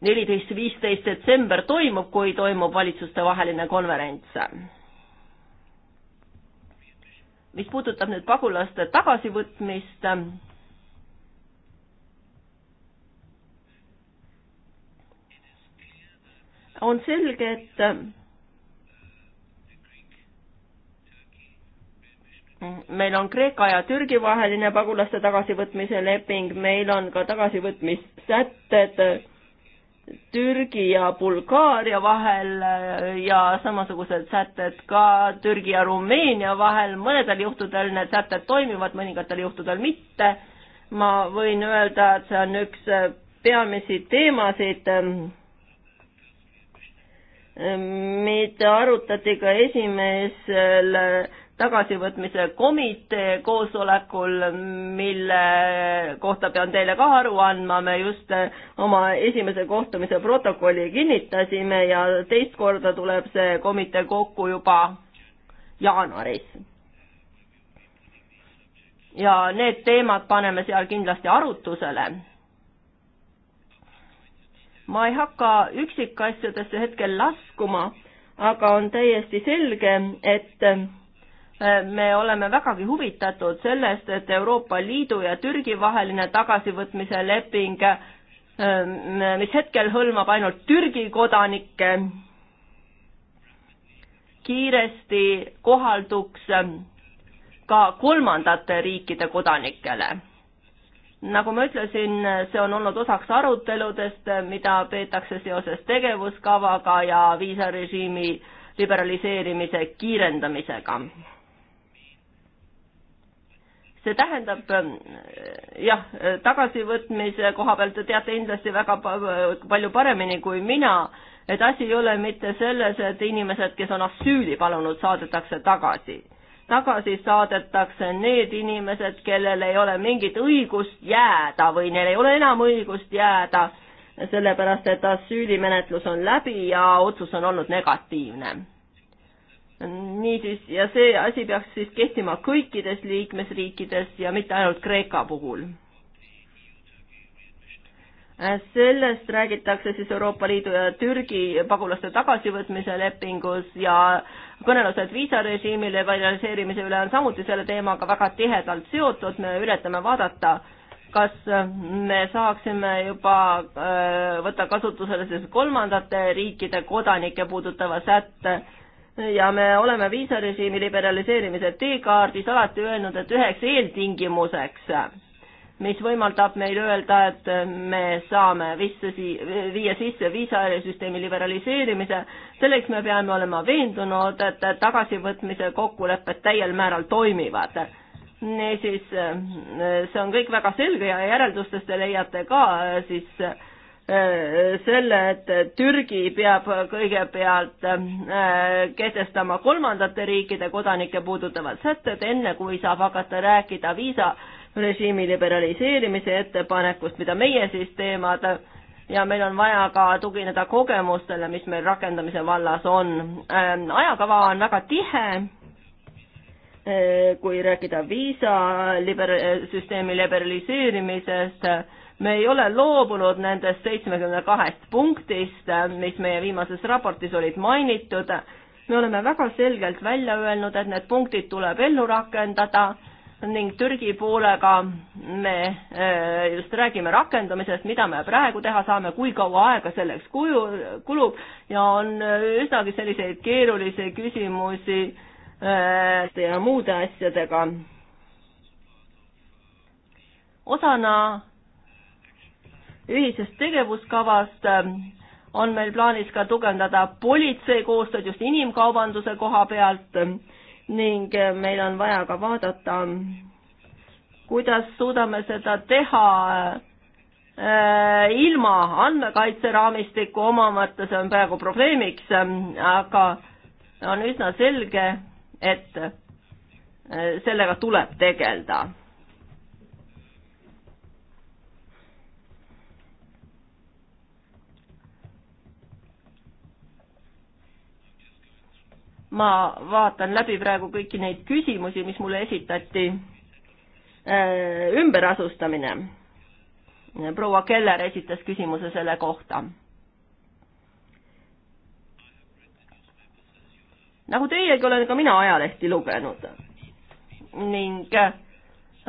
neliteist, viisteist detsember toimub, kui toimub valitsustevaheline konverents mis puudutab nüüd pagulaste tagasivõtmist, on selge, et meil on Kreeka ja Türgi vaheline pagulaste tagasivõtmise leping, meil on ka tagasivõtmissätted Türgi ja Bulgaaria vahel äh, ja samasugused sätted ka Türgi ja Rumeenia vahel, mõnedel juhtudel need sätted toimivad, mõningatel juhtudel mitte. ma võin öelda, et see on üks äh, peamisi teemasid, ähm, äh, mida arutati ka esimesel tagasivõtmise komitee koosolekul, mille kohta pean teile ka aru andma, me just oma esimese kohtumise protokolli kinnitasime ja teist korda tuleb see komitee kokku juba jaanuaris. ja need teemad paneme seal kindlasti arutusele. ma ei hakka üksikasjadesse hetkel laskuma, aga on täiesti selge, et me oleme vägagi huvitatud sellest, et Euroopa Liidu ja Türgi vaheline tagasivõtmise leping, ähm, mis hetkel hõlmab ainult Türgi kodanikke, kiiresti kohalduks ähm, ka kolmandate riikide kodanikele. nagu ma ütlesin, see on olnud osaks aruteludest, mida peetakse seoses tegevuskavaga ja viisarežiimi liberaliseerimise kiirendamisega see tähendab ähm, jah, tagasivõtmise koha pealt te teate kindlasti väga palju paremini kui mina, et asi ei ole mitte selles, et inimesed, kes on asüüli palunud, saadetakse tagasi. tagasi saadetakse need inimesed, kellel ei ole mingit õigust jääda või neil ei ole enam õigust jääda, sellepärast et asüülimenetlus on läbi ja otsus on olnud negatiivne niisiis, ja see asi peaks siis kehtima kõikides liikmesriikides ja mitte ainult Kreeka puhul. sellest räägitakse siis Euroopa Liidu ja Türgi pagulaste tagasivõtmise lepingus ja kõnelused viisarežiimi liberaliseerimise üle on samuti selle teemaga väga tihedalt seotud, me üritame vaadata, kas me saaksime juba äh, võtta kasutusele siis kolmandate riikide kodanikke puudutava sätte ja me oleme viisarežiimi liberaliseerimise teekaardis alati öelnud, et üheks eeltingimuseks, mis võimaldab meil öelda, et me saame visse, viia sisse viisarežiimi liberaliseerimise, selleks me peame olema veendunud, et tagasivõtmise kokkulepped täiel määral toimivad niisiis see on kõik väga selge ja järeldustest te leiate ka siis selle, et Türgi peab kõigepealt äh, kehtestama kolmandate riikide kodanikke puudutavad sätted, enne kui saab hakata rääkida viisarežiimi liberaliseerimise ettepanekust, mida meie siis teeme, ja meil on vaja ka tugineda kogemustele, mis meil rakendamise vallas on. Ähm, ajakava on väga tihe, äh, kui rääkida viisa liber-, süsteemi liberaliseerimisest, me ei ole loobunud nendest seitsmekümne kahest punktist, mis meie viimases raportis olid mainitud. me oleme väga selgelt välja öelnud, et need punktid tuleb ellu rakendada ning Türgi poolega me eh, just räägime rakendamisest, mida me praegu teha saame, kui kaua aega selleks kuju, kulub ja on eh, üsnagi selliseid keerulisi küsimusi eh, ja muude asjadega. osana ühisest tegevuskavast ähm, on meil plaanis ka tugevdada politsei koostööd just inimkaubanduse koha pealt ähm, ning äh, meil on vaja ka vaadata, kuidas suudame seda teha äh, ilma andmekaitseraamistikku omamata, see on praegu probleemiks, ähm, aga on üsna selge, et äh, sellega tuleb tegeleda ma vaatan läbi praegu kõiki neid küsimusi, mis mulle esitati. Äh, ümberasustamine. proua Keller esitas küsimuse selle kohta. nagu teiegi olen ka mina ajalehti lugenud ning äh,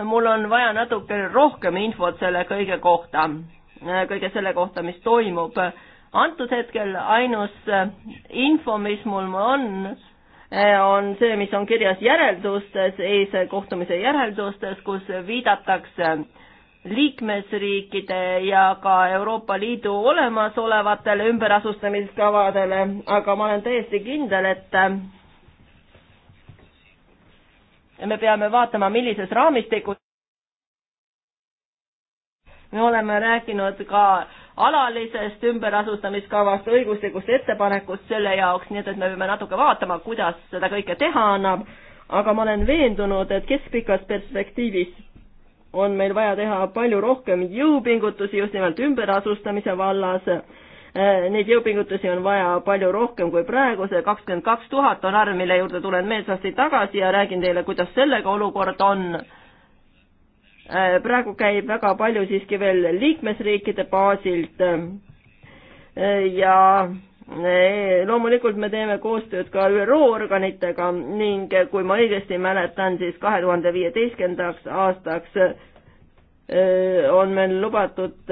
mul on vaja natuke rohkem infot selle kõige kohta, äh, kõige selle kohta, mis toimub. antud hetkel ainus info, mis mul on, on see, mis on kirjas järeldustes, eilse kohtumise järeldustes, kus viidatakse liikmesriikide ja ka Euroopa Liidu olemasolevatele ümberasustamiskavadele, aga ma olen täiesti kindel, et me peame vaatama, millises raamistikus me oleme rääkinud ka alalisest ümberasustamiskavast, õiguslikust ettepanekust selle jaoks, nii et, et me peame natuke vaatama, kuidas seda kõike teha annab, aga ma olen veendunud, et keskpikas perspektiivis on meil vaja teha palju rohkem jõupingutusi just nimelt ümberasustamise vallas. Eh, neid jõupingutusi on vaja palju rohkem kui praegu, see kakskümmend kaks tuhat on arv, mille juurde tulen meelsasti tagasi ja räägin teile, kuidas sellega olukord on Äh, praegu käib väga palju siiski veel liikmesriikide baasilt äh, ja äh, loomulikult me teeme koostööd ka ÜRO organitega ning kui ma õigesti mäletan, siis kahe tuhande viieteistkümnendaks aastaks on meil lubatud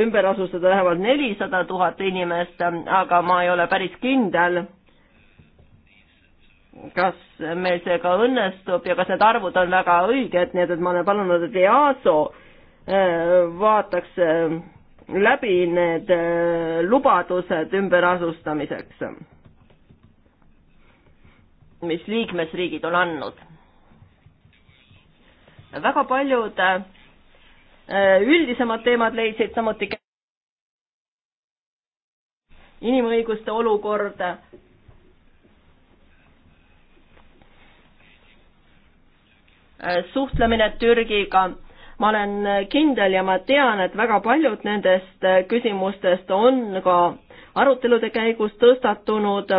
ümber asustada vähemalt nelisada tuhat inimest, aga ma ei ole päris kindel kas meil see ka õnnestub ja kas need arvud on väga õiged, nii et, et ma olen palunud, et EASO äh, vaataks äh, läbi need äh, lubadused ümberasustamiseks, mis liikmesriigid on andnud. väga paljud üldisemad teemad leidsid samuti inimõiguste olukord Äh, suhtlemine Türgiga. ma olen kindel ja ma tean, et väga paljud nendest äh, küsimustest on ka arutelude käigus tõstatunud,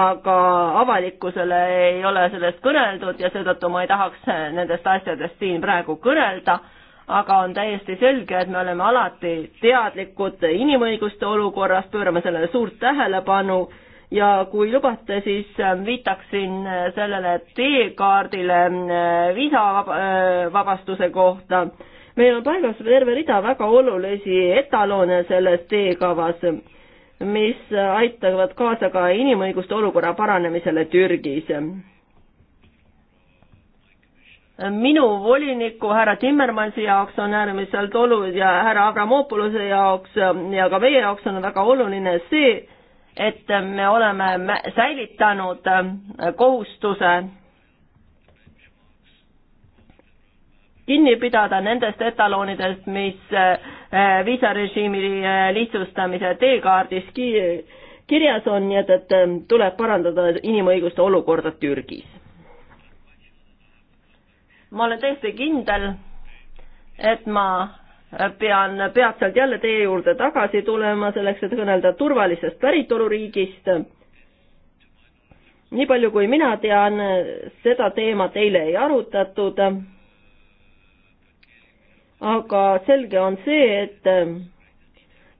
aga avalikkusele ei ole sellest kõneldud ja seetõttu ma ei tahaks äh, nendest asjadest siin praegu kõnelda aga on täiesti selge, et me oleme alati teadlikud inimõiguste olukorrast, pöörame sellele suurt tähelepanu ja kui lubate, siis ähm, viitaksin äh, sellele teekaardile äh, viisavabastuse äh, kohta. meil on paigas terve rida väga olulisi etalone selles teekavas, mis aitavad kaasa ka inimõiguste olukorra paranemisele Türgis. minu voliniku härra Timmermansi jaoks on äärmiselt oluline ja härra Avramopoluse jaoks ja ka meie jaoks on väga oluline see, et me oleme säilitanud ähm, kohustuse kinni pidada nendest etaloonidest, mis äh, äh, viisarežiimi äh, lihtsustamise teekaardis kirjas on, nii et, et ähm, tuleb parandada inimõiguste olukorda Türgis. ma olen täiesti kindel, et ma pean peatselt jälle teie juurde tagasi tulema, selleks et kõnelda turvalisest päritoluriigist. nii palju, kui mina tean, seda teemat eile ei arutatud. aga selge on see, et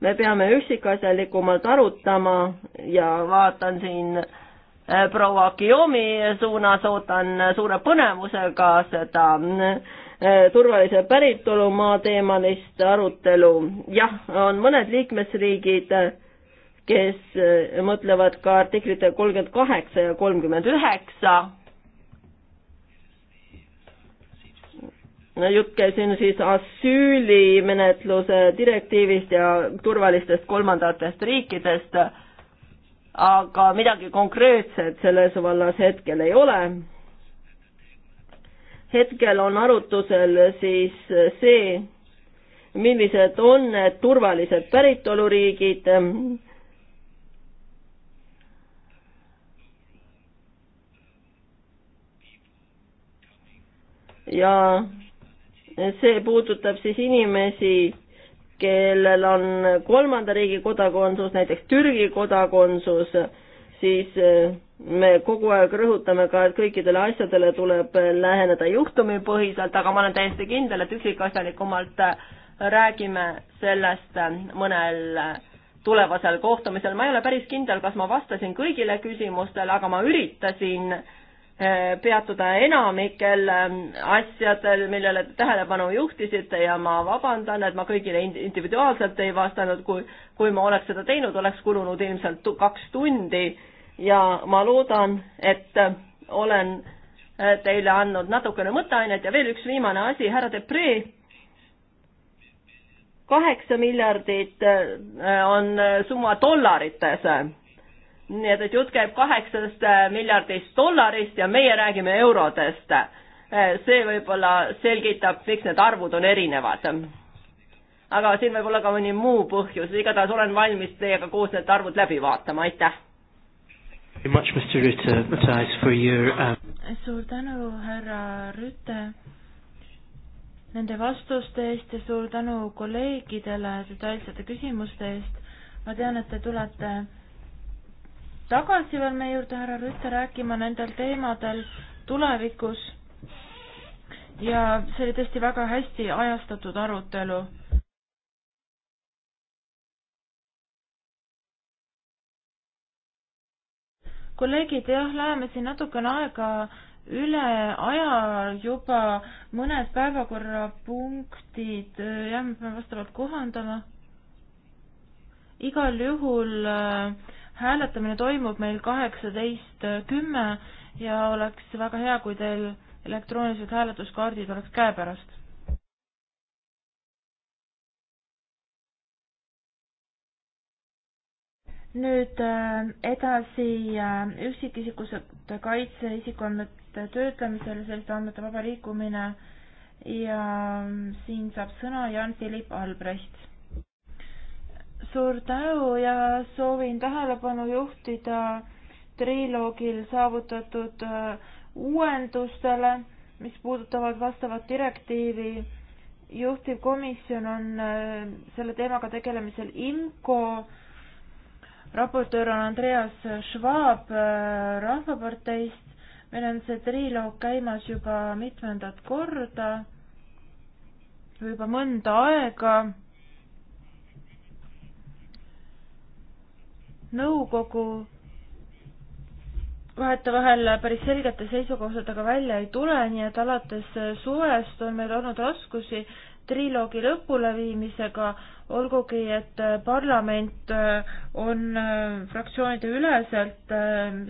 me peame üksikasjalikumalt arutama ja vaatan siin eh, proua Guillaume'i suunas, ootan suure põnevusega seda äh, Äh, turvalise päritolumaa teemalist arutelu. jah, on mõned liikmesriigid, äh, kes äh, mõtlevad ka artiklite kolmkümmend kaheksa ja kolmkümmend üheksa. jutt käib siin siis asüülimenetluse direktiivist ja turvalistest kolmandatest riikidest, aga midagi konkreetset selles vallas hetkel ei ole hetkel on arutusel siis see, millised on need turvalised päritoluriigid. ja see puudutab siis inimesi, kellel on kolmanda riigi kodakondsus, näiteks Türgi kodakondsus, siis eh, me kogu aeg rõhutame ka, et kõikidele asjadele tuleb läheneda juhtumipõhiselt, aga ma olen täiesti kindel, et üksikasjalikumalt äh, räägime sellest äh, mõnel äh, tulevasel kohtumisel. ma ei ole päris kindel, kas ma vastasin kõigile küsimustele, aga ma üritasin peatuda enamikel ähm, asjadel, millele te tähelepanu juhtisite ja ma vabandan, et ma kõigile individuaalselt ei vastanud, kui, kui ma oleks seda teinud, oleks kulunud ilmselt kaks tundi ja ma loodan, et äh, olen äh, teile andnud natukene mõtteainet ja veel üks viimane asi, härra Depree. kaheksa miljardit äh, on summa dollarites. nii et, et jutt käib kaheksast miljardist dollarist ja meie räägime eurodest. see võib-olla selgitab, miks need arvud on erinevad aga siin võib olla ka mõni muu põhjus, igatahes olen valmis teiega koos need arvud läbi vaatama, aitäh! much, Mr. Rutte, Matthijs, for your... Um... suur tänu, härra Rüte, nende vastuste eest ja suur tänu kolleegidele detailsete küsimuste eest. ma tean, et te tulete tagasi veel meie juurde, härra Rüte, rääkima nendel teemadel tulevikus. ja see oli tõesti väga hästi ajastatud arutelu kolleegid, jah, läheme siin natukene aega üle aja juba mõned päevakorrapunktid, äh, jah, me peame vastavalt kohandama. igal juhul äh, hääletamine toimub meil kaheksateist äh, kümme ja oleks väga hea, kui teil elektroonilised hääletuskaardid oleks käepärast. nüüd äh, edasi äh, üksikisikute kaitse isikuandmete töötlemisel, selliste andmete vaba liikumine ja mm, siin saab sõna Jan-Philipp Albrecht. suur tänu ja soovin tähelepanu juhtida triloogil saavutatud äh, uuendustele, mis puudutavad vastavat direktiivi. juhtivkomisjon on selle teemaga tegelemisel IMCO raportöör on Andreas Schwab äh, Rahvaparteist. meil on see triloog käimas juba mitmendat korda või juba mõnda aega. nõukogu vahetevahel päris selgete seisukohtadega välja ei tule, nii et alates suvest on meil olnud raskusi triloogi lõpuleviimisega olgugi, et äh, parlament äh, on äh, fraktsioonide üleselt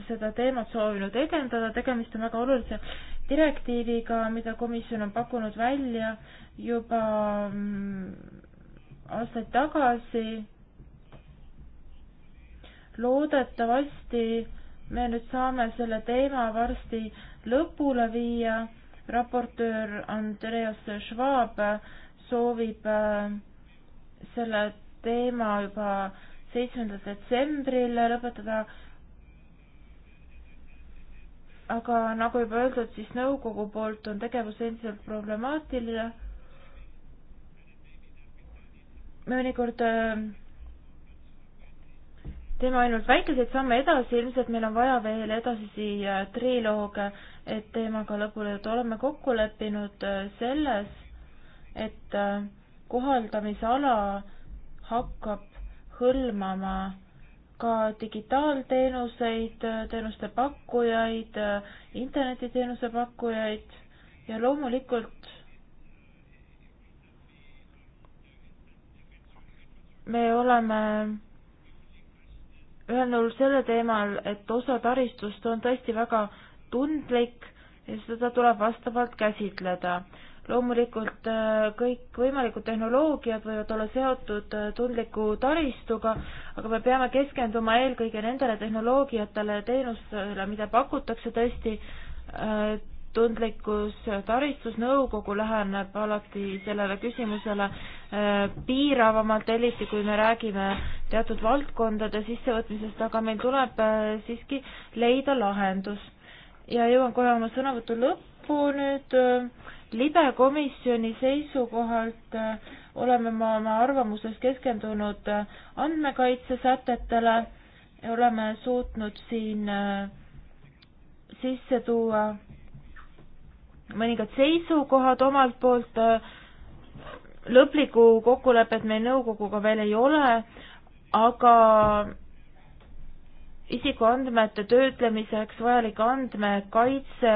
seda teemat soovinud edendada, tegemist on väga olulise direktiiviga, mida komisjon on pakkunud välja juba mm, aastaid tagasi. loodetavasti me nüüd saame selle teema varsti lõpule viia. raportöör Andreas Schwab soovib äh, selle teema juba seitsmendal detsembril lõpetada. aga nagu juba öeldud, siis nõukogu poolt on tegevus endiselt problemaatiline. me mõnikord äh, teeme ainult väikeseid samme edasi, ilmselt meil on vaja veel edasisi äh, triloog, et teemaga lõpule jõuda. oleme kokku leppinud äh, selles, et äh, kohaldamisala hakkab hõlmama ka digitaalteenuseid, teenuste pakkujaid, internetiteenuse pakkujaid ja loomulikult me oleme ühel nõul selle teemal, et osa taristust on tõesti väga tundlik ja seda tuleb vastavalt käsitleda loomulikult äh, kõikvõimalikud tehnoloogiad võivad olla seotud äh, tundliku taristuga, aga me peame keskenduma eelkõige nendele tehnoloogiatele ja teenustele, mida pakutakse tõesti äh, tundlikkus taristus, nõukogu läheneb alati sellele küsimusele piiravamalt, eriti kui me räägime teatud valdkondade sissevõtmisest, aga meil tuleb siiski leida lahendus. ja jõuan kohe oma sõnavõtu lõppu kokku nüüd äh, libe komisjoni seisukohalt äh, oleme me oma arvamuses keskendunud äh, andmekaitsesätetele ja oleme suutnud siin sisse tuua mõningad seisukohad omalt poolt. lõplikku kokkulepet meil nõukoguga veel ei ole, aga isikuandmete töötlemiseks vajalik andmekaitse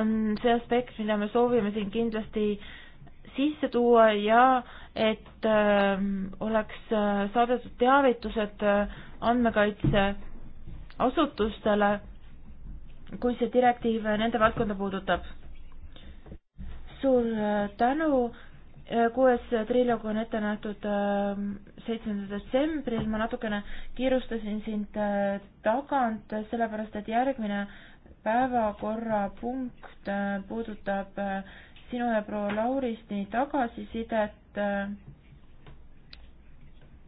on see aspekt, mida me soovime siin kindlasti sisse tuua ja et äh, oleks äh, saadetud teavitused äh, andmekaitseasutustele, kui see direktiiv nende valdkonda puudutab. suur äh, tänu, kuues triloog on ette nähtud äh, seitsmendal detsembril, ma natukene kiirustasin sind äh, tagant, sellepärast et järgmine päevakorrapunkt äh, puudutab sinu ja proua Lauristi tagasisidet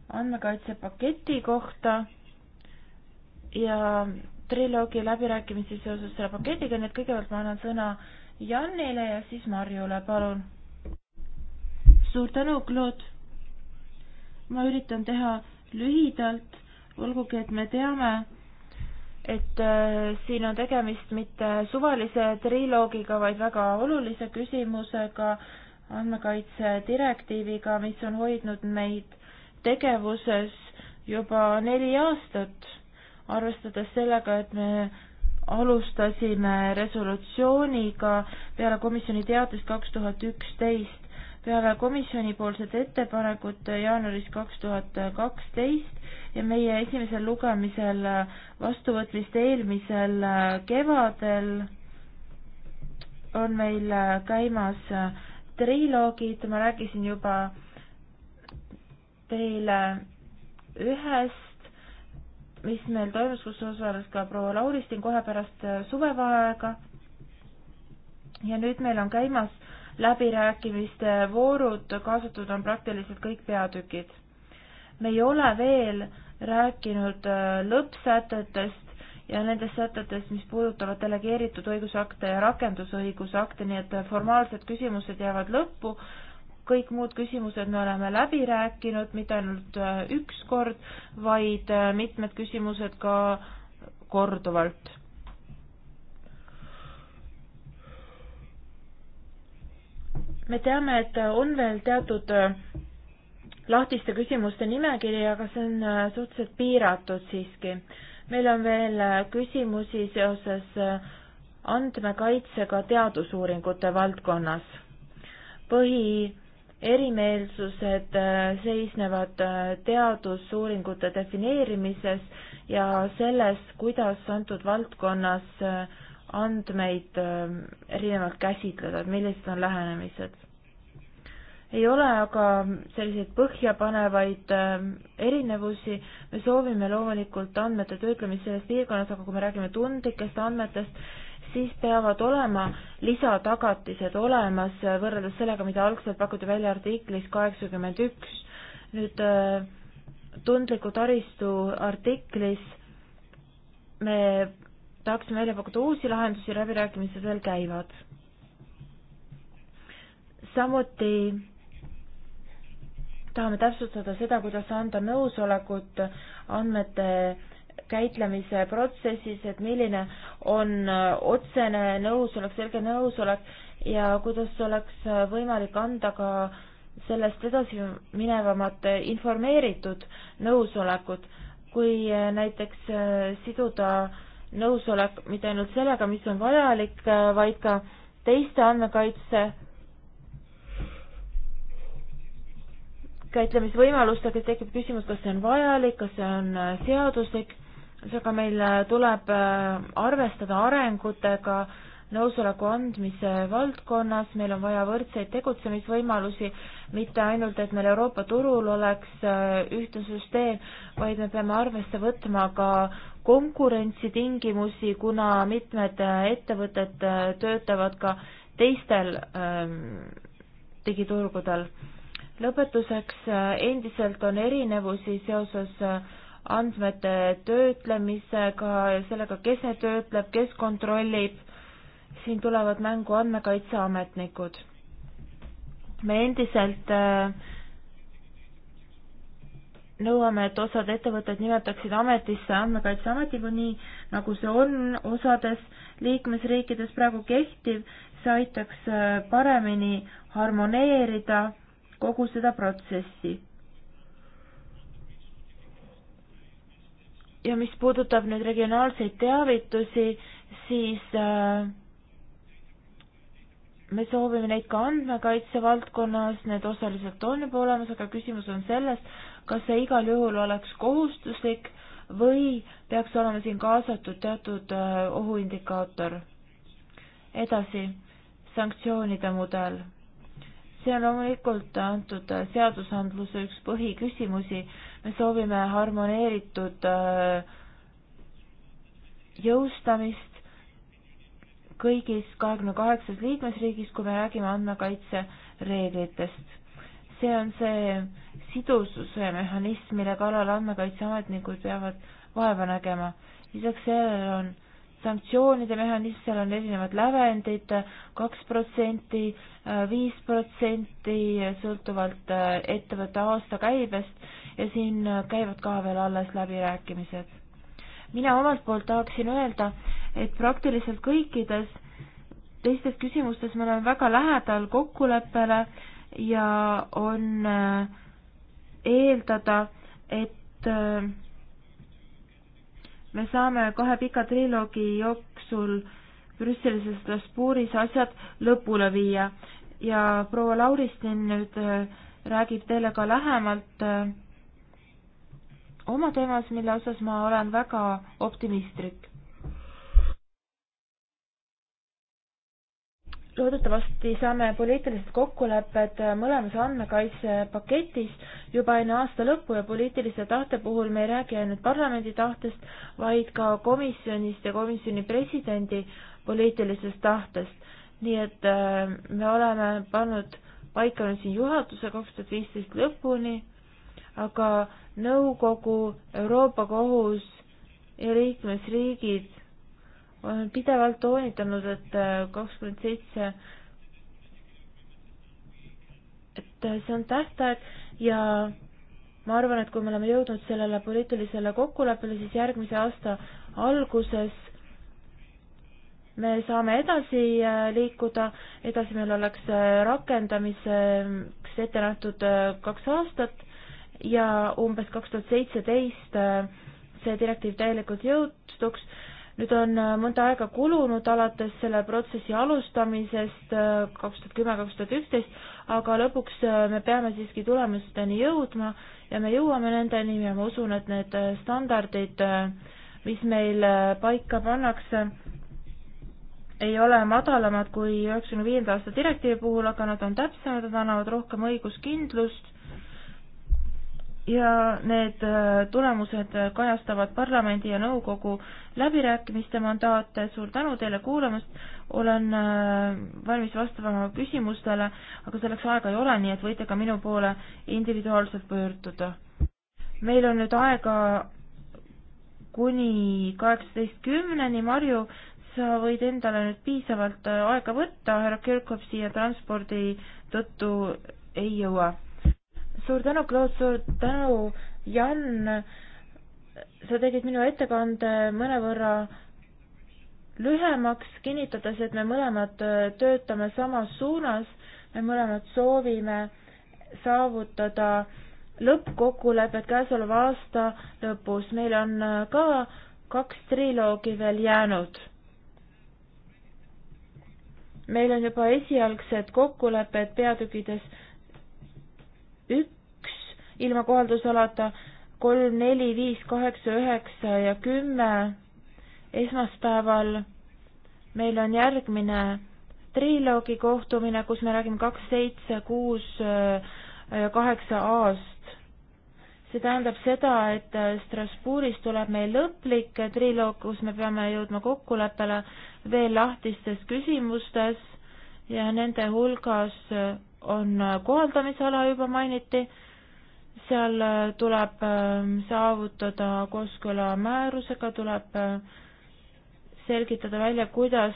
andmekaitsepaketi kohta ja triloogi läbirääkimisi seoses selle paketiga, nii et kõigepealt ma annan sõna Jannile ja siis Marjule, palun suur tänu, Claude. ma üritan teha lühidalt, olgugi et me teame, et äh, siin on tegemist mitte suvalise triloogiga, vaid väga olulise küsimusega, andmekaitse direktiiviga, mis on hoidnud meid tegevuses juba neli aastat, arvestades sellega, et me alustasime resolutsiooniga peale komisjoni teatist kaks tuhat üksteist peale komisjonipoolset ettepanekut jaanuaris kaks tuhat kaksteist ja meie esimesel lugemisel vastuvõtmist eelmisel kevadel on meil käimas triloogid, ma rääkisin juba teile ühest, mis meil toimus, kus osales ka proua Lauristin kohe pärast suvevaheaega. ja nüüd meil on käimas äh, läbirääkimiste voorud, kaasatud on praktiliselt kõik peatükid. me ei ole veel rääkinud äh, lõppsätetest ja nendest sätetest, mis puudutavad delegeeritud õigusakte ja rakendusõigusakte, nii et formaalsed küsimused jäävad lõppu, kõik muud küsimused me oleme läbi rääkinud, mitte ainult äh, üks kord, vaid äh, mitmed küsimused ka korduvalt me teame, et on veel teatud äh, lahtiste küsimuste nimekiri, aga see on äh, suhteliselt piiratud siiski. meil on veel äh, küsimusi seoses andmekaitsega teadusuuringute valdkonnas. põhi erimeelsused seisnevad teadusuuringute defineerimises ja selles, kuidas antud valdkonnas äh, andmeid ähm, erinevalt käsitleda, et millised on lähenemised. ei ole aga selliseid põhjapanevaid ähm, erinevusi, me soovime loomulikult andmete töötlemist selles piirkonnas, aga kui me räägime tundlikest andmetest, siis peavad olema lisatagatised olemas äh, võrreldes sellega, mida algselt pakuti välja artiklis kaheksakümmend üks. nüüd äh, tundliku taristu artiklis me tahaksime välja pakkuda uusi lahendusi, läbirääkimised veel käivad. samuti tahame täpsustada seda, kuidas anda nõusolekut andmete käitlemise protsessis, et milline on otsene nõusolek, selge nõusolek ja kuidas oleks võimalik anda ka sellest edasi minevamat informeeritud nõusolekut, kui näiteks siduda äh, nõusolek mitte ainult sellega, mis on vajalik, äh, vaid ka teiste andmekaitse käitlemisvõimalustega tekib küsimus, kas see on vajalik, kas see on äh, seaduslik, seega meil äh, tuleb arvestada arengutega nõusoleku andmise valdkonnas, meil on vaja võrdseid tegutsemisvõimalusi, mitte ainult, et meil Euroopa turul oleks ühtne süsteem, vaid me peame arvesse võtma ka konkurentsitingimusi, kuna mitmed ettevõtted äh, töötavad ka teistel ähm, digiturgudel. lõpetuseks, äh, endiselt on erinevusi seoses äh, andmete töötlemisega ja sellega, kes need töötleb, kes kontrollib. siin tulevad mängu andmekaitseametnikud. me endiselt äh, nõuame, et osad ettevõtted nimetaksid ametisse andmekaitseametiga, nii nagu see on osades liikmesriikides praegu kehtiv, see aitaks äh, paremini harmoneerida kogu seda protsessi. ja mis puudutab nüüd regionaalseid teavitusi, siis äh, me soovime neid ka andmekaitse valdkonnas, need osaliselt on juba olemas, aga küsimus on selles, kas see igal juhul oleks kohustuslik või peaks olema siin kaasatud teatud äh, ohuindikaator. edasi, sanktsioonide mudel. see on loomulikult antud äh, seadusandluse üks põhiküsimusi, me soovime harmoneeritud äh, jõustamist, kõigis kahekümne kaheksas liikmesriigis, kui me räägime andmekaitsereeglitest. see on see sidususe mehhanism, mille kallal andmekaitseametnikud peavad vaeva nägema. lisaks sellele on sanktsioonide mehhanism, seal on erinevad lävendid, kaks protsenti, viis protsenti sõltuvalt äh, ettevõtte aastakäibest ja siin käivad ka veel alles läbirääkimised. mina omalt poolt tahaksin öelda, et praktiliselt kõikides teistes küsimustes me oleme väga lähedal kokkuleppele ja on äh, eeldada, et äh, me saame kahe pika triloogi jooksul Brüsselis ja Strasbourgis asjad lõpule viia ja proua Lauristin nüüd äh, räägib teile ka lähemalt oma teemas, mille osas ma olen väga optimistlik loodetavasti saame poliitilised kokkulepped mõlemas andmekaitsepaketis juba enne aasta lõppu ja poliitilise tahte puhul me ei räägi ainult parlamendi tahtest, vaid ka komisjonist ja komisjoni presidendi poliitilisest tahtest. nii et äh, me oleme pannud paika nüüd siin juhatuse kaks tuhat viisteist lõpuni, aga nõukogu, Euroopa Kohus ja liikmesriigid olen pidevalt toonitanud, et äh, kakskümmend seitse, et äh, see on tähtaeg ja ma arvan, et kui me oleme jõudnud sellele poliitilisele kokkuleppele, siis järgmise aasta alguses me saame edasi äh, liikuda, edasi meil oleks rakendamiseks ette nähtud kaks aastat ja umbes kaks tuhat seitseteist see direktiiv täielikult jõustuks nüüd on äh, mõnda aega kulunud alates selle protsessi alustamisest äh, kaks tuhat kümme, kaks tuhat üksteist, aga lõpuks äh, me peame siiski tulemusteni jõudma ja me jõuame nendeni ja ma usun, et need standardid, mis meil paika pannakse, ei ole madalamad kui üheksakümne viienda aasta direktiivi puhul, aga nad on täpsemad, nad annavad rohkem õiguskindlust ja need äh, tulemused kajastavad parlamendi ja nõukogu läbirääkimiste mandaate. suur tänu teile kuulamast, olen äh, valmis vastama küsimustele, aga selleks aega ei ole, nii et võite ka minu poole individuaalselt pöörduda. meil on nüüd aega kuni kaheksateist kümneni, Marju, sa võid endale nüüd piisavalt äh, aega võtta, härra Kirkhoff siia transpordi tõttu ei jõua suur tänu, Claus, suur tänu, Jan. sa tegid minu ettekande mõnevõrra lühemaks, kinnitades, et me mõlemad töötame samas suunas, me mõlemad soovime saavutada lõppkokkulepet käesoleva aasta lõpus. meil on ka kaks triloogi veel jäänud. meil on juba esialgsed kokkulepped peatükkides üks ilma kohaldusalata, kolm, neli, viis, kaheksa, üheksa ja kümme. esmaspäeval meil on järgmine triloogi kohtumine, kus me räägime kaks, seitse, kuus, äh, kaheksa A-st. see tähendab seda, et äh, Strasbourgis tuleb meil lõplik triloog, kus me peame jõudma kokkuleppele veel lahtistes küsimustes ja nende hulgas äh, on äh, kohaldamisala juba mainiti, seal äh, tuleb ähm, saavutada kooskõla määrusega, tuleb äh, selgitada välja, kuidas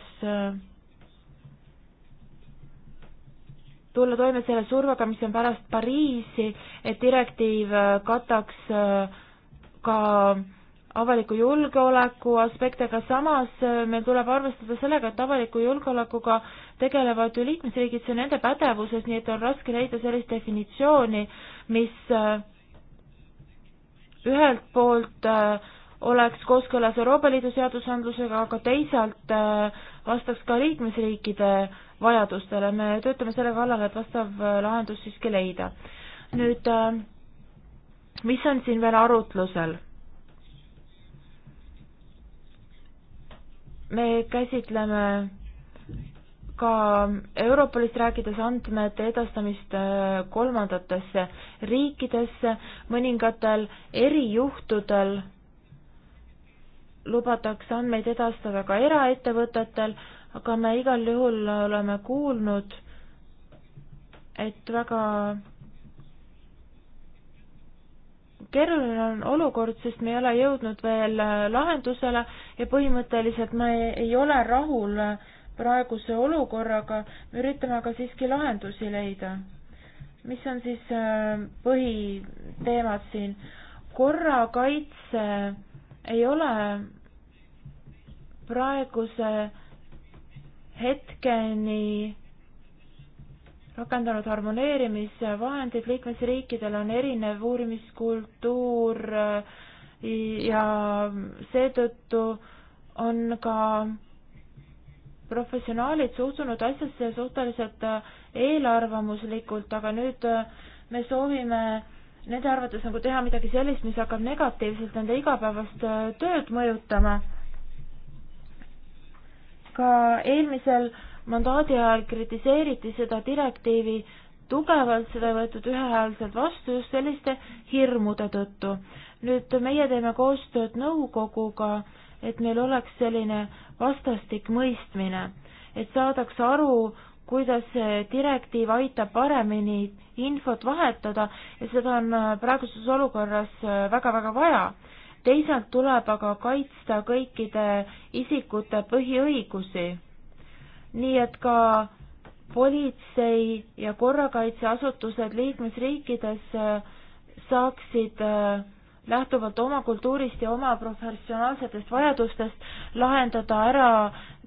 tulla toime selle survega, mis on pärast Pariisi, et direktiiv kataks ka avaliku julgeoleku aspekte, aga samas äh, meil tuleb arvestada sellega, et avaliku julgeolekuga tegelevad ju liikmesriigid, see on nende pädevuses, nii et on raske leida sellist definitsiooni, mis äh, ühelt poolt äh, oleks kooskõlas Euroopa Liidu seadusandlusega, aga teisalt vastaks ka liikmesriikide vajadustele. me töötame selle kallal, et vastav lahendus siiski leida. nüüd, mis on siin veel arutlusel? me käsitleme ka Europolist rääkides andmete edastamist äh, kolmandatesse riikidesse, mõningatel erijuhtudel lubatakse andmeid edastada ka eraettevõtetel, aga me igal juhul oleme kuulnud, et väga keeruline on olukord, sest me ei ole jõudnud veel äh, lahendusele ja põhimõtteliselt me ei ole rahul praeguse olukorraga, me üritame aga siiski lahendusi leida. mis on siis äh, põhiteemad siin? korrakaitse ei ole praeguse hetkeni rakendanud harmoneerimisvahendid, liikmesriikidel on erinev uurimiskultuur äh,, ja seetõttu on ka professionaalid suhtunud asjasse suhteliselt äh, eelarvamuslikult, aga nüüd äh, me soovime nende arvates nagu teha midagi sellist, mis hakkab negatiivselt nende igapäevast äh, tööd mõjutama. ka eelmisel mandaadi ajal kritiseeriti seda direktiivi tugevalt seda ei võetud ühehäälselt vastu just selliste hirmude tõttu. nüüd meie teeme koostööd nõukoguga, et meil oleks selline vastastik mõistmine, et saadaks aru, kuidas see direktiiv aitab paremini infot vahetada ja seda on praeguses olukorras väga-väga vaja. teisalt tuleb aga kaitsta kõikide isikute põhiõigusi. nii et ka politsei ja korrakaitseasutused liikmesriikides äh, saaksid äh, lähtuvalt oma kultuurist ja oma professionaalsetest vajadustest lahendada ära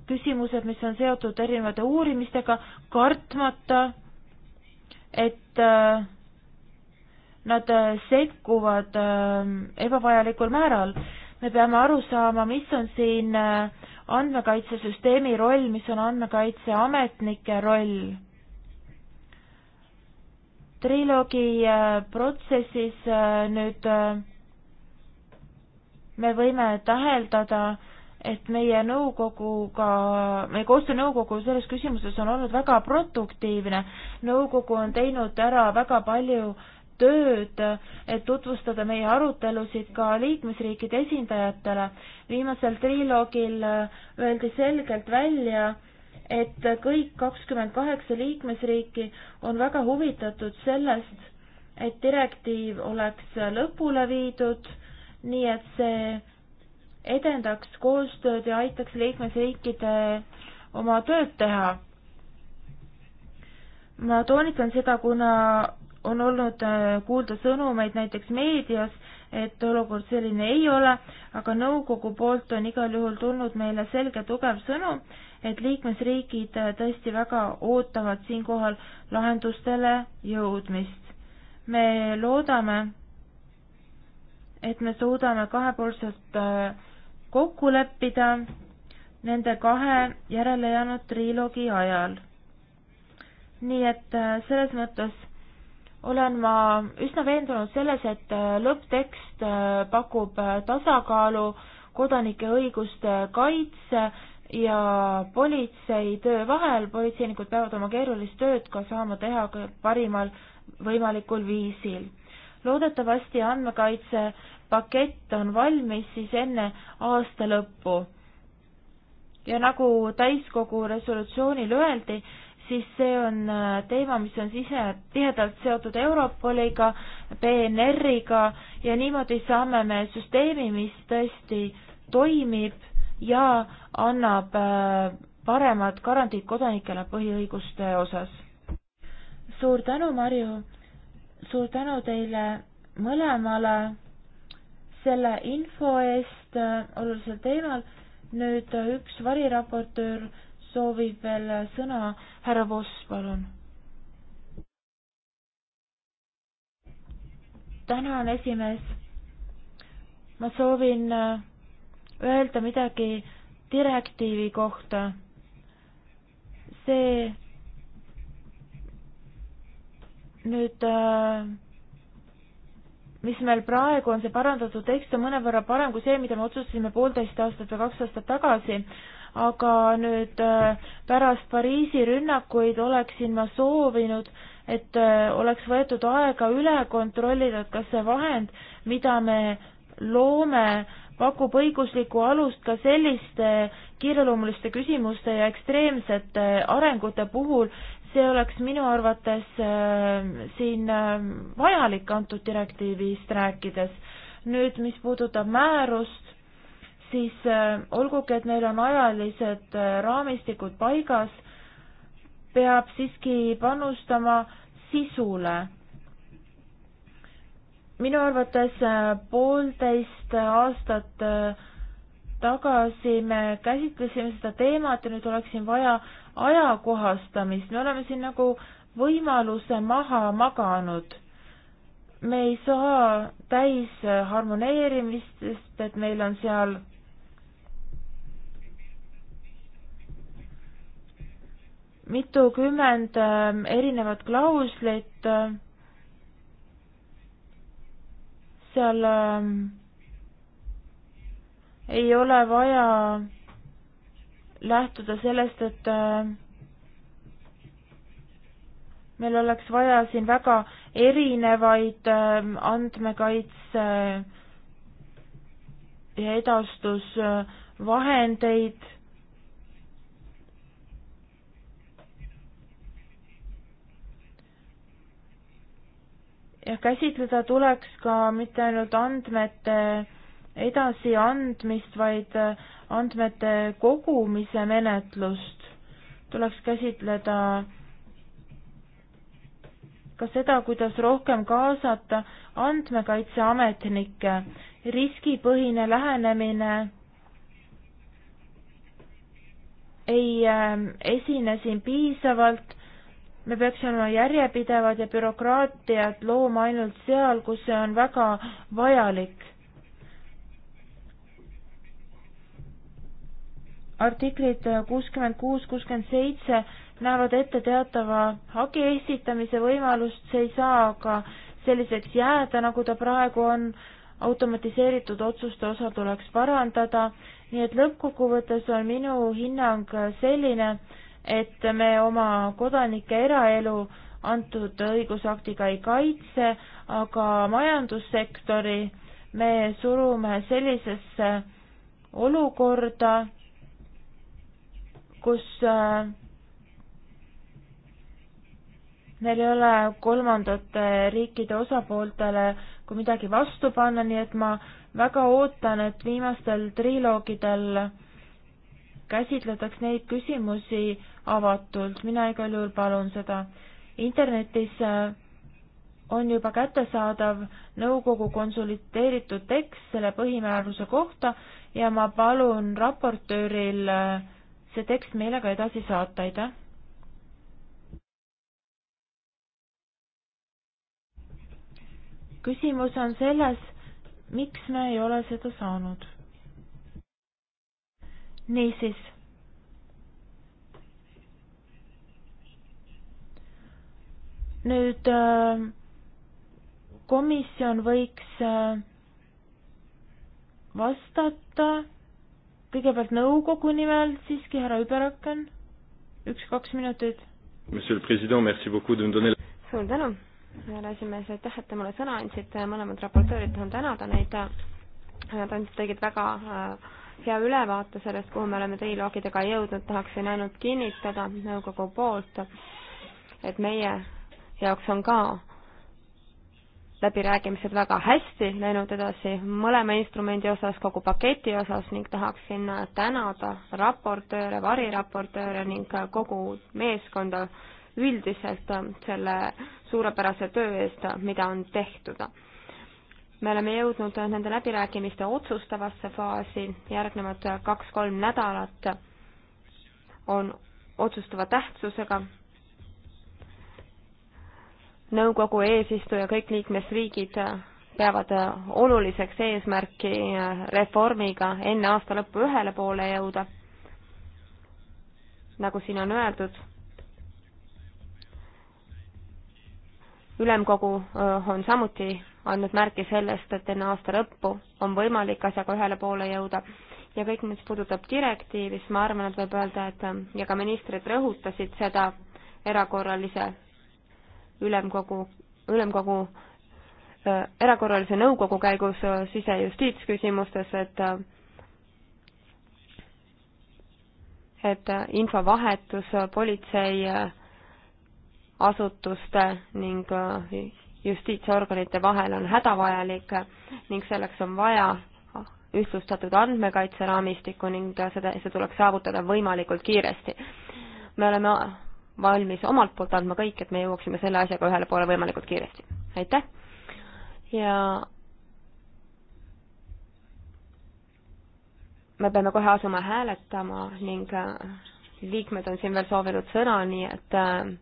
küsimused, mis on seotud erinevate uurimistega, kartmata, et äh, nad sekkuvad ebavajalikul määral. me peame aru saama, mis on siin äh, andmekaitsesüsteemi roll, mis on andmekaitseametnike roll. triloogi äh, protsessis äh, nüüd äh, me võime täheldada, et meie nõukoguga, meie koostöö nõukogu selles küsimuses on olnud väga produktiivne. nõukogu on teinud ära väga palju äh, tööd, et tutvustada meie arutelusid ka liikmesriikide esindajatele. viimasel triloogil öeldi selgelt välja, et kõik kakskümmend kaheksa liikmesriiki on väga huvitatud sellest, et direktiiv oleks lõpule viidud, nii et see edendaks koostööd ja aitaks liikmesriikide oma tööd teha. ma toonitan seda, kuna on olnud äh, kuulda sõnumeid näiteks meedias, et olukord selline ei ole, aga nõukogu poolt on igal juhul tulnud meile selge tugev sõnum, et liikmesriigid äh, tõesti väga ootavad siinkohal lahendustele jõudmist. me loodame, et me suudame kahepoolselt äh, kokku leppida nende kahe järelejäänud triloogi ajal. nii et selles mõttes olen ma üsna veendunud selles, et äh, lõpptekst äh, pakub äh, tasakaalu kodanike õiguste kaitse ja politsei töö vahel, politseinikud peavad oma keerulist tööd ka saama teha parimal võimalikul viisil. loodetavasti andmekaitsepakett on valmis siis enne aasta lõppu. ja nagu täiskogu resolutsioonil öeldi, siis see on äh, teema, mis on sise, tihedalt seotud Europoliga, PNR-iga ja niimoodi saame me süsteemi, mis tõesti toimib ja annab äh, paremad garantiid kodanikele põhiõiguste osas. suur tänu, Marju, suur tänu teile mõlemale selle info eest äh, olulisel teemal. nüüd üks variraportöör soovib veel sõna härra Voss, palun. tänan, esimees. ma soovin äh, öelda midagi direktiivi kohta. see nüüd, äh, mis meil praegu on, see parandatud tekst on mõnevõrra parem kui see, mida me otsustasime poolteist aastat või kaks aastat tagasi aga nüüd äh, pärast Pariisi rünnakuid oleksin ma soovinud, et äh, oleks võetud aega üle kontrollida, et kas see vahend, mida me loome, pakub õiguslikku alust ka selliste kiireloomuliste küsimuste ja ekstreemsete arengute puhul, see oleks minu arvates äh, siin vajalik antud direktiivist rääkides. nüüd, mis puudutab määrust, siis äh, olgugi, et meil on ajalised äh, raamistikud paigas, peab siiski panustama sisule. minu arvates äh, poolteist aastat tagasi me käsitlesime seda teemat ja nüüd oleks siin vaja ajakohastamist, me oleme siin nagu võimaluse maha maganud me ei saa täis harmoneerimist, sest et meil on seal mitukümmend ähm, erinevat klauslit ähm, seal ähm, ei ole vaja lähtuda sellest, et meil oleks vaja siin väga erinevaid andmekaitse äh, ja edastusvahendeid ja käsitleda tuleks ka mitte ainult andmete edasiandmist, vaid äh, andmete kogumise menetlust. tuleks käsitleda ka seda, kuidas rohkem kaasata andmekaitseametnikke, riskipõhine lähenemine ei äh, esine siin piisavalt me peaksime olema järjepidevad ja bürokraatiat looma ainult seal, kus see on väga vajalik. artiklid kuuskümmend kuus, kuuskümmend seitse näevad ette teatava hagi esitamise võimalust, see ei saa aga selliseks jääda, nagu ta praegu on. automatiseeritud otsuste osa tuleks parandada, nii et lõppkokkuvõttes on minu hinnang selline, et me oma kodanike eraelu antud õigusaktiga ei kaitse, aga majandussektori me surume sellisesse olukorda, kus neil äh, ei ole kolmandate riikide osapooltele kui midagi vastu panna, nii et ma väga ootan, et viimastel triloogidel käsitletaks neid küsimusi avatult, mina igal juhul palun seda. internetis äh, on juba kättesaadav nõukogu konsolideeritud tekst selle põhimääruse kohta ja ma palun raportööril äh, see tekst meile ka edasi saata, aitäh! küsimus on selles, miks me ei ole seda saanud niisiis. nüüd äh, komisjon võiks äh, vastata kõigepealt nõukogu nimel siiski härra Überöken, üks-kaks minutit. suur tänu, härra esimees, aitäh, et te mulle sõna andsite, mõlemad raportöörid tahan tänada neid, nad andsid, tegid väga äh, hea ülevaate sellest, kuhu me oleme triloogidega jõudnud, tahaksin ainult kinnitada nõukogu poolt, et meie jaoks on ka läbirääkimised väga hästi läinud edasi mõlema instrumendi osas, kogu paketi osas ning tahaksin tänada raportööre, variraportööre ning kogu meeskonda üldiselt selle suurepärase töö eest, mida on tehtud me oleme jõudnud nende läbirääkimiste otsustavasse faasi, järgnevad kaks-kolm nädalat on otsustava tähtsusega. nõukogu eesistuja, kõik liikmesriigid peavad oluliseks eesmärki reformiga enne aasta lõppu ühele poole jõuda. nagu siin on öeldud, ülemkogu äh, on samuti andnud märki sellest, et enne aasta lõppu on võimalik asjaga ühele poole jõuda. ja kõik, mis puudutab direktiivi, siis ma arvan, et võib öelda, et ja ka ministrid rõhutasid seda erakorralise ülemkogu, ülemkogu äh,, erakorralise nõukogu käigus äh, sisejustiitsküsimustes, et äh, et äh, infovahetus politseiasutuste äh, ning äh, justiitsorganite vahel on hädavajalik ning selleks on vaja ühtlustatud andmekaitseraamistikku ning seda, see tuleks saavutada võimalikult kiiresti. me oleme valmis omalt poolt andma kõik, et me jõuaksime selle asjaga ühele poole võimalikult kiiresti. aitäh ja me peame kohe asuma hääletama ning liikmed on siin veel soovinud sõna, nii et äh,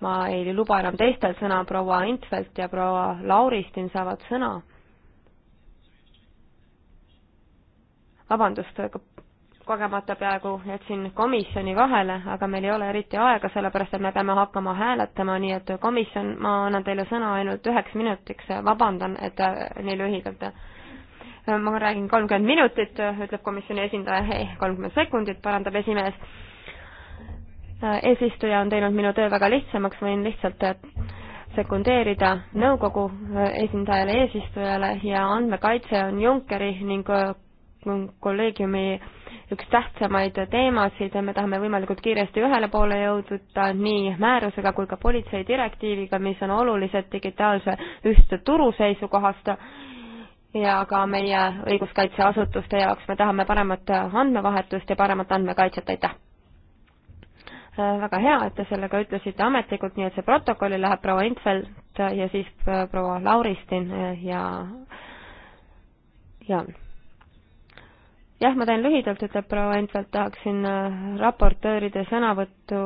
ma ei luba enam teistel sõna, proua Intvelt ja proua Lauristin saavad sõna. vabandust, kogemata peaaegu jätsin komisjoni vahele, aga meil ei ole eriti aega, sellepärast et me peame hakkama hääletama, nii et komisjon, ma annan teile sõna ainult üheks minutiks, vabandan, et äh, nii lühidalt. ma räägin kolmkümmend minutit, ütleb komisjoni esindaja, ei, kolmkümmend sekundit, parandab esimees Äh, eesistuja on teinud minu töö väga lihtsamaks, võin lihtsalt äh, sekundeerida nõukogu äh, esindajale, eesistujale ja andmekaitse on Junckeri ning kolleegiumi üks tähtsamaid teemasid, me tahame võimalikult kiiresti ühele poole jõuda nii määrusega kui ka politseidirektiiviga, mis on olulised digitaalse ühtse turu seisukohast ja ka meie õiguskaitseasutuste jaoks me tahame paremat andmevahetust ja paremat andmekaitset, aitäh! Äh, väga hea, et te selle ka ütlesite ametlikult, nii et see protokolli läheb proua Infeld ja siis äh, proua Lauristin äh, ja Jaan. jah, ma teen lühidalt, ütleb proua Infeld, tahaksin raportööride sõnavõttu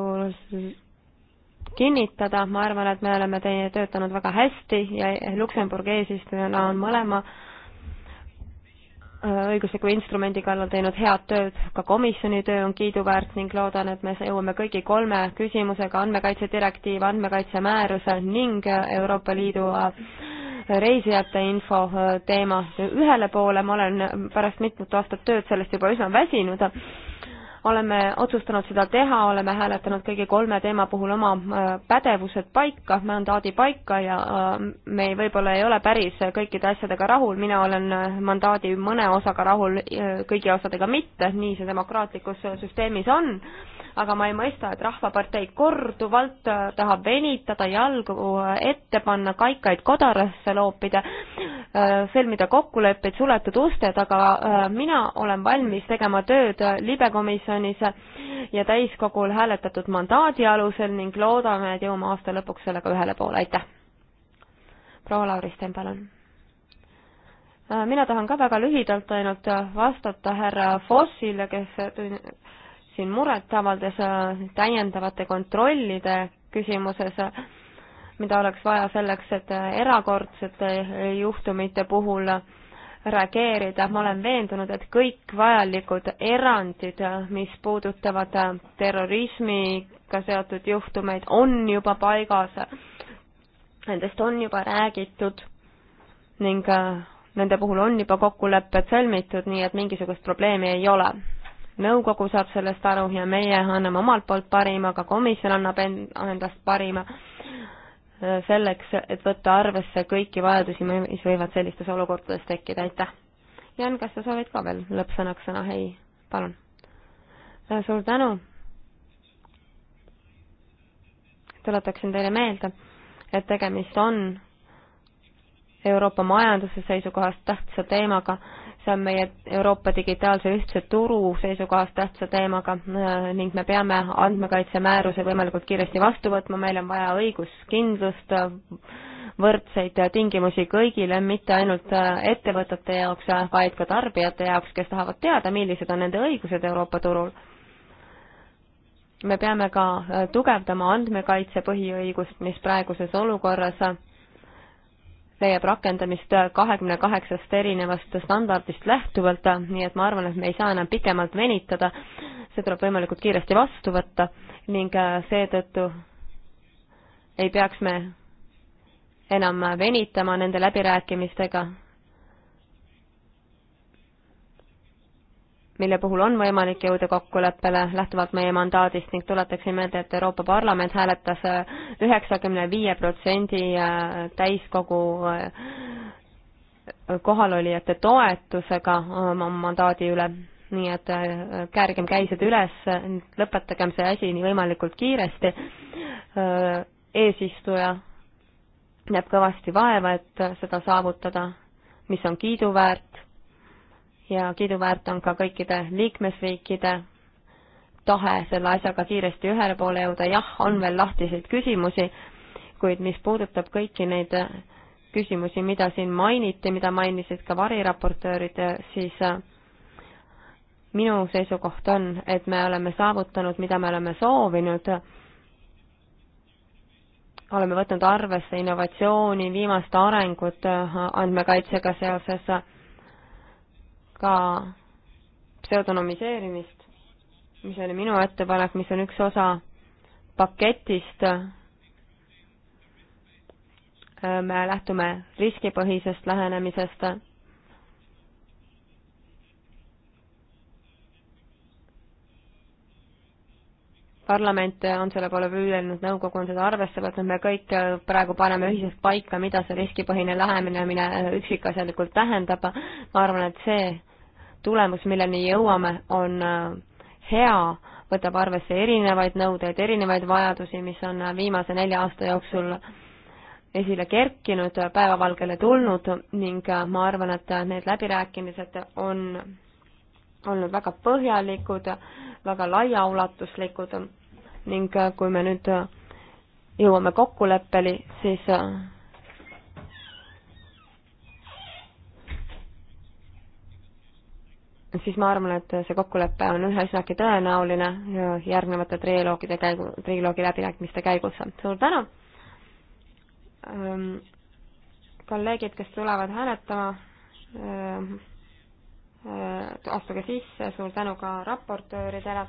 kinnitada, ma arvan, et me oleme teie töötanud väga hästi ja Luksemburgi eesistujana on mõlema äh, õigusliku instrumendi kallal teinud head tööd, ka komisjoni töö on kiiduväärt ning loodan, et me jõuame kõigi kolme küsimusega, andmekaitse direktiiv, andmekaitse määruse ning Euroopa Liidu äh, reisijate info äh, teema ühele poole, ma olen pärast mitmet aastat tööd sellest juba üsna väsinud oleme otsustanud seda teha, oleme hääletanud kõigi kolme teema puhul oma äh, pädevused paika, mandaadi paika ja äh, me võib-olla ei ole päris kõikide asjadega rahul, mina olen äh, mandaadi mõne osaga rahul, kõigi osadega mitte, nii see demokraatlikus süsteemis on aga ma ei mõista, et Rahvapartei korduvalt äh, tahab venitada, jalgu äh, ette panna, kaikaid kodarasse loopida, äh, sõlmida kokkuleppeid suletud uste taga. mina olen valmis tegema tööd libekomisjonis ja täiskogul hääletatud mandaadi alusel ning loodame, et jõuame aasta lõpuks sellega ühele poole, aitäh! proua Lauristen, palun! mina tahan ka väga lühidalt ainult vastata härra Fossile, kes siin muret avaldas äh, täiendavate kontrollide küsimuses, äh, mida oleks vaja selleks, et äh, erakordsete juhtumite puhul reageerida, ma olen veendunud, et kõik vajalikud erandid, mis puudutavad terrorismiga seotud juhtumeid, on juba paigas. Nendest on juba räägitud ning nende puhul on juba kokkulepped sõlmitud, nii et mingisugust probleemi ei ole nõukogu saab sellest aru ja meie anname omalt poolt parima, ka komisjon annab endast parima äh, selleks, et võtta arvesse kõiki vajadusi, mis võivad sellistes olukordades tekkida, aitäh. Jan, kas sa soovid ka veel lõppsõnaks sõna? ei, palun. Äh, suur tänu. tuletaksin teile meelde, et tegemist on Euroopa majanduse seisukohast tähtsa teemaga see on meie Euroopa digitaalse ühtse turu seisukohast tähtsa teemaga äh, ning me peame andmekaitsemääruse võimalikult kiiresti vastu võtma, meil on vaja õiguskindlust, võrdseid tingimusi kõigile, mitte ainult äh, ettevõtete jaoks, vaid ka tarbijate jaoks, kes tahavad teada, millised on nende õigused Euroopa turul. me peame ka äh, tugevdama andmekaitse põhiõigust, mis praeguses olukorras leiab rakendamist kahekümne kaheksast erinevast standardist lähtuvalt, nii et ma arvan, et me ei saa enam pikemalt venitada, see tuleb võimalikult kiiresti vastu võtta ning äh, seetõttu ei peaks me enam venitama nende läbirääkimistega mille puhul on võimalik jõuda kokkuleppele lähtuvalt meie mandaadist ning tuletaksin meelde, et Euroopa Parlament hääletas äh, üheksakümne viie protsendi äh, täiskogu äh, kohalolijate toetusega oma mandaadi üle, nii et käärgem käised üles, lõpetagem see asi nii võimalikult kiiresti. eesistuja näeb kõvasti vaeva, et seda saavutada, mis on kiiduväärt ja kiiduväärt on ka kõikide liikmesriikide tahe selle asjaga kiiresti ühele poole jõuda, jah, on veel lahtiseid küsimusi, kuid mis puudutab kõiki neid küsimusi, mida siin mainiti, mida mainisid ka variraportöörid, siis äh, minu seisukoht on, et me oleme saavutanud, mida me oleme soovinud, oleme võtnud arvesse innovatsiooni, viimast arengut andmekaitsega seoses ka pseudonümiseerimist, mis oli minu ettepanek, mis on üks osa paketist. me lähtume riskipõhisest lähenemisest parlament on selle poole püüelnud, nõukogu on seda arvesse võtnud, me kõik praegu paneme ühiselt paika, mida see riskipõhine lähenemine üksikasjalikult tähendab. ma arvan, et see tulemus, milleni jõuame, on äh, hea, võtab arvesse erinevaid nõudeid, erinevaid vajadusi, mis on äh, viimase nelja aasta jooksul esile kerkinud, päevavalgele tulnud ning äh, ma arvan, et need läbirääkimised on olnud väga põhjalikud, väga laiaulatuslikud ning äh, kui me nüüd äh, jõuame kokkuleppeli, siis äh, siis ma arvan, et see kokkulepe on ühesõnaga tõenäoline järgnevate triloogide käigu, triloogi läbirääkimiste käigus. suur tänu! Ähm, kolleegid, kes tulevad hääletama, ähm, Äh, astuge sisse, suur tänu ka raportööridele,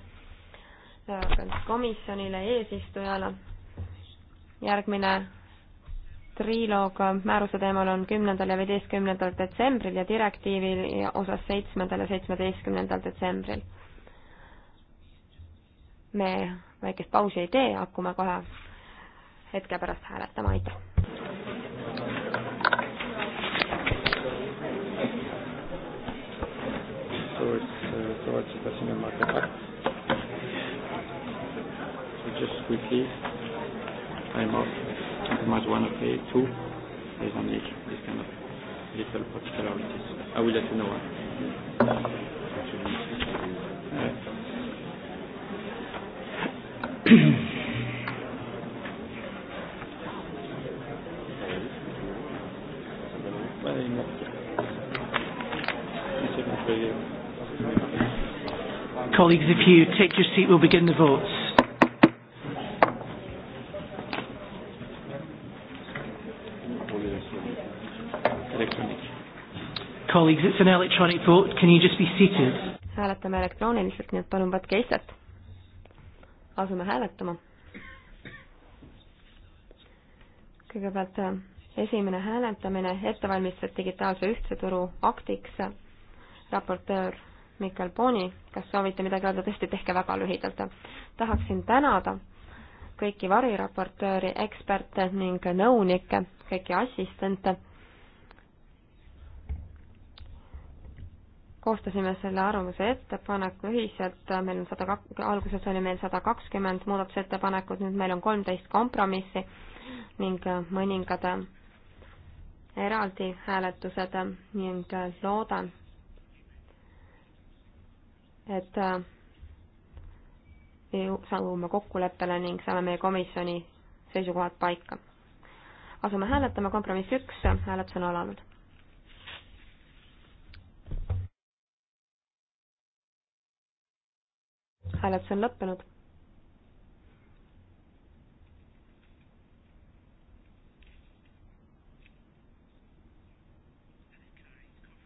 äh, komisjonile, eesistujale. järgmine triloog määruse teemal on kümnendal ja viieteistkümnendal detsembril ja direktiivi osas seitsmendal ja seitsmeteistkümnendal detsembril. me väikest pausi ei tee, hakkume kohe hetke pärast hääletama, aitäh! so it's uh, towards the Single Market Act. So just quickly, I'm off pretty much one of the two based on each, this kind of little particularities. I will let you know. Colleagues, if you take your seat, we'll begin the votes. Colleagues, it's an electronic vote. Can you just be seated? hääletame elektrooniliselt, nii et palun võtke istet. asume hääletama. kõigepealt äh, esimene hääletamine, ettevalmistused digitaalse ühtse turu aktiks, äh, raportöör Mikkel Boni, kas soovite midagi öelda, tõesti tehke väga lühidalt. tahaksin tänada kõiki variraportööri, eksperte ning nõunikke, kõiki assistente. koostasime selle arvamuse ettepaneku ühiselt, meil on sada kak-, alguses oli meil sada kakskümmend muudatusettepanekut, nüüd meil on kolmteist kompromissi ning mõningad eraldi hääletused ning loodan, et jõuame äh, kokkuleppele ning saame meie komisjoni seisukohad paika. asume hääletama, kompromiss üks, hääletus on alanud. hääletus on lõppenud.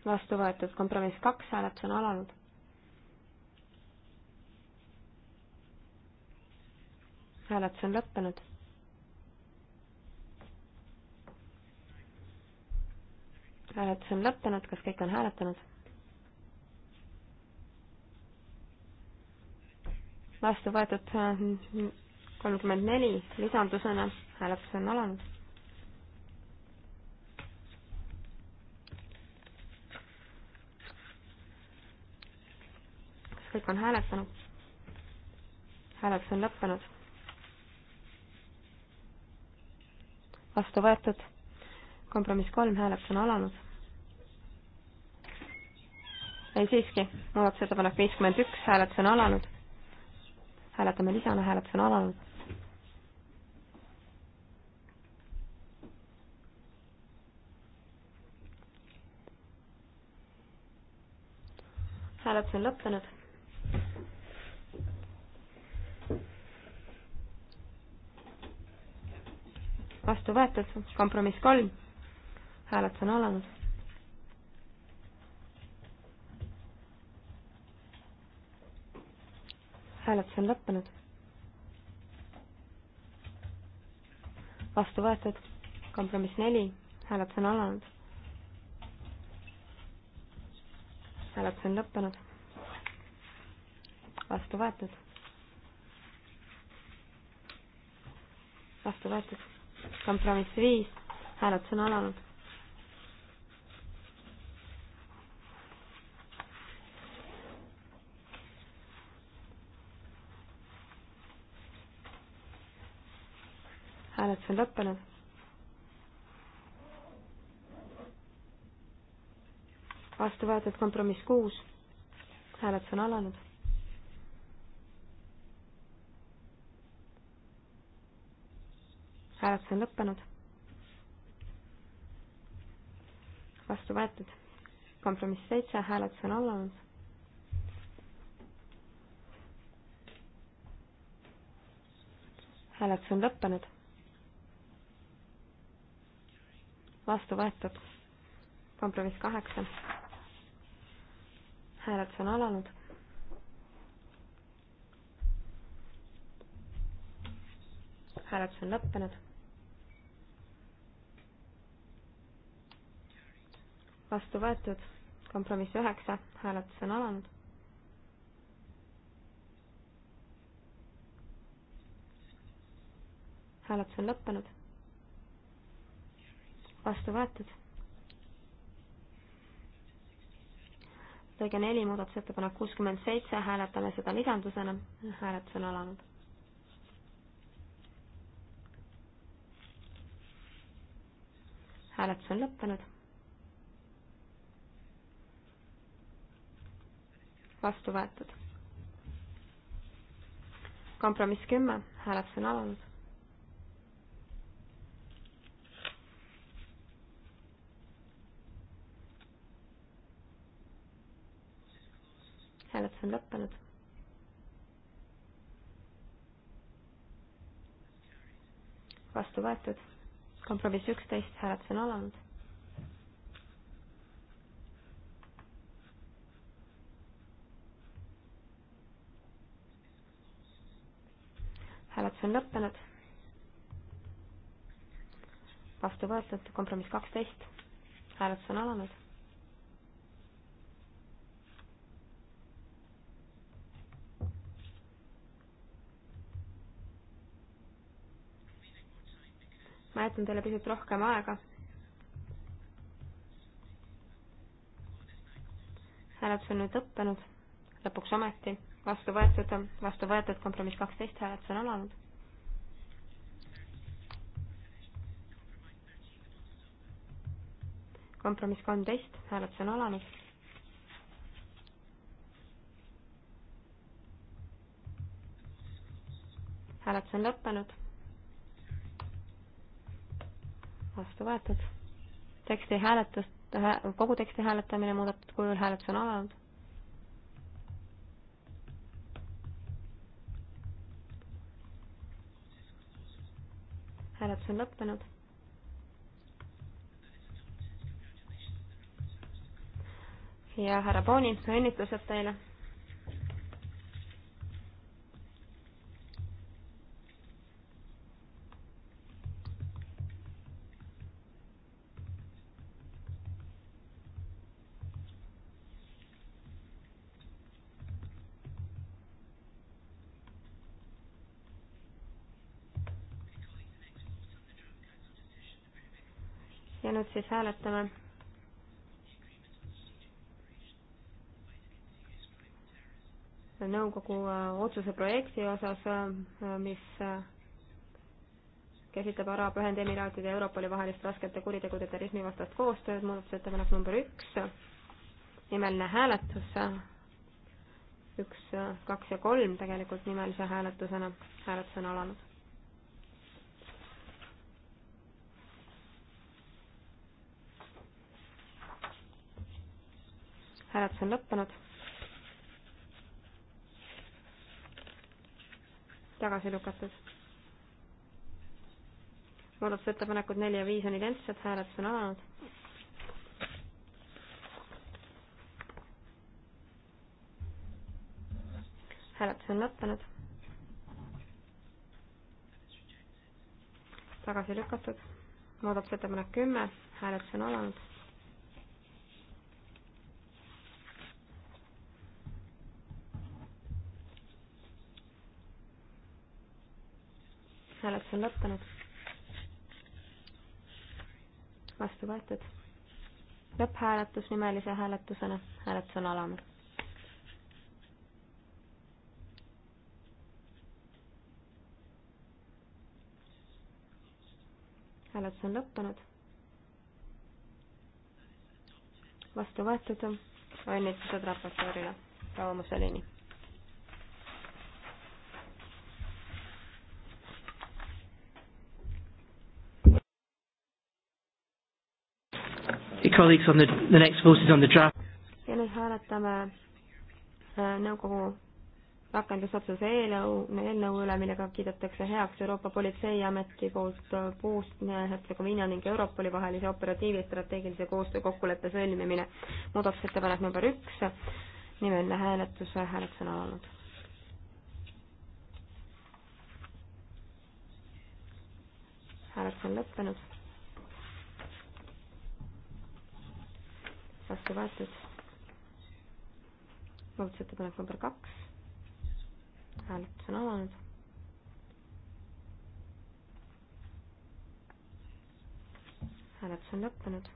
vastu võetud kompromiss kaks, hääletus on alanud. hääletus on lõppenud. hääletus on lõppenud, kas kõik on hääletanud? vastu võetud äh, kolmkümmend neli lisandusena, hääletus on alanud. kas kõik on hääletanud? hääletus on lõppenud vastu võetud. kompromiss kolm, hääletus on alanud. ei siiski, muudatusettepanek viiskümmend üks, hääletus on alanud. hääletame lisana, hääletus on alanud. hääletus on lõppenud vastu võetud, kompromiss kolm, hääletus on alanud. hääletus on lõppenud. vastu võetud, kompromiss neli, hääletus on alanud hääletus on lõppenud. vastu võetud. vastu võetud kompromiss viis, hääletus on alanud. hääletus on lõppenud. vastu võetud kompromiss kuus, hääletus on alanud hääletus on lõppenud. vastu võetud. kompromiss seitse, hääletus on alanud. hääletus on lõppenud. vastu võetud. kompromiss kaheksa. hääletus on alanud. hääletus on lõppenud vastu võetud, kompromiss üheksa, hääletus on alanud. hääletus on lõppenud. vastu võetud. lõige neli, muudatusettepanek kuuskümmend seitse, hääletame seda lisandusena, hääletus on alanud. hääletus on lõppenud vastu võetud. kompromiss kümme, hääletus on alanud. hääletus on lõppenud. vastu võetud. kompromiss üksteist, hääletus on alanud hääletus on lõppenud. vastu võetud, kompromiss kaksteist, hääletus on alanud. ma jätan teile pisut rohkem aega. hääletus on nüüd lõppenud, lõpuks ometi vastu võetud, vastu võetud kompromiss kaksteist, hääletus on alanud. kompromiss kolmteist, hääletus on alanud. hääletus on lõppenud. vastu võetud. teksti hääletust, kogu teksti hääletamine muudetud kujul, hääletus on alanud. hääletus on lõppenud. ja härra Booni, õnnitlused teile nüüd siis hääletame. nõukogu äh, otsuse projekti osas, äh, mis äh, käsitleb Araabia Ühendemiraatide ja Europoli vahelist raskete kuritegude terrorismivastast koostööd, muudatusettepanek number üks, nimeline hääletus, üks, kaks ja kolm tegelikult nimelise hääletusena, hääletus on alanud. hääletus on lõppenud. tagasi lükatud. muudatusettepanekud neli ja viis on identsed, hääletus on alanud. hääletus on lõppenud. tagasi lükatud. muudatusettepanek kümme, hääletus on alanud hääletus on lõppenud. vastu võetud. lõpphääletus nimelise hääletusena, hääletus on alanud. hääletus on lõppenud. vastu võetud, õnnitlused raportöörile, proua Mussolini colleagues on the, the next vote is on the draft. ja nüüd hääletame äh, nõukogu rakendusotsuse eelnõu, eelnõu üle, millega kiidetakse heaks Euroopa Politseiameti poolt äh, Bosnia-Hertsegoviina äh, ning Europoli vahelise operatiivi strateegilise koostöö kokkuleppe sõlmimine. muudatusettepanek number üks, nimeline hääletus, hääletus on alanud. hääletus on lõppenud vastu võetud. muudatusettepanek number kaks, hääletus on alanud. hääletus on lõppenud.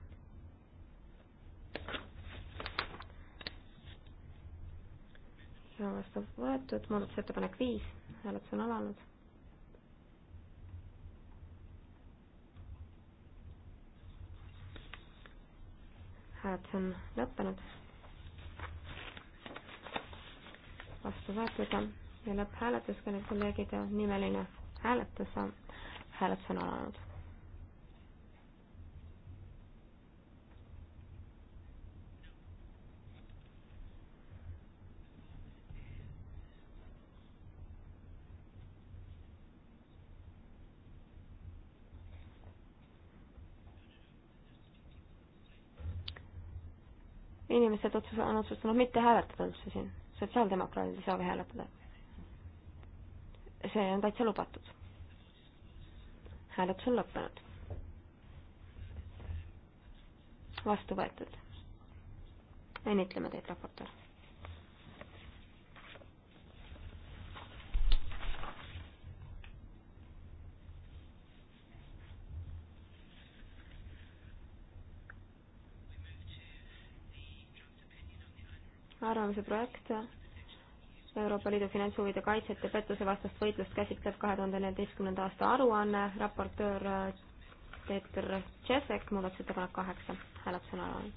ja vastu võetud muudatusettepanek viis, hääletus on alanud hääletus on lõppenud. vastu võetud ja lõpphääletus, kallid kolleegid, nimeline hääletus, hääletus on alanud inimesed otsus, on otsustanud mitte hääletada üldse siin, sotsiaaldemokraadid ei soovi hääletada. see on täitsa lubatud. hääletus on lõppenud. vastu võetud. õnnitleme teid, raportöör arvamuse projekt Euroopa Liidu finantshuvide kaitset ja pettuse vastast võitlust käsitleb kahe tuhande neljateistkümnenda aasta aruanne, raportöör äh, Peeter Tšesek, muudatusettepanek kaheksa, hääletus on alanud.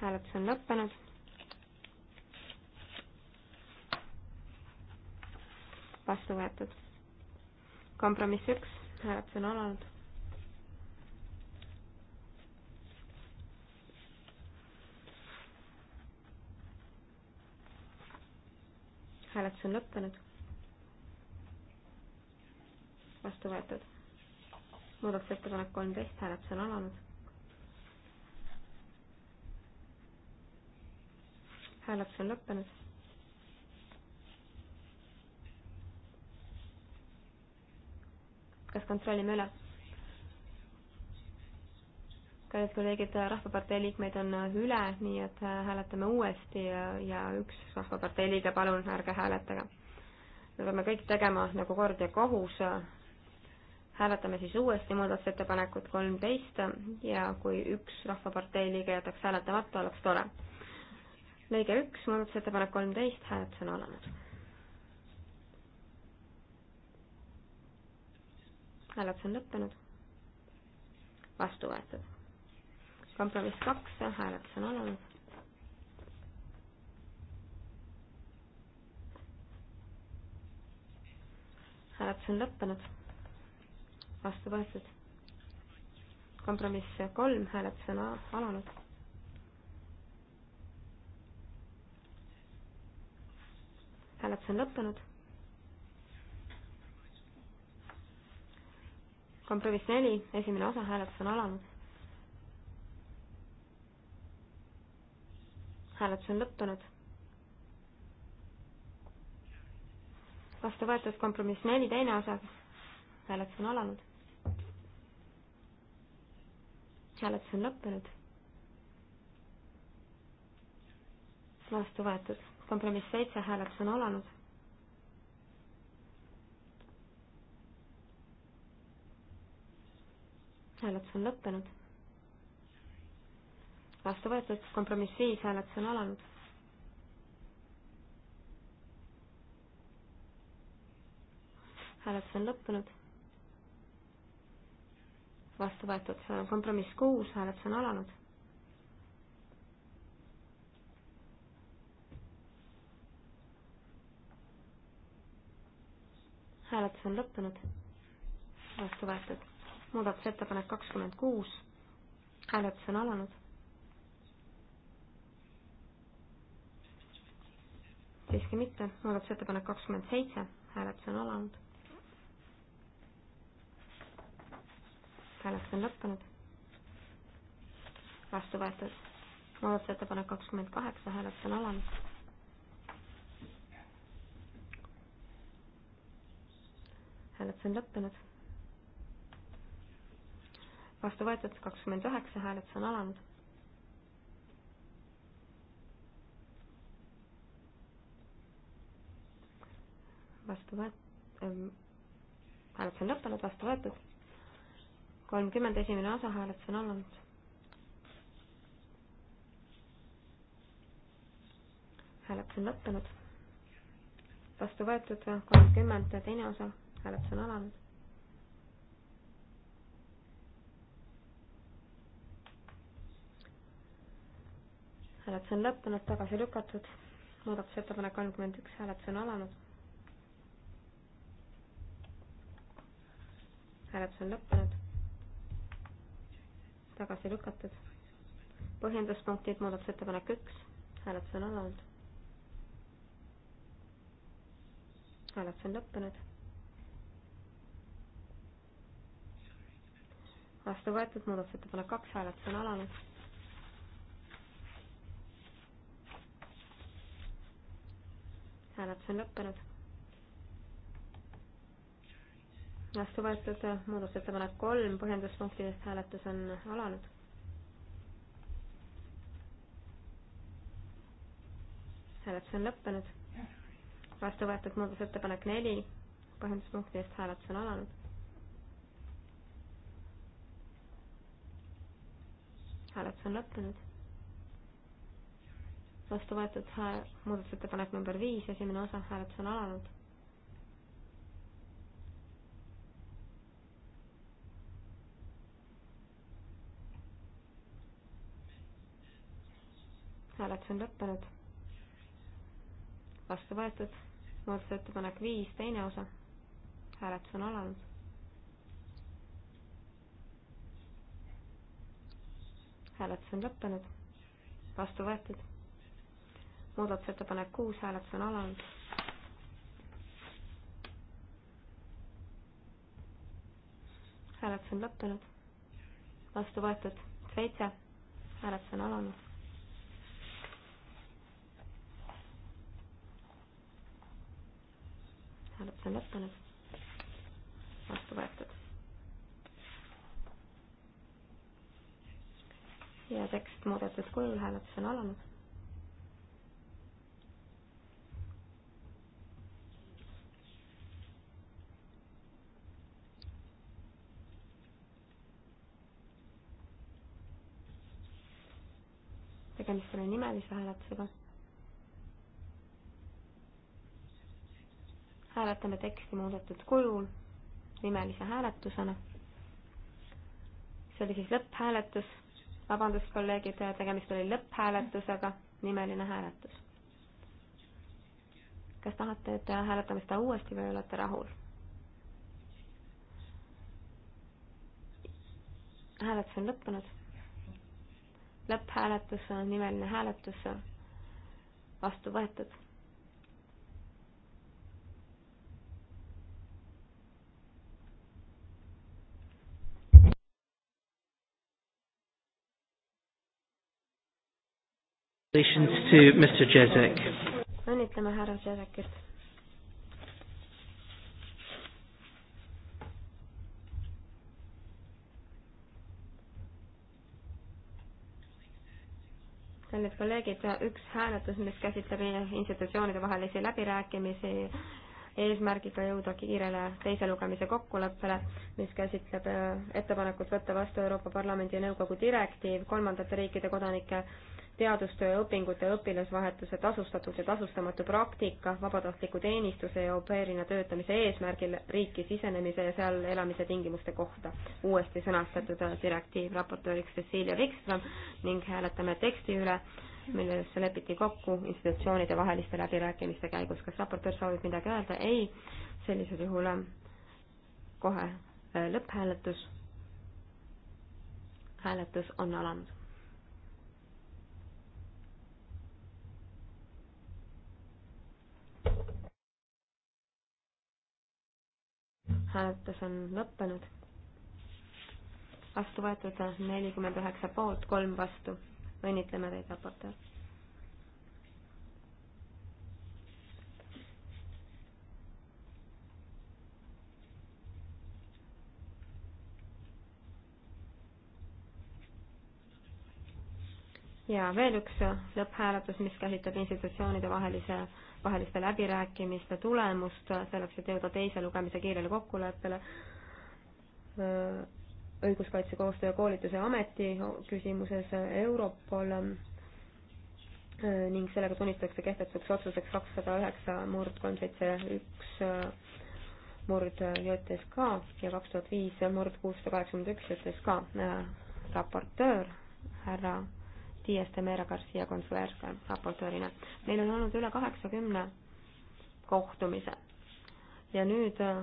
hääletus on lõppenud. vastu võetud. kompromiss üks, hääletus on alanud. hääletus on lõppenud. vastu võetud. muudatusettepanek kolmteist, hääletus on alanud. hääletus on lõppenud. kas kontrollime üle? kallid kolleegid, Rahvapartei liikmeid on üle, nii et äh, hääletame uuesti ja, ja üks Rahvapartei liige, palun ärge hääletage. me peame kõik tegema nagu kord ja kohus. hääletame siis uuesti muudatusettepanekut kolmteist ja kui üks Rahvapartei liige jätaks hääletamata, oleks tore. lõige üks, muudatusettepanek kolmteist, hääletus on alanud. hääletus on lõppenud. vastu võetud kompromiss kaks, hääletus on alanud. hääletus on lõppenud. vastu võetud. kompromiss kolm, hääletus on alanud. hääletus on lõppenud. kompromiss neli, esimene osa hääletus on alanud hääletus on lõppenud. vastu võetud kompromiss neli, teine osa. hääletus on alanud. hääletus on lõppenud. vastu võetud kompromiss seitse, hääletus on alanud. hääletus on lõppenud vastu võetud, kompromiss viis, hääletus on alanud. hääletus on lõppenud. vastu võetud, kompromiss kuus, hääletus on alanud. hääletus on lõppenud, vastu võetud. muudatusettepanek kakskümmend kuus, hääletus on alanud siiski mitte, muudatusettepanek kakskümmend seitse, hääletus on alanud. hääletus on lõppenud. vastu võetud. muudatusettepanek kakskümmend kaheksa, hääletus on alanud. hääletus on lõppenud. vastu võetud kakskümmend üheksa, hääletus on alanud. vastu võet- ähm,, hääletus on lõppenud, vastu võetud. kolmkümmend esimene osa hääletus on alanud. hääletus on lõppenud. vastu võetud kolmkümmend teine osa, hääletus on alanud hääletus on lõppenud, tagasi lükatud. muudatusettepanek kolmkümmend üks, hääletus on alanud. hääletus on lõppenud. tagasi lükatud. põhjenduspunktid, muudatusettepanek üks, hääletus on alanud. hääletus on lõppenud. vastu võetud, muudatusettepanek kaks, hääletus on alanud. hääletus on lõppenud vastu võetud muudatusettepanek kolm, põhjenduspunktidest hääletus on alanud. hääletus on lõppenud. vastu võetud muudatusettepanek neli, põhjenduspunktidest hääletus on alanud. hääletus on lõppenud. vastu võetud muudatusettepanek number viis, esimene osa, hääletus on alanud hääletus on lõppenud. vastu võetud. muudatusettepanek viis, teine osa. hääletus on alanud. hääletus on lõppenud. vastu võetud. muudatusettepanek kuus, hääletus on alanud. hääletus on lõppenud. vastu võetud. seitse, hääletus on alanud hääletus on lõppenud. vastu võetud. ja tekst muudetud kujul, hääletus on alanud. tegemist oli nimelise hääletusega hääletame teksti muudetud kujul nimelise hääletusena. see oli siis lõpphääletus, vabandust, kolleegid, tegemist oli lõpphääletusega, nimeline hääletus. kas tahate, et hääletame seda uuesti või olete rahul? hääletus on lõppenud. lõpphääletus, nimeline hääletus vastu võetud Congratulations to Mr. Jezek. õnnitleme härra Jezekit. kallid kolleegid, üks hääletus, mis käsitleb institutsioonide vahelisi läbirääkimisi eesmärgiga jõuda kiirele teise lugemise kokkuleppele, mis käsitleb äh, ettepanekut võtta vastu Euroopa Parlamendi ja Nõukogu direktiiv kolmandate riikide kodanike teadustöö õpingute õpilasvahetuse tasustatud ja tasustamatu praktika vabatahtliku teenistuse ja au pair'ina töötamise eesmärgil riiki sisenemise ja seal elamise tingimuste kohta. uuesti sõnastatud direktiiv raportööriks Cecilia Wikström ning hääletame teksti üle, milles lepiti kokku institutsioonide vaheliste läbirääkimiste käigus. kas raportöör soovib midagi öelda? ei, sellisel juhul äh, kohe äh, lõpphääletus. hääletus on alanud. hääletus on lõppenud. vastu võetud nelikümmend üheksa poolt, kolm vastu. õnnitleme teid, raportöör. ja veel üks lõpphääletus, mis käsitleb institutsioonide vahelise, vaheliste läbirääkimiste tulemust selleks, et jõuda teise lugemise kiirele kokkuleppele õiguskaitsekoostöö koolituse ameti küsimuses Europol ning sellega tunnistatakse kehtetuks otsuseks kakssada üheksa murd kolm seitse üks murd JTSK ja kaks tuhat viis murd kuussada kaheksakümmend üks JTSK raportöör härra Dias de Mera Garcia Consuerte raportöörina. meil on olnud üle kaheksakümne kohtumise ja nüüd äh,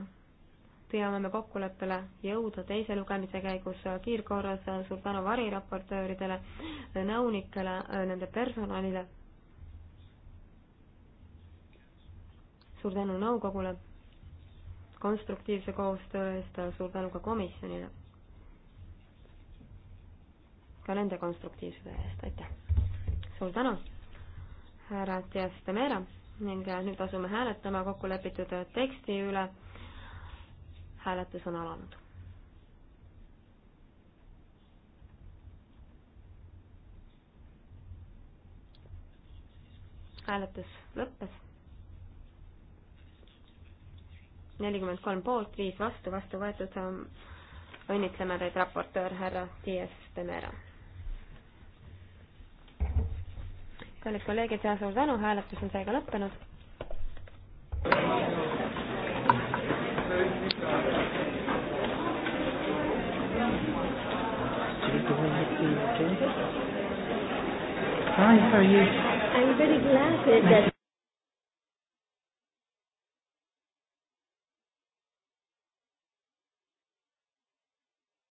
püüame me kokkuleppele jõuda teise lugemise käigus äh, kiirkorras, äh, suur tänu variraportööridele, nõunikele, nende personalile, suur tänu nõukogule konstruktiivse koostöö eest, suur tänu ka komisjonile ka nende konstruktiivsuse eest, aitäh! suur tänu, härra Dias de Mera ning äh, nüüd asume hääletama kokkulepitud äh, teksti üle. hääletus on alanud. hääletus lõppes. nelikümmend kolm poolt, viis vastu, vastu võetud. Äh, õnnitleme teid, raportöör härra Dias de Mera kallid kolleegid, ja suur tänu, hääletus on seega lõppenud. Hi, how are you? I'm very glad that